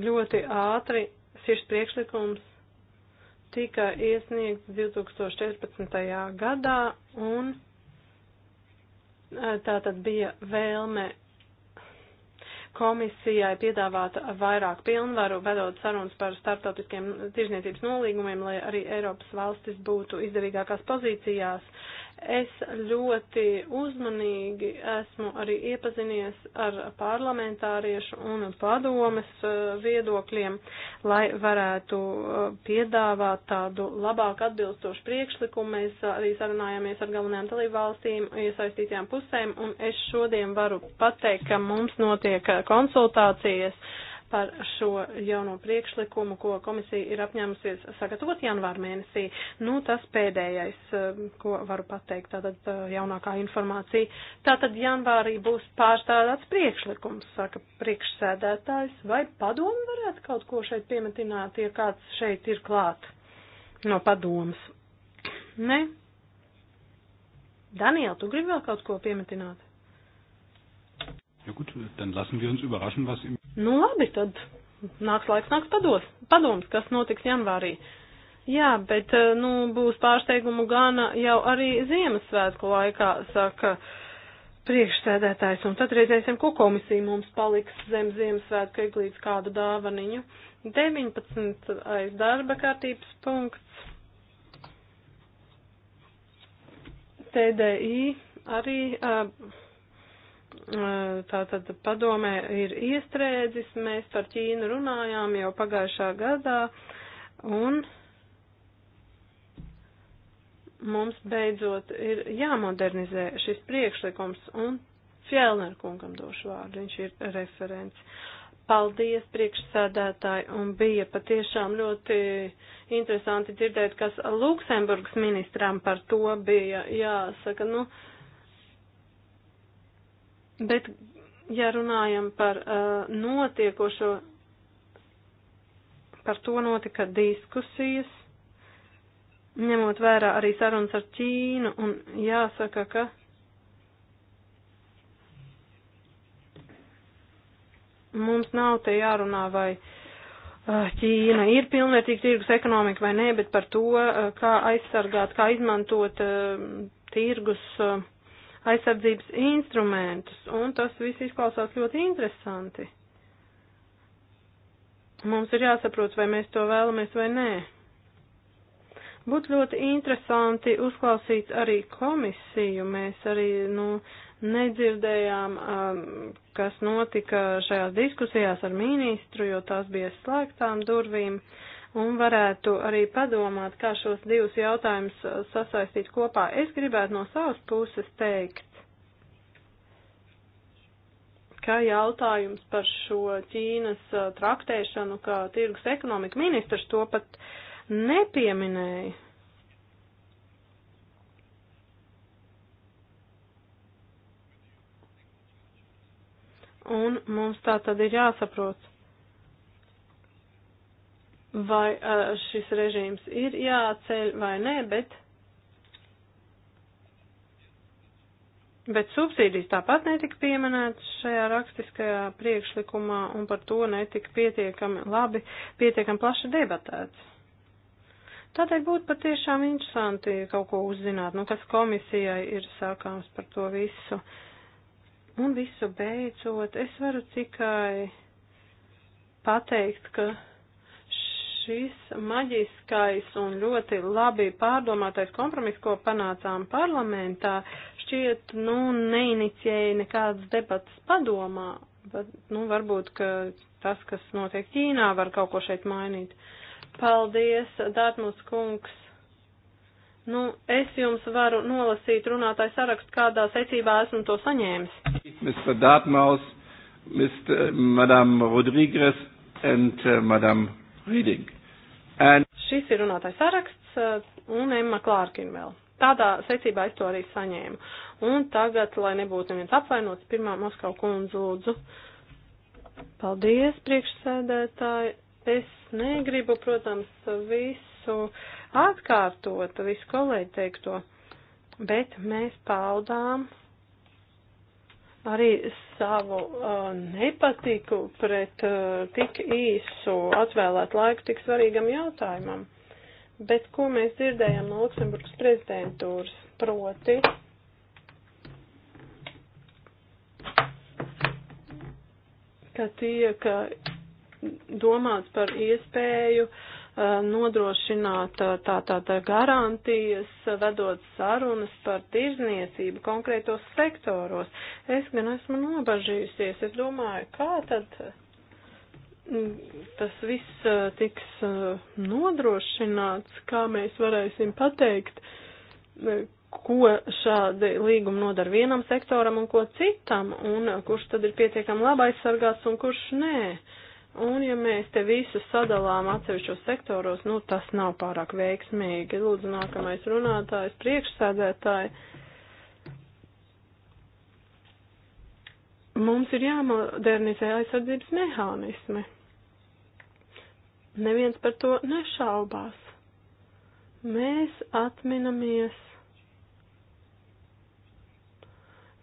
ļoti ātri šis priekšlikums tika iesniegts 2014. gadā un eh, tā tad bija vēlme komisijai piedāvāt vairāk pilnvaru, vedot sarunas par starptautiskiem tirzniecības nolīgumiem, lai arī Eiropas valstis būtu izdevīgākās pozīcijās. Uh, Es ļoti uzmanīgi esmu arī iepazinies ar parlamentāriešu un padomes eh, viedokļiem, lai varētu eh, piedāvāt tādu labāk atbilstošu priekšlikumu. Mēs eh, arī sarunājāmies ar galvenajām dalībvalstīm, iesaistītajām pusēm, un es šodien varu pateikt, ka mums notiek konsultācijas par šo jauno priekšlikumu, ko komisija ir apņēmusies sagatavot janvāra mēnesī. Nu, tas pēdējais, eh, ko varu pateikt, tātad eh, jaunākā informācija. Tātad janvārī būs pārstādāts priekšlikums, saka priekšsēdētājs, vai padomu varētu kaut ko šeit piemetināt, ja kāds šeit ir klāt no padomas. Ne? Daniel, tu gribi vēl kaut ko piemetināt? Ja gut, dann lassen wir uns überraschen, was im Nu labi, tad nāks laiks, nāks pados, padoms, kas notiks janvārī. Jā, bet, eh, nu, būs pārsteigumu gana jau arī Ziemassvētku laikā, saka priekšsēdētājs, un tad redzēsim, ko komisija mums paliks zem Ziemassvētku eglītes kādu dāvaniņu. 19. aiz darba kārtības punkts. TDI arī. Uh, tātad padomē ir iestrēdzis, mēs par Ķīnu runājām jau pagājušā gadā, un mums beidzot ir jāmodernizē šis priekšlikums, un Fjellner kungam došu vārdu, viņš ir referents. Paldies priekšsēdētāji, un bija patiešām ļoti interesanti dzirdēt, kas Luksemburgas ministram par to bija jāsaka, nu, uh, Bet, ja runājam par uh, notiekošo, par to notika diskusijas, ņemot vērā arī sarunas ar Ķīnu, un jāsaka, ka mums nav te jārunā vai. Uh, Ķīna ir pilnvērtīga tirgus ekonomika vai nē, bet par to, uh, kā aizsargāt, kā izmantot uh, tirgus uh, aizsardzības instrumentus, un tas viss izklausās ļoti interesanti. Mums ir jāsaprot, vai mēs to vēlamies vai nē. Būtu ļoti interesanti uzklausīt arī komisiju. Mēs arī, nu, nedzirdējām, um, kas notika šajās diskusijās ar ministru, jo tās bija slēgtām durvīm. Uh, un varētu arī padomāt, kā šos divus jautājumus uh, sasaistīt kopā. Es gribētu no savas puses teikt, ka jautājums par šo Ķīnas uh, traktēšanu, kā tirgus ekonomika ministrs to pat nepieminēja. Un mums tā tad ir jāsaprot, vai šis režīms ir jāceļ vai nē, bet, bet subsīdijas tāpat netika pieminētas šajā rakstiskajā priekšlikumā un par to netika pietiekami labi, pietiekami plaši debatēts. Tādēļ būtu patiešām interesanti kaut ko uzzināt, nu kas komisijai ir sākāms par to visu. Un visu beidzot, es varu tikai pateikt, ka šis maģiskais un ļoti labi pārdomātais kompromiss, ko panācām parlamentā, šķiet, nu, neinicēja nekādas debatas padomā, bet, nu, varbūt, ka tas, kas notiek Ķīnā, var kaut ko šeit mainīt. Paldies, Dārtmūs kungs. Nu, es jums varu nolasīt runātāju sarakstu, kādā secībā esmu to saņēmis. Mr. Dārtmūs, Mr. Madame Rodriguez and uh, Madame Reading. And... Šis ir runātais saraksts uh, un Emma Klārkina vēl. Tādā secībā es to arī saņēmu. Un tagad, lai nebūtu neviens apvainots, pirmā Moskau kundze lūdzu. Paldies, priekšsēdētāji. Es negribu, protams, visu atkārtot, visu kolēģi teikto, bet mēs paudām arī savu uh, nepatiku pret uh, tik īsu atvēlēt laiku tik svarīgam jautājumam. Bet ko mēs dzirdējam no Luksemburgas prezidentūras? Proti, ka tiek uh, domāts par iespēju uh, Uh, nodrošināt uh, tātad tā, garantijas, vedot sarunas par tirzniecību konkrētos sektoros. Es gan esmu nobažījusies, es domāju, kā tad mm, tas viss uh, tiks nodrošināts, kā mēs varēsim pateikt, ko šādi līgumi nodar vienam sektoram un ko citam, un kurš tad ir pietiekami labi aizsargāts un kurš nē. Uh, Un ja mēs te visu sadalām atsevišķos sektoros, nu tas nav pārāk veiksmīgi. Lūdzu, nākamais runātājs, priekšsēdētāji. Mums ir jāmodernizē aizsardzības mehānismi. Neviens par to nešaubās. Mēs atminamies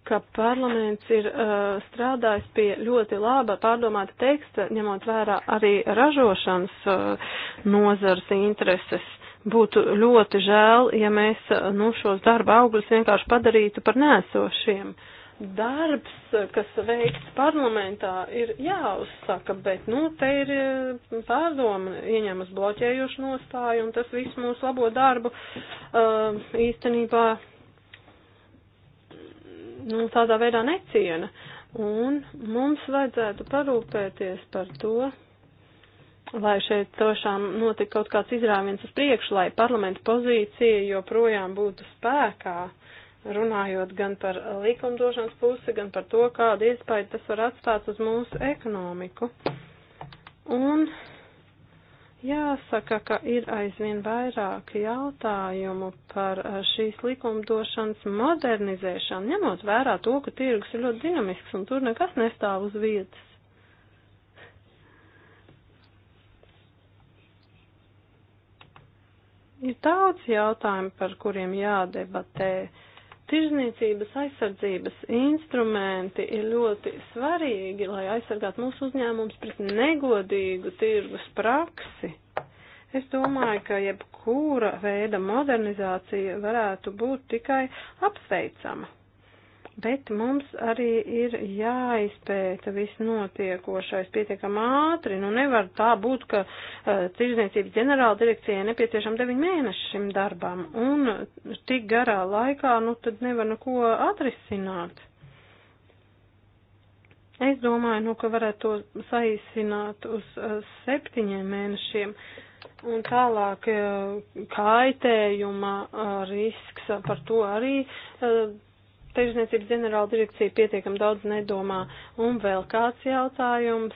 ka parlaments ir uh, strādājis pie ļoti laba pārdomāta teksta, ņemot vērā arī ražošanas uh, nozars intereses. Būtu ļoti žēl, ja mēs uh, nu, šos darba augļus vienkārši padarītu par nēsošiem. Darbs, kas veikts parlamentā, ir jāuzsaka, bet, nu, te ir uh, pārdoma ieņemas bloķējuši nostāju, un tas viss mūsu labo darbu uh, īstenībā nu, tādā veidā neciena. Un mums vajadzētu parūpēties par to, lai šeit tošām notika kaut kāds izrāviens uz priekšu, lai parlamenta pozīcija joprojām būtu spēkā, runājot gan par likumdošanas pusi, gan par to, kādu iespēju tas var atstāt uz mūsu ekonomiku. Un Jāsaka, ka ir aizvien vairāk jautājumu par eh, šīs likumdošanas modernizēšanu, ņemot vērā to, ka tirgus ir ļoti dinamisks un tur nekas nestāv uz vietas. Ir daudz jautājumu, par kuriem jādebatē. Uh, Tirzniecības aizsardzības instrumenti ir ļoti svarīgi, lai aizsargātu mūsu uzņēmums pret negodīgu tirgus praksi. Es domāju, ka jebkura veida modernizācija varētu būt tikai apsveicama. Bet mums arī ir jāizpēta viss notiekošais pietiekam ātri. Nu, nevar tā būt, ka uh, tirzniecības ģenerāla direkcijai nepieciešam 9 mēneši šim darbam. Un tik garā laikā, nu, tad nevar neko atrisināt. Es domāju, nu, ka varētu to saīsināt uz uh, septiņiem mēnešiem. Uh, un tālāk eh, kaitējuma risks par to arī Tirzniecības ģenerāla direkcija pietiekam daudz nedomā. Un vēl kāds jautājums.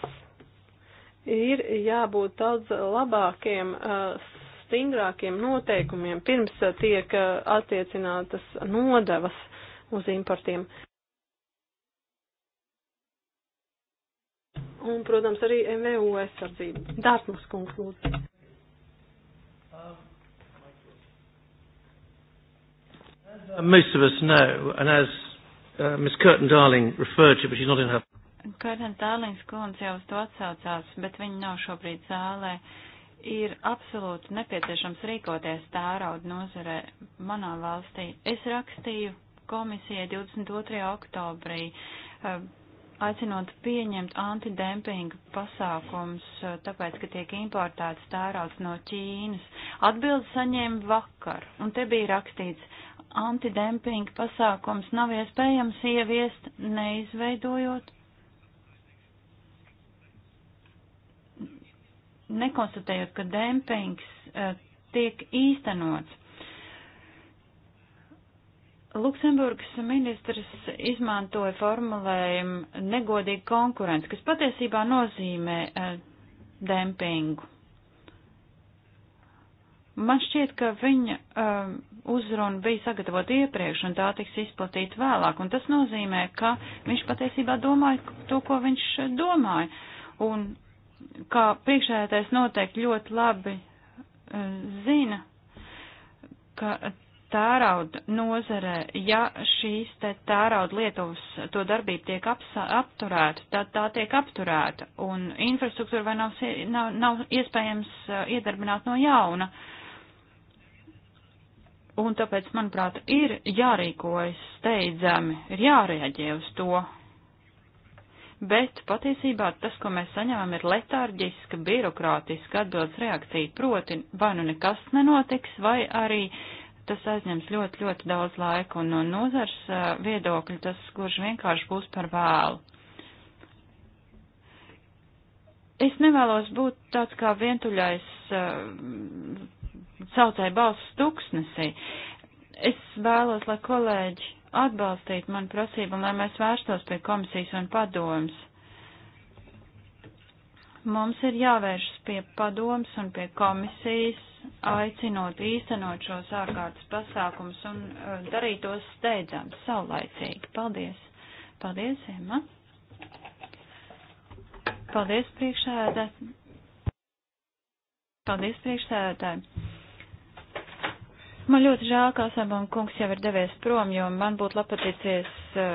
Ir jābūt daudz labākiem, uh, stingrākiem noteikumiem pirms uh, tiek uh, attiecinātas nodevas uz importiem. Un, protams, arī MVU aizsardzību. Dārtmas kungs, lūdzu. Uh, most of us know, and as uh, Ms. Curtin Darling referred to, but she's not in her. Curtin Darlings kundze jau uz to atsaucās, bet viņa nav šobrīd zālē. Ir absolūti nepieciešams rīkoties tērauda nozarē manā valstī. Es rakstīju komisijai 22. oktobrī, uh, aicinot pieņemt antidempinga pasākums, uh, tāpēc, ka tiek importēts tērauds no Ķīnas. Atbildi saņēma vakar, un te bija rakstīts, antidempinga pasākums nav iespējams ieviest, neizveidojot, nekonstatējot, ka dempings uh, e, tiek īstenots. Luksemburgas ministrs izmantoja formulējumu negodīga konkurence, kas patiesībā nozīmē uh, e, dempingu. Man šķiet, ka viņa um, uzruna bija sagatavota iepriekš, un tā tiks izplatīta vēlāk. Un tas nozīmē, ka viņš patiesībā domāja to, ko viņš domāja. Un kā priekšējātais noteikti ļoti labi uh, zina, ka tērauda nozarē, ja šīs te tērauda Lietuvas to darbību tiek apsa, apturēta, tad tā tiek apturēta un infrastruktūra vai nav, nav, nav iespējams uh, iedarbināt no jauna. Uh, Un tāpēc, manuprāt, ir jārīkojas steidzami, ir jārēģē uz to. Bet patiesībā tas, ko mēs saņemam, ir letārģiska, birokrātiska atbildes reakcija. Proti, vai nu nekas nenotiks, vai arī tas aizņems ļoti, ļoti daudz laika, un no nozars viedokļa tas gluži vienkārši būs par vēlu. Es nevēlos būt tāds kā vientuļais saucēja balsts tuksnesī. Es vēlos, lai kolēģi atbalstītu manu prasību un lai mēs vērstos pie komisijas un padomas. Mums ir jāvēršas pie padomas un pie komisijas, aicinot īstenot šos ārkārtas pasākumus un uh, darīt tos steidzams, saulaicīgi. Paldies! Paldies, Emma! Paldies, priekšsēdētāji! Paldies, priekšsēdētāji! Man ļoti žēl, ka Asambam kungs jau ir devies prom, jo man būtu lapaticies uh, eh,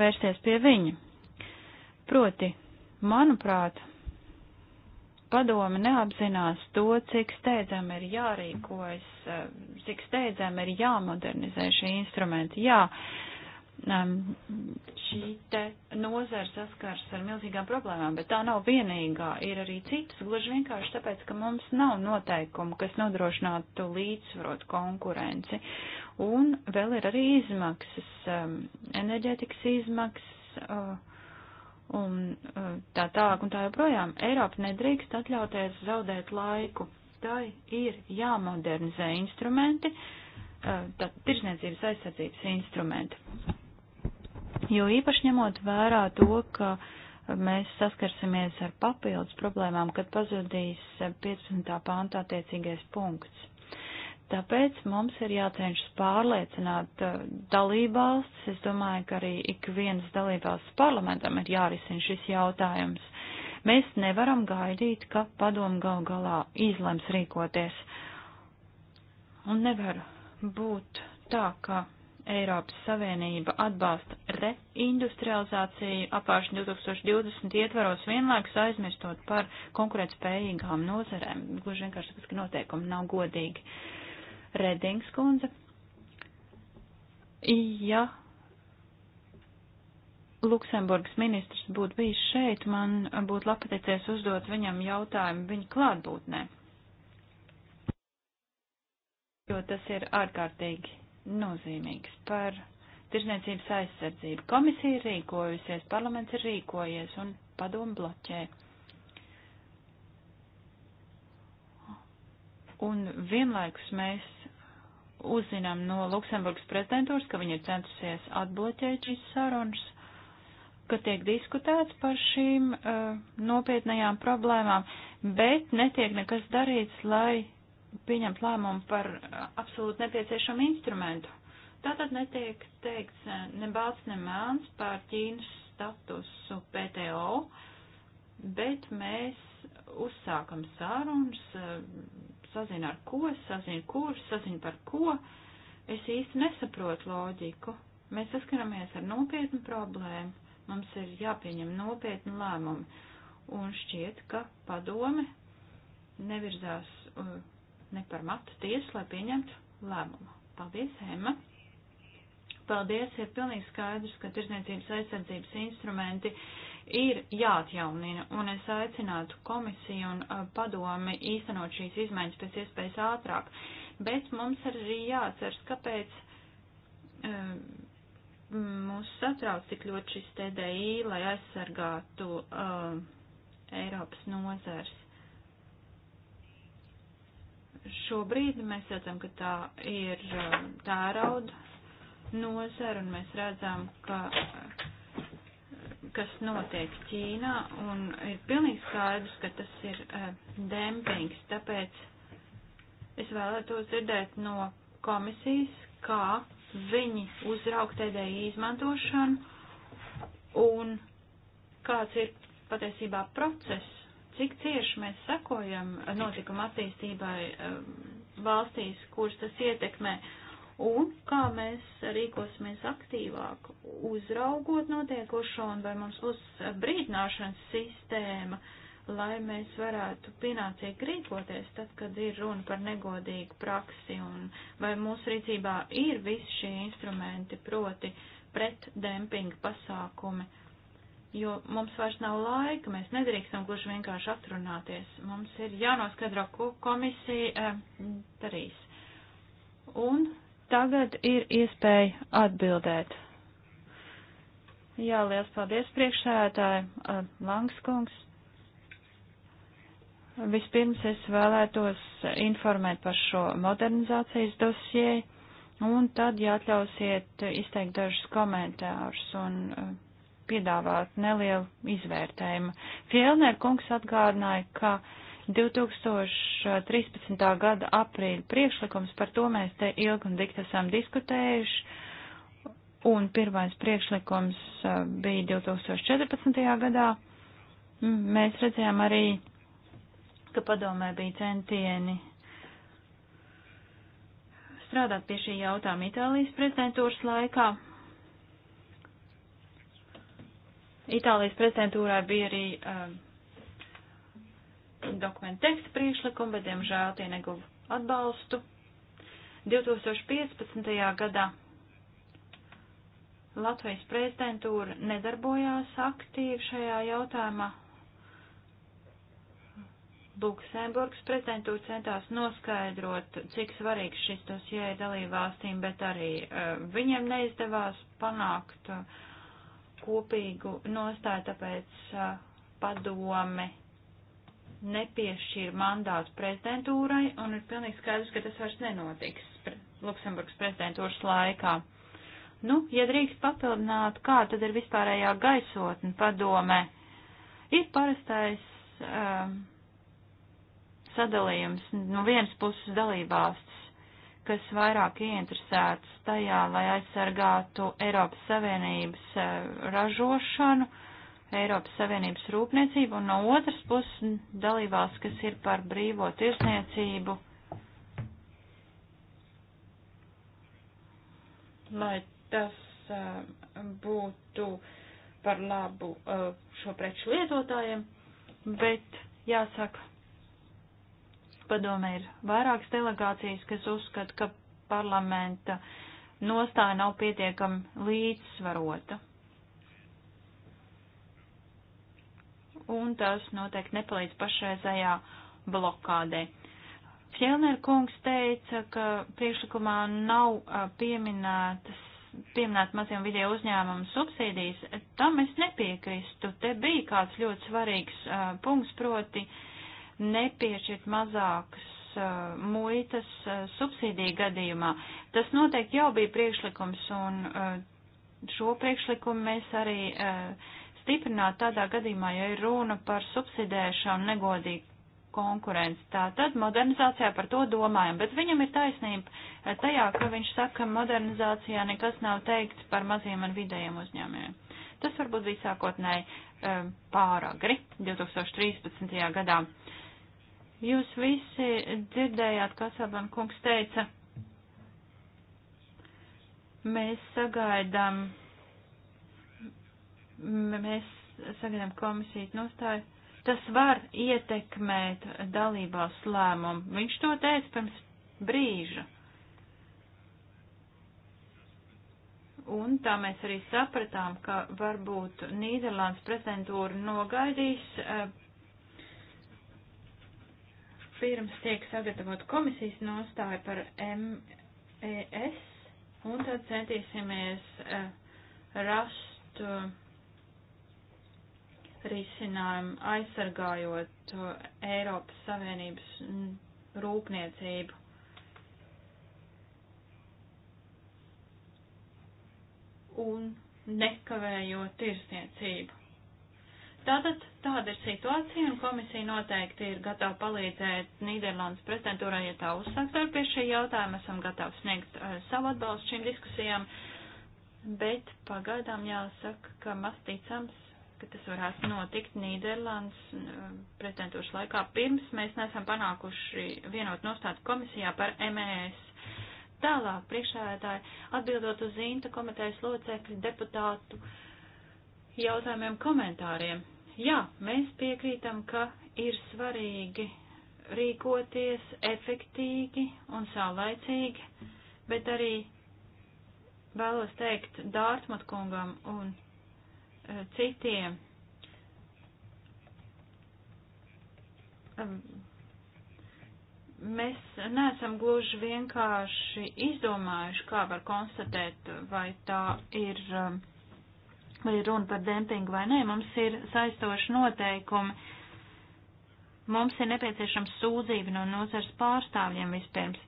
vērsties pie viņa. Proti, manuprāt, padome neapzinās to, cik steidzam ir jārīkojas, uh, cik steidzam ir jāmodernizē šī instrumenta. Jā, uh, šī te nozara saskars ar milzīgām problēmām, bet tā nav vienīgā. Ir arī citas, gluži vienkārši tāpēc, ka mums nav noteikumu, kas nodrošinātu līdzsvarot konkurenci. Un vēl ir arī izmaksas, enerģētikas izmaksas un tā tālāk un tā joprojām. Eiropa nedrīkst atļauties zaudēt laiku. Tai ir jāmodernizē instrumenti, tā tirsniecības aizsardzības instrumenti jo īpaši ņemot vērā to, ka mēs saskarsimies ar papildus problēmām, kad pazudīs 15. pānta attiecīgais punkts. Tāpēc mums ir jācenšas pārliecināt uh, dalībvalstis. Es domāju, ka arī ik vienas dalībvalsts parlamentam ir jārisina šis jautājums. Mēs nevaram gaidīt, ka padomu gal galā izlems rīkoties. Un nevar būt tā, ka Eiropas Savienība atbalsta reindustrializāciju apvāršana 2020 ietvaros vienlaikus aizmirstot par konkurētspējīgām nozerēm, gluži vienkārši tāpēc, ka noteikumi nav godīgi. Redings kundze. Ja Luksemburgas ministrs būtu bijis šeit, man būtu labpateicies uzdot viņam jautājumu viņa klātbūtnē. Jo tas ir ārkārtīgi nozīmīgs par tirzniecības aizsardzību. Komisija ir rīkojusies, parlaments ir rīkojies un padomu bloķē. Un vienlaikus mēs uzzinām no Luksemburgas prezidentūras, ka viņi ir centusies atbloķēt šīs sarunas, ka tiek diskutēts par šīm uh, nopietnajām problēmām, bet netiek nekas darīts, lai pieņemt lēmumu par absolūti nepieciešamu instrumentu. Tātad netiek teikts ne balts, ne mēlns par Ķīnas statusu PTO, bet mēs uzsākam sarunas, sazina ar ko, sazina kur, sazina par ko. Es īsti nesaprotu loģiku. Mēs saskaramies ar nopietnu problēmu. Mums ir jāpieņem nopietni lēmumi. Un šķiet, ka padome nevirzās ne par matu tiesu, lai pieņemtu lēmumu. Paldies, Emma! Paldies, ir pilnīgi skaidrs, ka tirzniecības aizsardzības instrumenti ir jāatjaunina, un es aicinātu komisiju un uh, padomi īstenot šīs izmaiņas pēc iespējas ātrāk, bet mums arī jāatceras, kāpēc um, mūs satrauc tik ļoti šis TDI, lai aizsargātu um, Eiropas nozars. Šobrīd mēs redzam, ka tā ir um, tērauda nozara, un mēs redzam, ka kas notiek Ķīnā, un ir pilnīgi skaidrs, ka tas ir uh, dempings. Tāpēc es vēlētos dzirdēt no komisijas, kā viņi uzraug tēdēju izmantošanu un kāds ir patiesībā process, cik cieši mēs sakojam notikuma attīstībai valstīs, kuras tas ietekmē, un kā mēs rīkosimies aktīvāk, uzraugot notiekošo, un vai mums būs brīdināšanas sistēma, lai mēs varētu pienācīgi rīkoties tad, kad ir runa par negodīgu praksi, un vai mūsu rīcībā ir visi šie instrumenti, proti pret dempinga pasākumi jo mums vairs nav laika, mēs nedrīkstam gluži vienkārši atrunāties. Mums ir jānoskaidro, ko komisija e, darīs. Un tagad ir iespēja atbildēt. Jā, liels paldies priekšsēdētāji, e, eh, Langskungs. Vispirms es vēlētos informēt par šo modernizācijas dosieju, un tad, ja atļausiet, izteikt dažus komentārus un uh, e, piedāvāt nelielu izvērtējumu. Fielner kungs atgādināja, ka 2013. gada aprīļa priekšlikums par to mēs te ilgi un dikti esam diskutējuši, un pirmais priekšlikums uh, bija 2014. gadā. Mēs redzējām arī, ka padomē bija centieni strādāt pie šī jautājuma Itālijas prezidentūras laikā, Itālijas prezidentūrā bija arī um, dokumentu teksta priekšlikumi, bet, diemžēl, tie neguva atbalstu. 2015. gadā Latvijas prezidentūra nedarbojās aktīvi šajā jautājumā. Luksemburgas prezidentūra centās noskaidrot, cik svarīgs šis dosie ir dalībvalstīm, bet arī uh, viņiem neizdevās panākt uh, kopīgu nostāju, tāpēc padome nepiešķīra mandātu prezidentūrai, un ir pilnīgi skaidrs, ka tas vairs nenotiks Luksemburgas prezidentūras laikā. Nu, ja drīkst papildināt, kā tad ir vispārējā gaisotne padomē, ir parastais um, sadalījums, no nu, vienas puses dalībās kas vairāk ieinteresēts tajā, lai aizsargātu Eiropas Savienības eh, ražošanu, Eiropas Savienības rūpniecību, un no otras puses dalībās, kas ir par brīvo tirsniecību, lai tas eh, būtu par labu eh, šo preču lietotājiem, bet jāsaka, padomē ir vairākas delegācijas, kas uzskata, ka parlamenta nostāja nav pietiekami līdzsvarota. Un tas noteikti nepalīdz pašreizējā blokādē. Fjellner kungs teica, ka priekšlikumā nav pieminētas pieminēt maziem video uzņēmumu subsīdijas, tam es nepiekrīstu. Te bija kāds ļoti svarīgs uh, punkts, proti uh, nepiešķirt mazākas uh, muitas uh, subsīdiju gadījumā. Tas noteikti jau bija priekšlikums, un uh, šo priekšlikumu mēs arī stiprināt tādā gadījumā, ja ir runa par subsidēšanu negodīgu konkurence. Tātad modernizācijā par to domājam, bet viņam ir taisnība tajā, ka viņš saka, ka modernizācijā nekas nav teikts par maziem un vidējiem uzņēmējiem. Tas varbūt bija sākotnēji e, pāragri 2013. gadā. Jūs visi dzirdējāt, kas Aban kungs teica. Mēs sagaidām, mēs sagaidām komisijas nostāju Tas var ietekmēt dalībās lēmumu. Viņš to teica pirms brīža. Un tā mēs arī sapratām, ka varbūt Nīderlandes prezidentūra nogaidīs eh, pirms tiek sagatavot komisijas nostāja par MES, un tad centīsimies eh, rast eh, risinājumu, aizsargājot uh, Eiropas Savienības mm, rūpniecību. un nekavējot tirsniecību. Tātad tāda ir situācija, un komisija noteikti ir gatava palīdzēt Nīderlandes prezidentūrai, ja tā uzsāks darbu pie šī jautājuma. Esam gatavi sniegt uh, savu atbalstu šīm diskusijām, bet pagaidām jāsaka, ka maz ticams ka tas varētu notikt Nīderlandes um, prezidentūras laikā. Pirms mēs nesam panākuši vienotu nostādu komisijā par MES. Tālāk priekšsēdētāji atbildot uz Zinta komitejas locekļu deputātu jautājumiem komentāriem. Jā, mēs piekrītam, ka ir svarīgi rīkoties efektīgi un saulaicīgi, bet arī vēlos teikt Dārtmut kungam un citiem. Mēs neesam gluži vienkārši izdomājuši, kā var konstatēt, vai tā ir, um, vai ir runa par dempingu vai nē. Mums ir saistoši noteikumi. Mums ir nepieciešams sūdzība no nozars pārstāvjiem vispirms.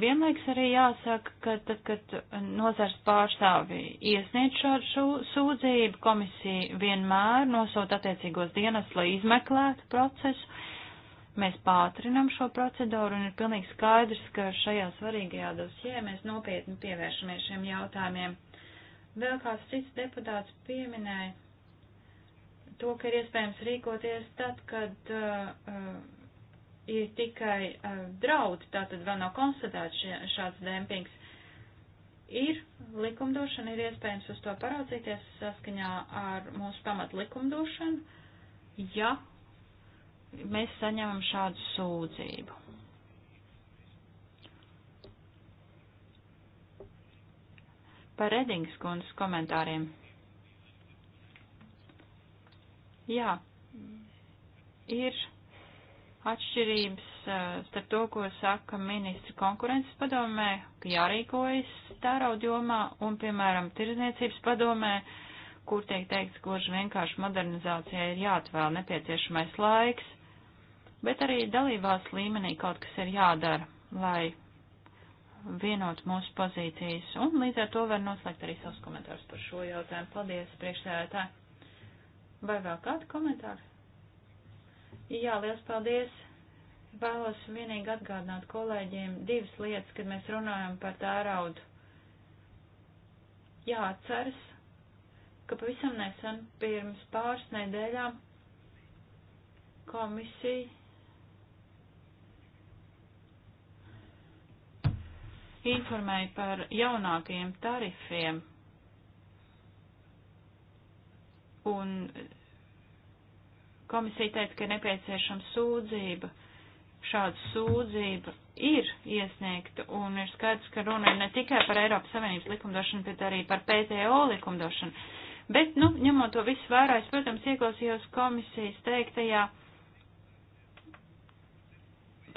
Vienlaiks arī jāsaka, ka tad, kad nozars pārstāvi iesniedz šādu sūdzību, komisija vienmēr nosūta attiecīgos dienas, lai izmeklētu procesu. Mēs pātrinam šo procedūru un ir pilnīgi skaidrs, ka šajā svarīgajā dosjē mēs nopietni pievēršamies šiem jautājumiem. Vēl kāds cits deputāts pieminēja to, ka ir iespējams rīkoties tad, kad uh, uh ir tikai uh, draudi, tātad vēl nav konstatēts šāds dempings. Ir likumdošana, ir iespējams uz to paraudzīties saskaņā ar mūsu pamat likumdošanu, ja mēs saņemam šādu sūdzību. Par Redings kundas komentāriem. Jā, ir atšķirības eh, starp to, ko saka ministri konkurences padomē, ka jārīkojas tāraudu jomā un, piemēram, tirzniecības padomē, kur tiek teikts, gluži vienkārši modernizācijai ir jāatvēl nepieciešamais laiks, bet arī dalībās līmenī kaut kas ir jādara, lai vienot mūsu pozīcijas, un līdz ar to var noslēgt arī savus komentārus par šo jautājumu. Paldies, priekšsēdētāji! Vai vēl kādi komentāri? Jā, liels paldies! Vēlos vienīgi atgādināt kolēģiem divas lietas, kad mēs runājam par tēraudu. Jāatceras, ka pavisam nesen pirms pāris nedēļām komisija informēja par jaunākajiem tarifiem un Komisija teica, ka ir nepieciešama sūdzība. Šāda sūdzība ir iesniegta un ir skaidrs, ka runa ir ne tikai par Eiropas Savienības likumdošanu, bet arī par PTO likumdošanu. Bet, nu, ņemot to visu vērā, es, protams, ieklausījos komisijas teiktajā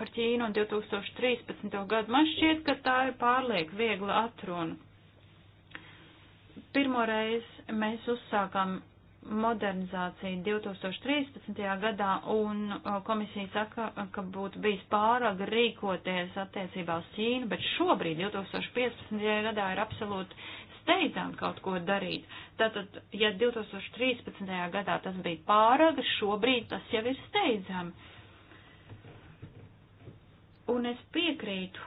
par Ķīnu un 2013. gadu. Man šķiet, ka tā ir pārlieku viegla atruna. Pirmoreiz mēs uzsākām modernizāciju 2013. gadā, un komisija saka, ka būtu bijis pārāk rīkoties attiecībā uz Ķīnu, bet šobrīd 2015. gadā ir absolūti steidzām kaut ko darīt. Tātad, ja 2013. gadā tas bija pārāk, šobrīd tas jau ir steidzām. Un es piekrītu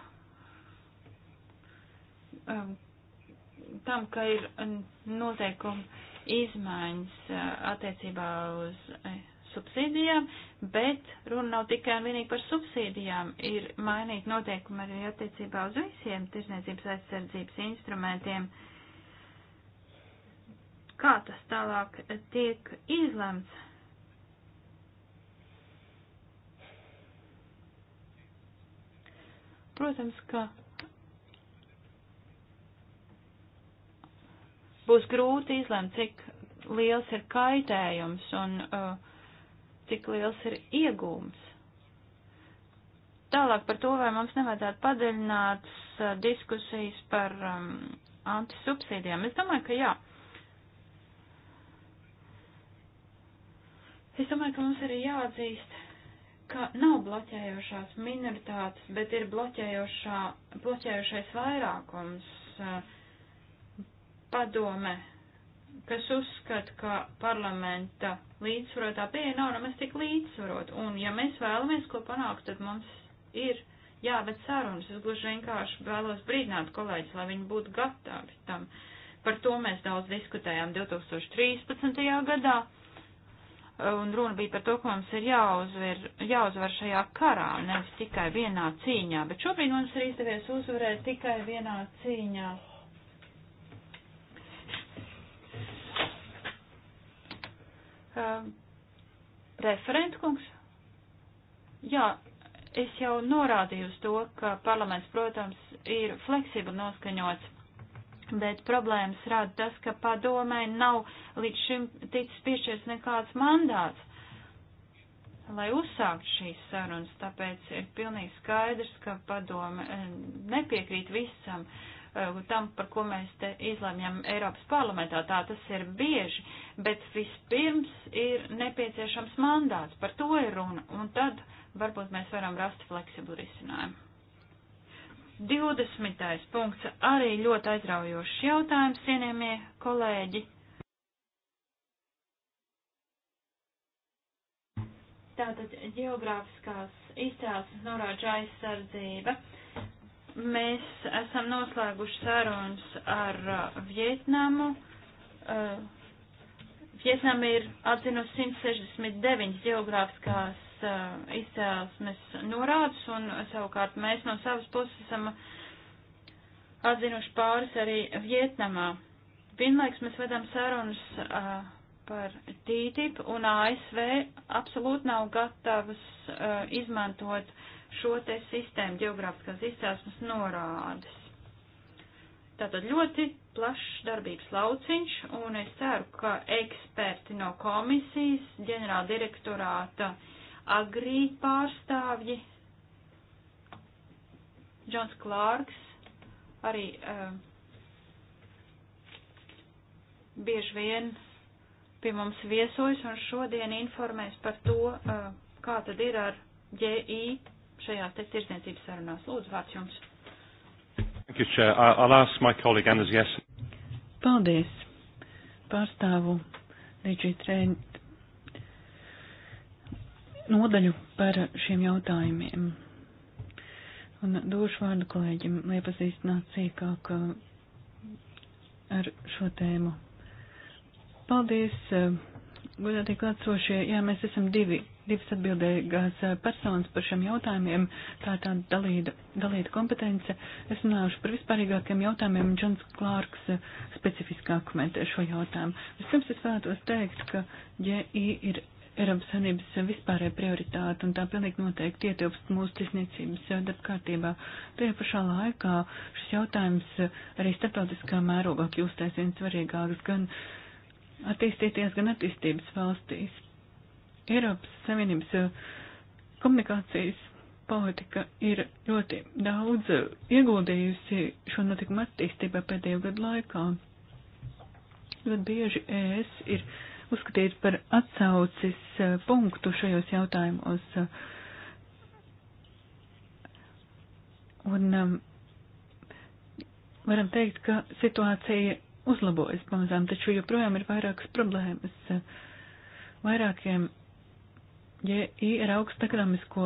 um, tam, ka ir noteikumi izmaiņas attiecībā uz subsīdijām, bet runa nav tikai un vienīgi par subsīdijām, ir mainīt noteikumi arī attiecībā uz visiem tirzniecības aizsardzības instrumentiem. Kā tas tālāk tiek izlemts? Protams, ka būs grūti izlemt, cik liels ir kaitējums un uh, cik liels ir iegūms. Tālāk par to, vai mums nevajadzētu padziļināt uh, diskusijas par um, antisubsīdijām. Es domāju, ka jā. Es domāju, ka mums arī jāatzīst, ka nav bloķējošās minoritātes, bet ir bloķējošā, bloķējošais vairākums. Uh, padome, kas uzskata, ka parlamenta līdzsvarotā pieeja nav nemaz tik līdzsvarot, un ja mēs vēlamies ko panākt, tad mums ir jāved sarunas. Es gluži vienkārši vēlos brīdināt kolēģis, lai viņi būtu gatavi tam. Par to mēs daudz diskutējām 2013. gadā un runa bija par to, ka mums ir jāuzver, jāuzvar šajā karā, nevis tikai vienā cīņā, bet šobrīd mums ir izdevies uzvarēt tikai vienā cīņā. Um, referentu kungs? Jā, es jau norādīju uz to, ka parlaments, protams, ir fleksibli noskaņots, bet problēmas rada tas, ka padomē nav līdz šim ticis piešķirts nekāds mandāts, lai uzsākt šīs sarunas, tāpēc ir pilnīgi skaidrs, ka padome eh, nepiekrīt visam. Uh, Eh, tam, par ko mēs te izlemjam Eiropas parlamentā. Tā tas ir bieži, bet vispirms ir nepieciešams mandāts, par to ir runa, un tad varbūt mēs varam rast fleksiblu risinājumu. 20. punkts arī ļoti aizraujošs jautājums, cienījamie kolēģi. Tātad geogrāfiskās izcelsmes norāža aizsardzība. Uh, Mēs esam noslēguši sarunas ar uh, Vietnamu. Uh, Vietnama ir atzinusi 169 geogrāfiskās uh, izcēlesmes norādes, un savukārt mēs no savas puses esam atzinuši pāris arī Vietnamā. Vienlaiks mēs vedam sarunas uh, par TTIP, un ASV absolūti nav gatavas uh, izmantot šo te sistēmu geogrāfiskās izcelsmes norādes. Tātad ļoti plašs darbības lauciņš, un es ceru, ka eksperti no komisijas, ģenerāla direktorāta agrī pārstāvji, Džons Klārks, arī uh, bieži vien pie mums viesojas un šodien informēs par to, uh, kā tad ir ar GI šajās te tirsniecības sarunās. Lūdzu, vārds jums. Paldies. Pārstāvu Digi Trend nodaļu par šiem jautājumiem. Un došu vārdu kolēģim, lai pazīstinātu sīkāk uh, ar šo tēmu. Paldies, uh, godātie klātsošie. Jā, mēs esam divi divas atbildīgās eh, personas par šiem jautājumiem. Tā ir tāda dalīta, dalīta kompetence. Es runāšu par vispārīgākiem jautājumiem, un Džons Klārks eh, specifiskāk komentē šo jautājumu. Vispirms es vēlētos teikt, ka GI ir Eiropas Savienības vispārēja prioritāte, un tā pilnīgi noteikti ietilpst mūsu tiesniecības eh, darba kārtībā. Tajā pašā laikā šis jautājums arī starptautiskā mērogā kļūst aizvien svarīgāks gan attīstīties, gan attīstības valstīs. Eiropas Savienības eh, komunikācijas politika ir ļoti daudz eh, ieguldījusi šo notikumu attīstībā pēdējo gadu laikā. Ļoti bieži ES ir uzskatīta par atsaucis eh, punktu šajos jautājumos. Un um, varam teikt, ka situācija uzlabojas pamazām, taču joprojām ir vairākas problēmas. Vairākiem JI ar augstu ekonomisko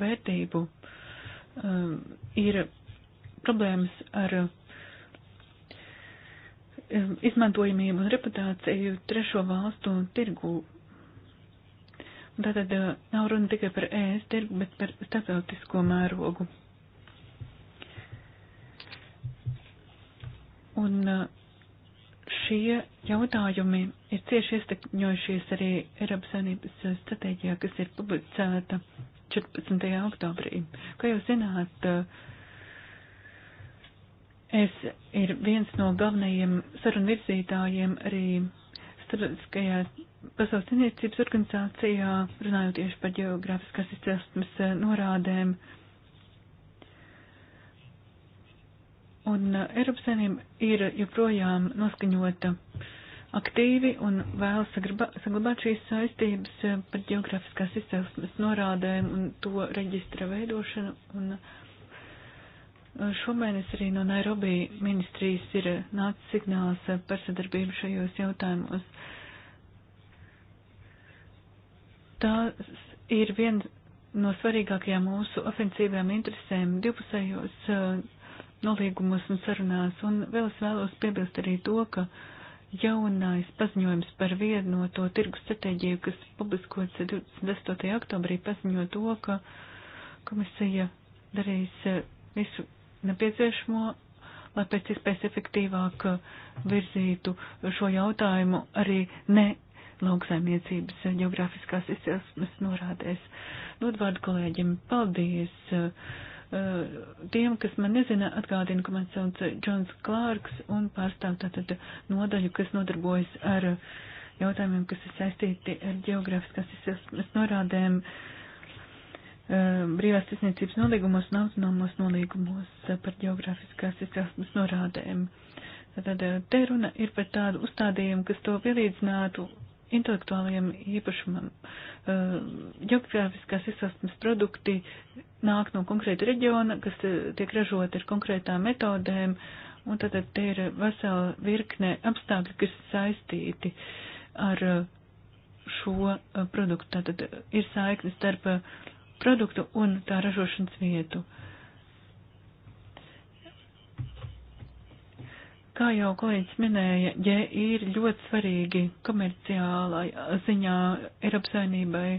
vērtību um, ir problēmas ar um, izmantojamību un reputāciju trešo valstu tirgu. Tātad uh, nav runa tikai par ES tirgu, bet par starptautisko mērogu. Un uh, šie jautājumi ir cieši iestekņojušies arī Eiropas Savienības stratēģijā, kas ir publicēta 14. oktobrī. Kā jūs zināt, es ir viens no galvenajiem sarunvirzītājiem arī starptautiskajā pasaules tirniecības organizācijā, runājot tieši par geogrāfiskās izcelsmes norādēm. Uh, Un uh, Eiropas Savienība ir joprojām noskaņota aktīvi un vēlas saglabāt šīs saistības uh, par geogrāfiskās izcelsmes norādēm un to reģistra veidošanu. Un uh, Šomēnes arī no Nairobi ministrijas ir nācis signāls par sadarbību šajos jautājumos. Tās ir viena no svarīgākajām mūsu ofensīvajām interesēm divpusējos nolīgumus un sarunās. Un vēl es vēlos piebilst arī to, ka jaunais paziņojums par vienoto tirgu stratēģiju, kas publiskots 28. oktobrī, paziņo to, ka komisija darīs eh, visu nepieciešamo, lai pēc iespējas efektīvāk eh, virzītu šo jautājumu arī ne lauksaimniecības geogrāfiskās izcelsmes norādēs. Nodvārdu kolēģiem, paldies! Uh, Eh, tiem, kas man nezina, atgādina, ka man sauc Džons Klārks un pārstāv tātad nodaļu, kas nodarbojas ar jautājumiem, kas ir saistīti ar geogrāfiskās izcelsmes norādēm eh, brīvās tiesniecības nolīgumos un autonomos nolīgumos par geogrāfiskās izcelsmes norādēm. Tātad eh, te runa ir par tādu uzstādījumu, kas to pielīdzinātu intelektuālajiem īpašumam. Eh, geogrāfiskās izsastnes produkti nāk no konkrēta reģiona, kas eh, tiek ražoti ar konkrētām metodēm, un tātad te ir vesela virkne apstākļi, kas saistīti ar eh, šo produktu. Tātad ir saikne starp produktu un tā ražošanas vietu. Uh, Kā jau kolēģis minēja, ja ir ļoti svarīgi komerciālā ziņā Eiropas saimnībai,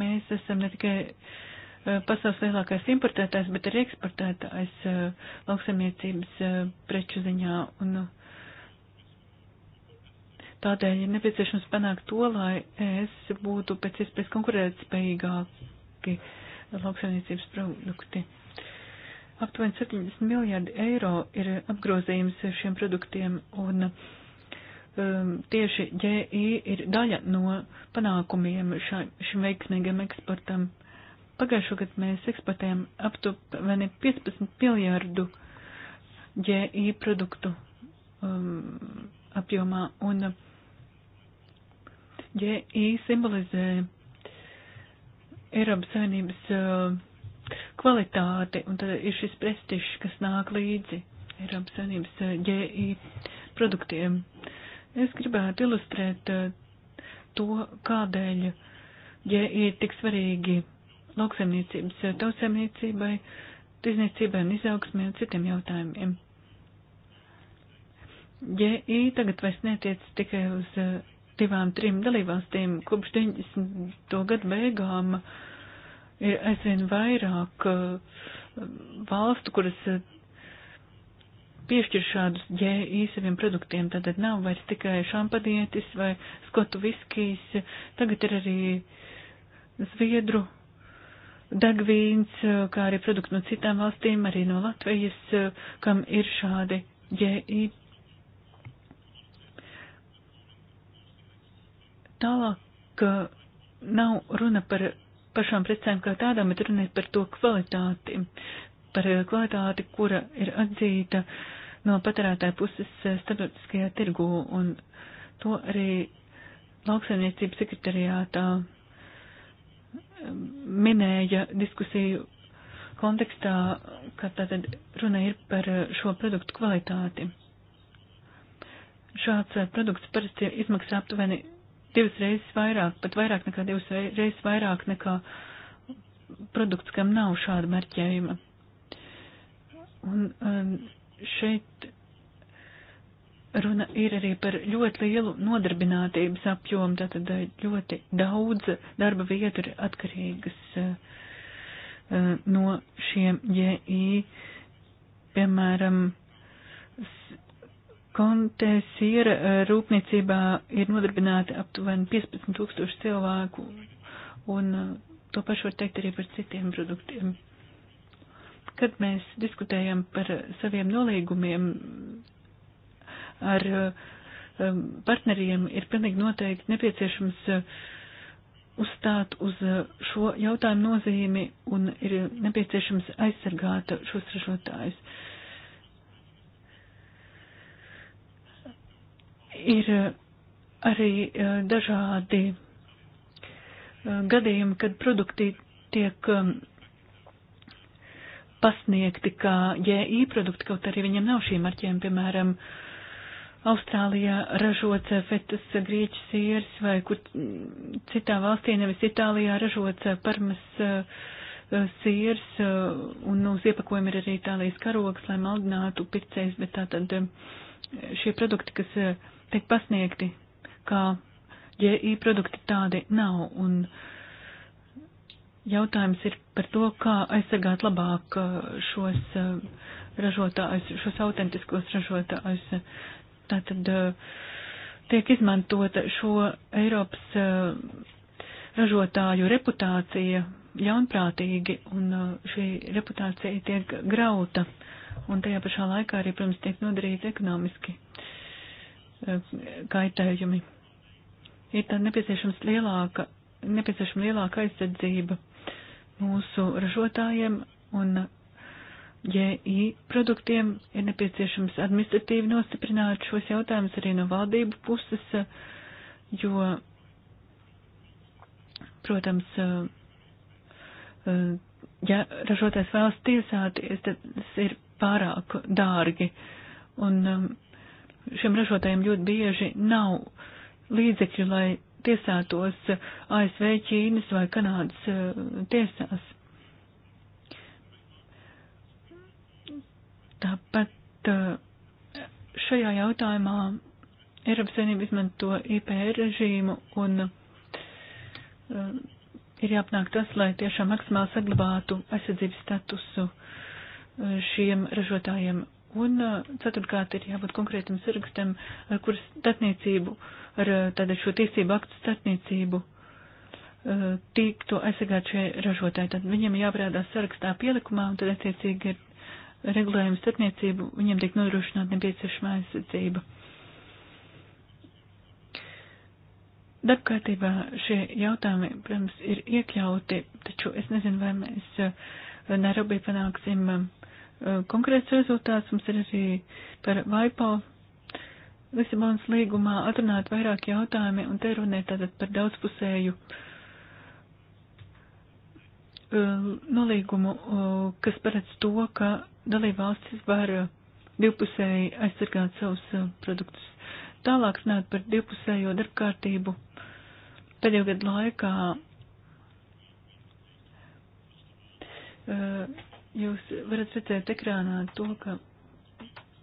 mēs esam ne tikai e, pasaules lielākais importētājs, bet arī eksportētājs e, lauksamniecības e, preču ziņā. Un tādēļ ir nepieciešams panākt to, lai es būtu pēc iespējas konkurētspējīgāki lauksamniecības produkti. Uh, Aptuveni 70 miljārdi eiro ir apgrozījums šiem produktiem, un um, tieši ģēI ir daļa no panākumiem šā, šim veiksmīgam eksportam. Pagājušo gadu mēs eksportējam aptuveni 15 miljārdu ģēI produktu um, apjomā, un ģēI simbolizē Eiropas Savienības uh, kvalitāti, un tad ir šis prestižs, kas nāk līdzi Eiropas Savienības eh, ģēī produktiem. Es gribētu ilustrēt eh, to, kādēļ ģēī ir tik svarīgi lauksaimniecības, eh, tautsēmniecībai, tirzniecībai un izaugsmē un citiem jautājumiem. ģēī tagad vairs netiec tikai uz divām, trim dalībvalstīm kopš 90. gadu beigām. Uh, ir aizvien vairāk eh, valstu, kuras eh, piešķir šādus ģēī saviem produktiem. Tātad nav vairs tikai šampadietis vai skotu viskijs, tagad ir arī zviedru dagvīns, eh, kā arī produkti no citām valstīm, arī no Latvijas, kam ir šādi ģēī. Tālāk nav runa par pašām precēm kā tādām, bet runiet par to kvalitāti, par eh, kvalitāti, kura ir atzīta no patērētāja puses eh, starptautiskajā tirgu, un to arī lauksaimniecības sekretariātā eh, minēja diskusiju kontekstā, ka tātad runa ir par šo produktu kvalitāti. Šāds produkts parasti izmaksā aptuveni divas reizes vairāk, pat vairāk nekā divas reizes vairāk nekā produkts, kam nav šāda marķējuma. Un um, šeit runa ir arī par ļoti lielu nodarbinātības apjomu, tātad uh, ļoti daudz darba vietu ir atkarīgas uh, uh no šiem JI, piemēram, Kontēsiera eh, rūpniecībā ir nodarbināti aptuveni 15 tūkstoši cilvēku, un eh, to pašu var teikt arī par citiem produktiem. Kad mēs diskutējam par saviem nolīgumiem ar eh, um, partneriem, ir pilnīgi noteikti nepieciešams uzstāt uz šo jautājumu nozīmi un ir nepieciešams aizsargāt šos ražotājus. Uh, Ir eh, arī eh, dažādi eh, gadījumi, kad produkti tiek pasniegti kā JI produkti, kaut arī viņiem nav šī marķējuma, piemēram, Austrālijā ražots fetas grieķu sieris vai kur mm, citā valstī, nevis Itālijā ražots parmas sieris un uz iepakojuma ir arī Itālijas karogs, lai maldinātu pircējs, bet tātad šie produkti, kas tiek pasniegti, kā JI produkti tādi nav. Un jautājums ir par to, kā aizsargāt labāk uh, šos uh, ražotājus, šos autentiskos ražotājus. Tātad uh, tiek izmantota šo Eiropas ražotāju reputācija ļaunprātīgi, un šī reputācija tiek grauta, un tajā pašā laikā arī, protams, tiek nodarīta ekonomiski. Uh, kaitējumi. Ir tā nepieciešams lielāka, nepieciešama lielāka aizsardzība mūsu ražotājiem un JI produktiem ir nepieciešams administratīvi nostiprināt šos jautājumus arī no valdību puses, jo, protams, ja ražotājs vēlas tiesāties, tad tas ir pārāk dārgi. Un, um, šiem ražotājiem ļoti bieži nav līdzekļu, lai tiesātos ASV, Ķīnas vai Kanādas eh, tiesās. Tāpat eh, šajā jautājumā Eiropas Savienība izmanto IPR režīmu un eh, ir jāpanāk tas, lai tiešām maksimāli saglabātu aizsardzības statusu šiem ražotājiem Un uh, ceturtkārt ir jābūt konkrētam sarakstam, ar uh, kuras starpniecību, ar uh, tātad šo tiesību aktu starpniecību tiktu aizsargāt šie ražotāji. Tad viņiem jāparādās sarakstā pielikumā, un tad attiecīgi ir regulējums starpniecību, viņiem tiek nodrošināta nepieciešamā aizsardzība. Darbkārtībā šie jautājumi, protams, ir iekļauti, taču es nezinu, vai mēs Nairobi panāksim uh, Eh, konkrēts rezultāts. Mums ir arī par Vaipo Lisabonas līgumā atrunāt vairāk jautājumi un te runē tātad par daudzpusēju eh, nolīgumu, eh, kas paredz to, ka dalībvalstis var divpusēji aizsargāt savus produktus. Tālāk runāt par divpusējo darbkārtību pēdējo gadu laikā Jūs varat redzēt ekrānā to, ka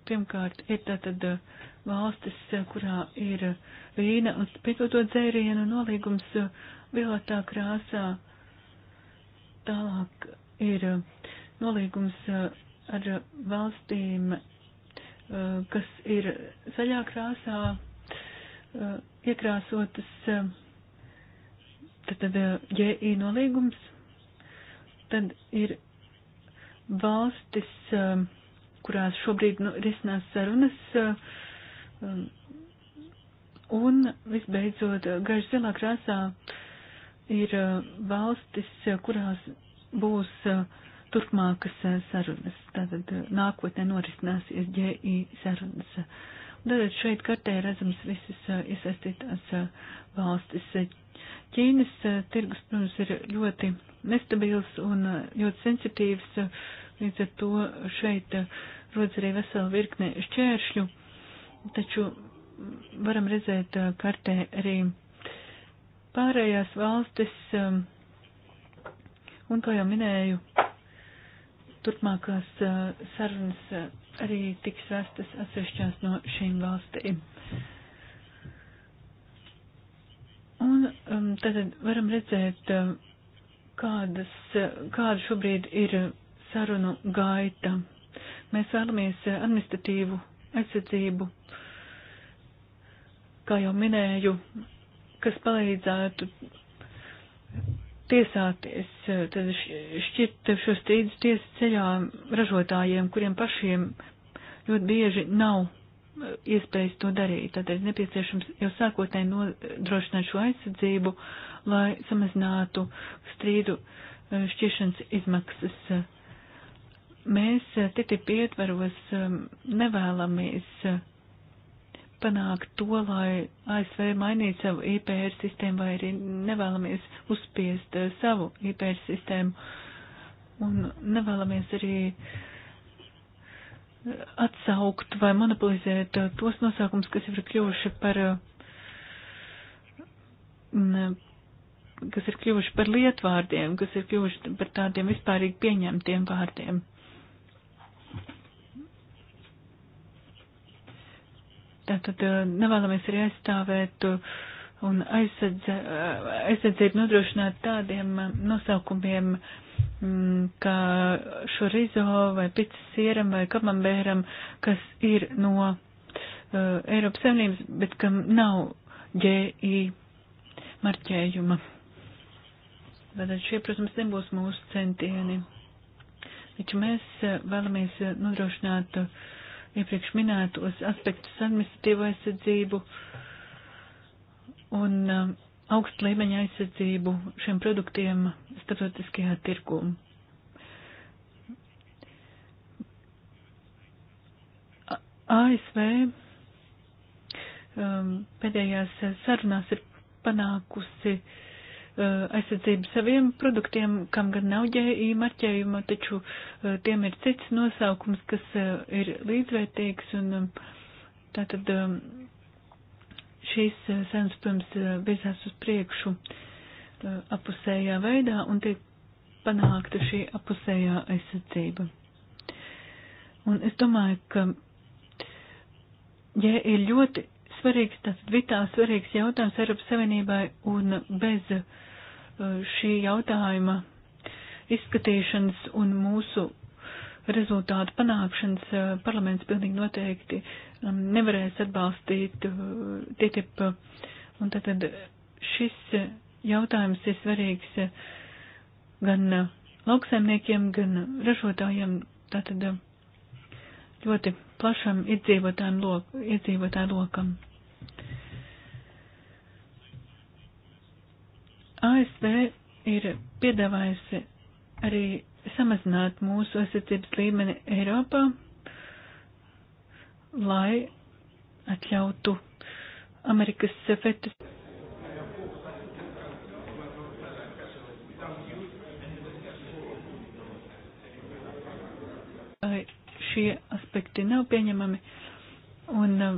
pirmkārt ir tātad uh, valstis, uh, kurā ir uh, vīna un pietoto dzērienu nolīgums violetā krāsā. Tālāk ir nolīgums ar valstīm, kas ir zaļā krāsā iekrāsotas, tātad JI nolīgums. Tad ir valstis, um, kurās šobrīd nu, risinās sarunas, um, un visbeidzot, gaiši zilā krāsā ir uh, valstis, kurās būs uh, turpmākas uh, sarunas, tātad nākotnē norisināsies GI sarunas. Tātad šeit kartē redzams visas iesaistītās valstis. Ķīnas eh, tirgus, protams, ir ļoti nestabils un eh, ļoti sensitīvs, eh, līdz ar to šeit rodas arī vesela virkne šķēršļu, taču varam redzēt kartē arī pārējās valstis, un, kā jau minēju, turpmākās sarunas arī tiks vestas atsevišķās no šīm valstīm. Un um, tad varam redzēt, um, kādas, kāda šobrīd ir sarunu gaita. Mēs vēlamies administratīvu aizsardzību, kā jau minēju, kas palīdzētu tiesāties, tad šķirt šo strīdus tiesas ceļā ražotājiem, kuriem pašiem ļoti bieži nav iespējas to darīt. Tātad nepieciešams jau sākotnēji nodrošināt šo aizsardzību, lai samazinātu strīdu eh, šķiršanas izmaksas. Mēs eh, TTIP ietvaros eh, nevēlamies panākt to, lai ASV mainītu savu IPR sistēmu vai arī nevēlamies uzspiest savu IPR sistēmu un nevēlamies arī uh, atsaukt vai monopolizēt tos nosaukums, kas ir kļuvuši par, mm, kas ir kļuvuši par lietvārdiem, kas ir kļuvuši par tādiem vispārīgi pieņemtiem vārdiem. Tātad eh, nevēlamies arī aizstāvēt uh, un aizsadz, eh, aizsardzību nodrošināt tādiem eh, nosaukumiem, mm, kā šorizo vai pitas sieram vai kamambēram, kas ir no uh, Eiropas Savienības, bet kam nav ģēī marķējuma. Tātad šie, protams, nebūs mūsu centieni. Taču mēs vēlamies nodrošināt iepriekš minētos aspektus administratīvo aizsardzību, uh, un um, augstu līmeņa aizsardzību šiem produktiem starptautiskajā tirgū. ASV um, pēdējās sarunās ir panākusi uh, aizsardzību saviem produktiem, kam gan nav ģēī marķējuma, taču uh, tiem ir cits nosaukums, kas uh, ir līdzvērtīgs un um, tātad um, šīs eh, sarunas, protams, eh, virzās uz priekšu eh, apusējā veidā un tiek panākta šī apusējā aizsardzība. Un es domāju, ka, ja ir ļoti svarīgs, tas vitāli svarīgs jautājums Eiropas Savienībai un bez šī jautājuma izskatīšanas un mūsu rezultātu panākšanas parlaments pilnīgi noteikti nevarēs atbalstīt TTIP. Un tātad šis jautājums ir svarīgs gan lauksaimniekiem, gan ražotājiem, tātad ļoti plašam iedzīvotāju, lok, iedzīvotāju lokam. ASV ir piedāvājusi arī samazināt mūsu aizsardzības līmeni Eiropā, lai atļautu Amerikas fetas. Šie aspekti nav pieņemami un um,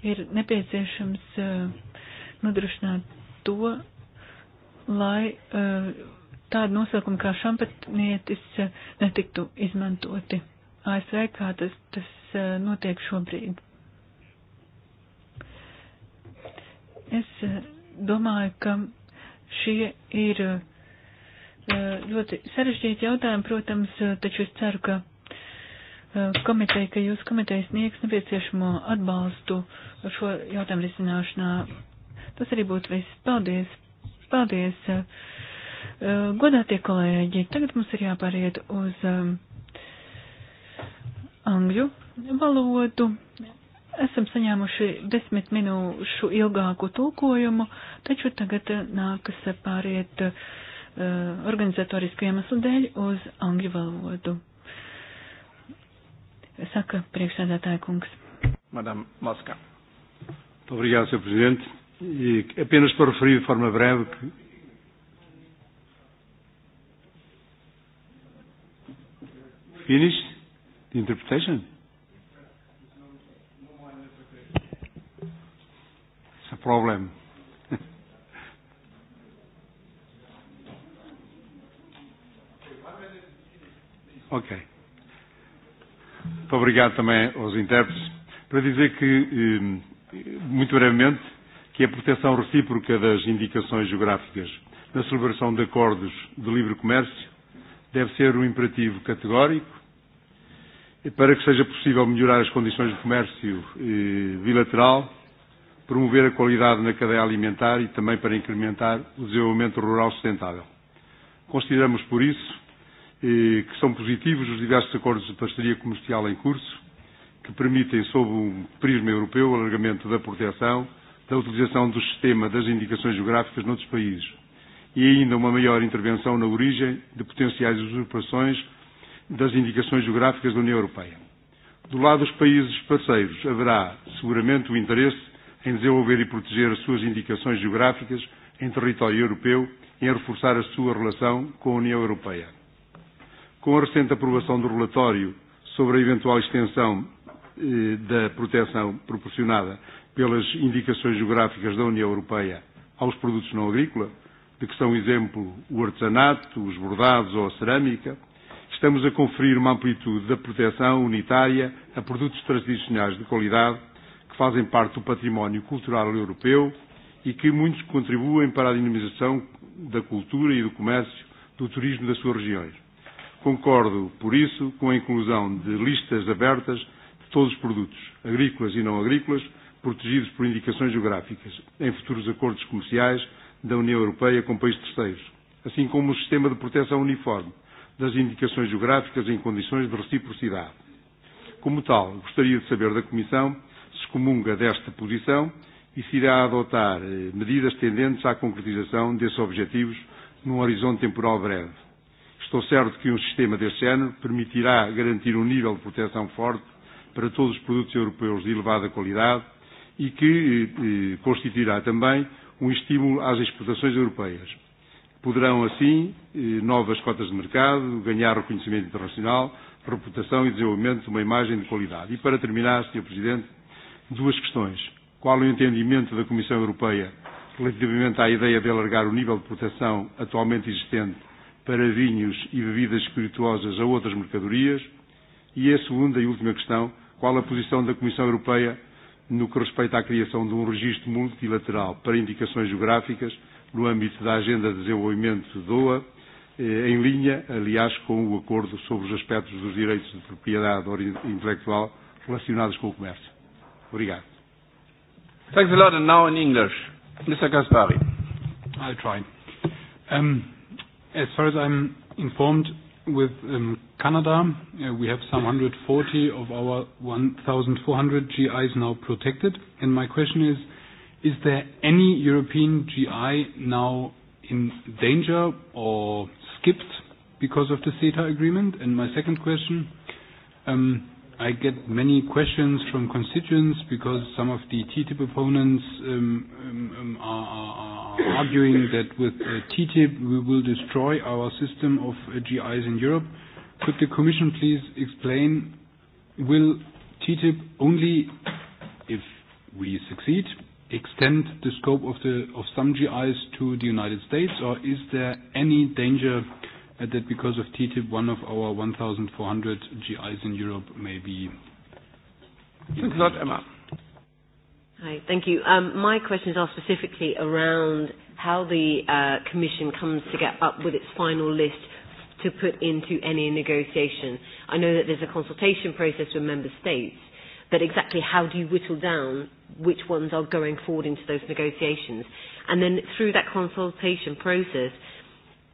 ir nepieciešams uh, nodrošināt to, lai uh, tādi nosaukumi kā šampanietis eh, netiktu izmantoti ASV, kā tas, tas eh, notiek šobrīd. Es eh, domāju, ka šie ir ļoti sarežģīti jautājumi, protams, taču es ceru, ka komiteja, ka jūs komiteja sniegs nepieciešamo atbalstu šo jautājumu risināšanā. Tas arī būtu viss. Paldies! Paldies! Uh, Eh, godātie kolēģi, tagad mums ir jāpāriet uz eh, angļu valodu. Esam saņēmuši desmit minūšu ilgāku tulkojumu, taču tagad eh, nākas pāriet uh, organizatoriski iemeslu dēļ uz angļu valodu. Saka priekšsēdētāja kungs. Madam Moska. Obrigado, Sr. Presidente. E apenas para referir de forma breve que finished the interpretation? It's a problem. ok. Muito obrigado também aos intérpretes. Para dizer que, muito brevemente, que a proteção recíproca das indicações geográficas na celebração de acordos de livre comércio deve ser um imperativo categórico e para que seja possível melhorar as condições de comércio eh, bilateral, promover a qualidade na cadeia alimentar e também para incrementar o desenvolvimento rural sustentável. Consideramos, por isso, eh, que são positivos os diversos acordos de parceria comercial em curso, que permitem, sob um prisma europeu, o alargamento da proteção, da utilização do sistema das indicações geográficas noutros países, e ainda uma maior intervenção na origem de potenciais usurpações das indicações geográficas da União Europeia. Do lado dos países parceiros, haverá seguramente o interesse em desenvolver e proteger as suas indicações geográficas em território europeu e em reforçar a sua relação com a União Europeia. Com a recente aprovação do relatório sobre a eventual extensão eh, da proteção proporcionada pelas indicações geográficas da União Europeia aos produtos não agrícola, de que são exemplo o artesanato, os bordados ou a cerâmica, estamos a conferir uma amplitude da proteção unitária a produtos tradicionais de qualidade que fazem parte do património cultural europeu e que muitos contribuem para a dinamização da cultura e do comércio, do turismo das suas regiões. Concordo, por isso, com a inclusão de listas abertas de todos os produtos, agrícolas e não agrícolas, protegidos por indicações geográficas, em futuros acordos comerciais da União Europeia com países terceiros, assim como o sistema de proteção uniforme das indicações geográficas em condições de reciprocidade. Como tal, gostaria de saber da Comissão se comunga desta posição e se irá adotar eh, medidas tendentes à concretização desses objetivos num horizonte temporal breve. Estou certo que um sistema deste género permitirá garantir um nível de proteção forte para todos os produtos europeus de elevada qualidade e que eh, eh constituirá também um estímulo às exportações europeias. Poderão, assim, eh, novas cotas de mercado, ganhar reconhecimento internacional, reputação e desenvolvimento de uma imagem de qualidade. E, para terminar, Sr. Presidente, duas questões. Qual o entendimento da Comissão Europeia relativamente à ideia de alargar o nível de proteção atualmente existente para vinhos e bebidas espirituosas a outras mercadorias? E a segunda e última questão, qual a posição da Comissão Europeia no que respeita à criação de um registro multilateral para indicações geográficas no âmbito da Agenda de Desenvolvimento de Doha, eh, em linha, aliás, com o acordo sobre os aspectos dos direitos de propriedade intelectual relacionados com o comércio. Obrigado. Thanks a lot, and now in English, Mr. Gaspari. I'll try. Um, as far as I'm informed, with um, Canada. Uh, we have some 140 of our 1,400 GIs now protected. And my question is, is there any European GI now in danger or skipped because of the CETA agreement? And my second question, um, I get many questions from constituents because some of the TTIP opponents um, um, um are, are arguing that with uh, TTIP we will destroy our system of uh, GIs in Europe. Could the Commission please explain, will TTIP only, if we succeed, extend the scope of, the, of some GIs to the United States, or is there any danger uh, and that because of TTIP, one of our 1,400 GIs in Europe may be. Thanks a lot, Emma. Hi, thank you. Um, my questions are specifically around how the uh, Commission comes to get up with its final list to put into any negotiation. I know that there's a consultation process with Member States, but exactly how do you whittle down which ones are going forward into those negotiations? And then through that consultation process,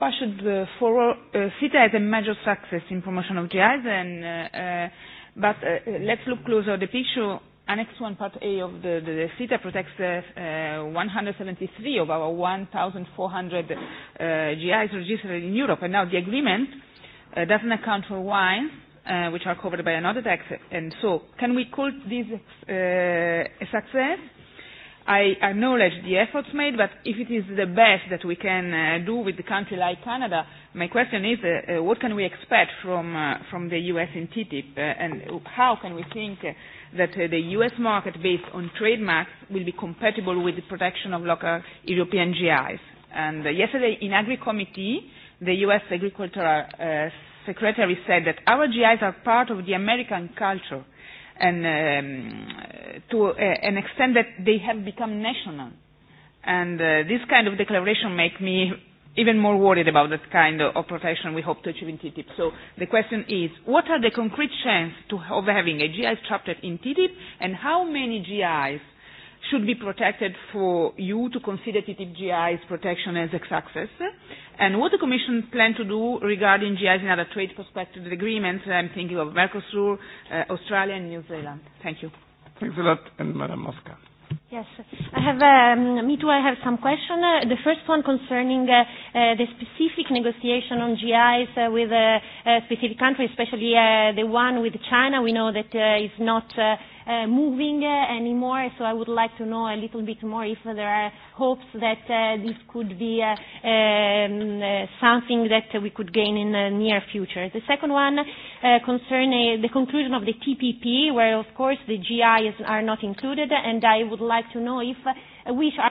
Why should uh, for, uh, CETA as a major success in promotion of GIs, and, uh, uh, but uh, uh, let's look closer at the picture. Annex 1 Part A of the, the, the CETA protects uh, uh, 173 of our 1,400 uh, GIs registered in Europe, and now the agreement uh, doesn't account for wines, uh, which are covered by another tax. And so, can we call this uh, a success? I acknowledge the efforts made, but if it is the best that we can uh, do with a country like Canada, my question is uh, uh, what can we expect from, uh, from the US in TTIP, uh, and how can we think uh, that uh, the US market based on trademarks will be compatible with the protection of local European GIs? And uh, yesterday in Agri Committee, the US Agricultural uh, Secretary said that our GIs are part of the American culture and um, to uh, an extent that they have become national. And uh, this kind of declaration make me even more worried about that kind of, of protection we hope to achieve in TTIP. So the question is, what are the concrete chances to, of having a GI chapter in TTIP, and how many GIs should be protected for you to consider TTIP protection as ex access. And what the Commission plans to do regarding GIs and other trade prospective agreements, I'm thinking of Mercosur, uh, Australia and New Zealand. Thank you. Thanks a lot, and Madam Mosca. Yes, I have. Um, me too. I have some questions. Uh, the first one concerning uh, uh, the specific negotiation on GIs uh, with a, uh, a uh, specific country, especially uh, the one with China. We know that uh, is not. Uh, uh, moving uh, anymore. So I would like to know a little bit more if there are hopes that uh, this could be uh, um, uh, something that we could gain in the near future. The second one uh, concerns uh, the conclusion of the TPP, where of course the GIs are not included, and I would like to know if uh, which are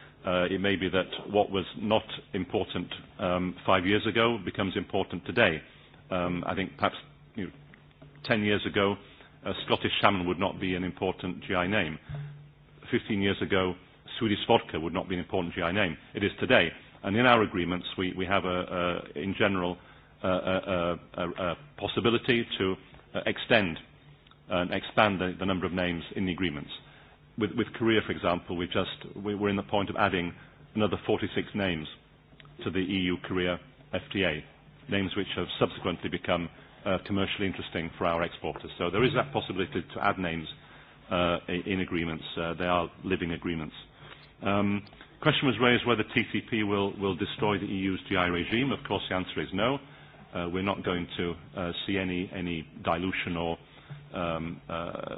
uh, it may be that what was not important um, five years ago becomes important today. Um, I think perhaps you know, 10 years ago, uh, Scottish salmon would not be an important GI name. 15 years ago, Swedish vodka would not be an important GI name. It is today. And in our agreements, we, we have, a, a, in general, a, a, a, a possibility to uh, extend and expand the, the number of names in the agreements. Uh, with, with Korea, for example, we've just, we we're in the point of adding another 46 names to the EU-Korea FTA, names which have subsequently become uh, commercially interesting for our exporters. So there is that possibility to add names uh, in agreements. Uh, they are living agreements. Um, question was raised whether TCP will, will destroy the EU's GI regime. Of course, the answer is no. Uh, we're not going to uh, see any, any dilution or um, uh,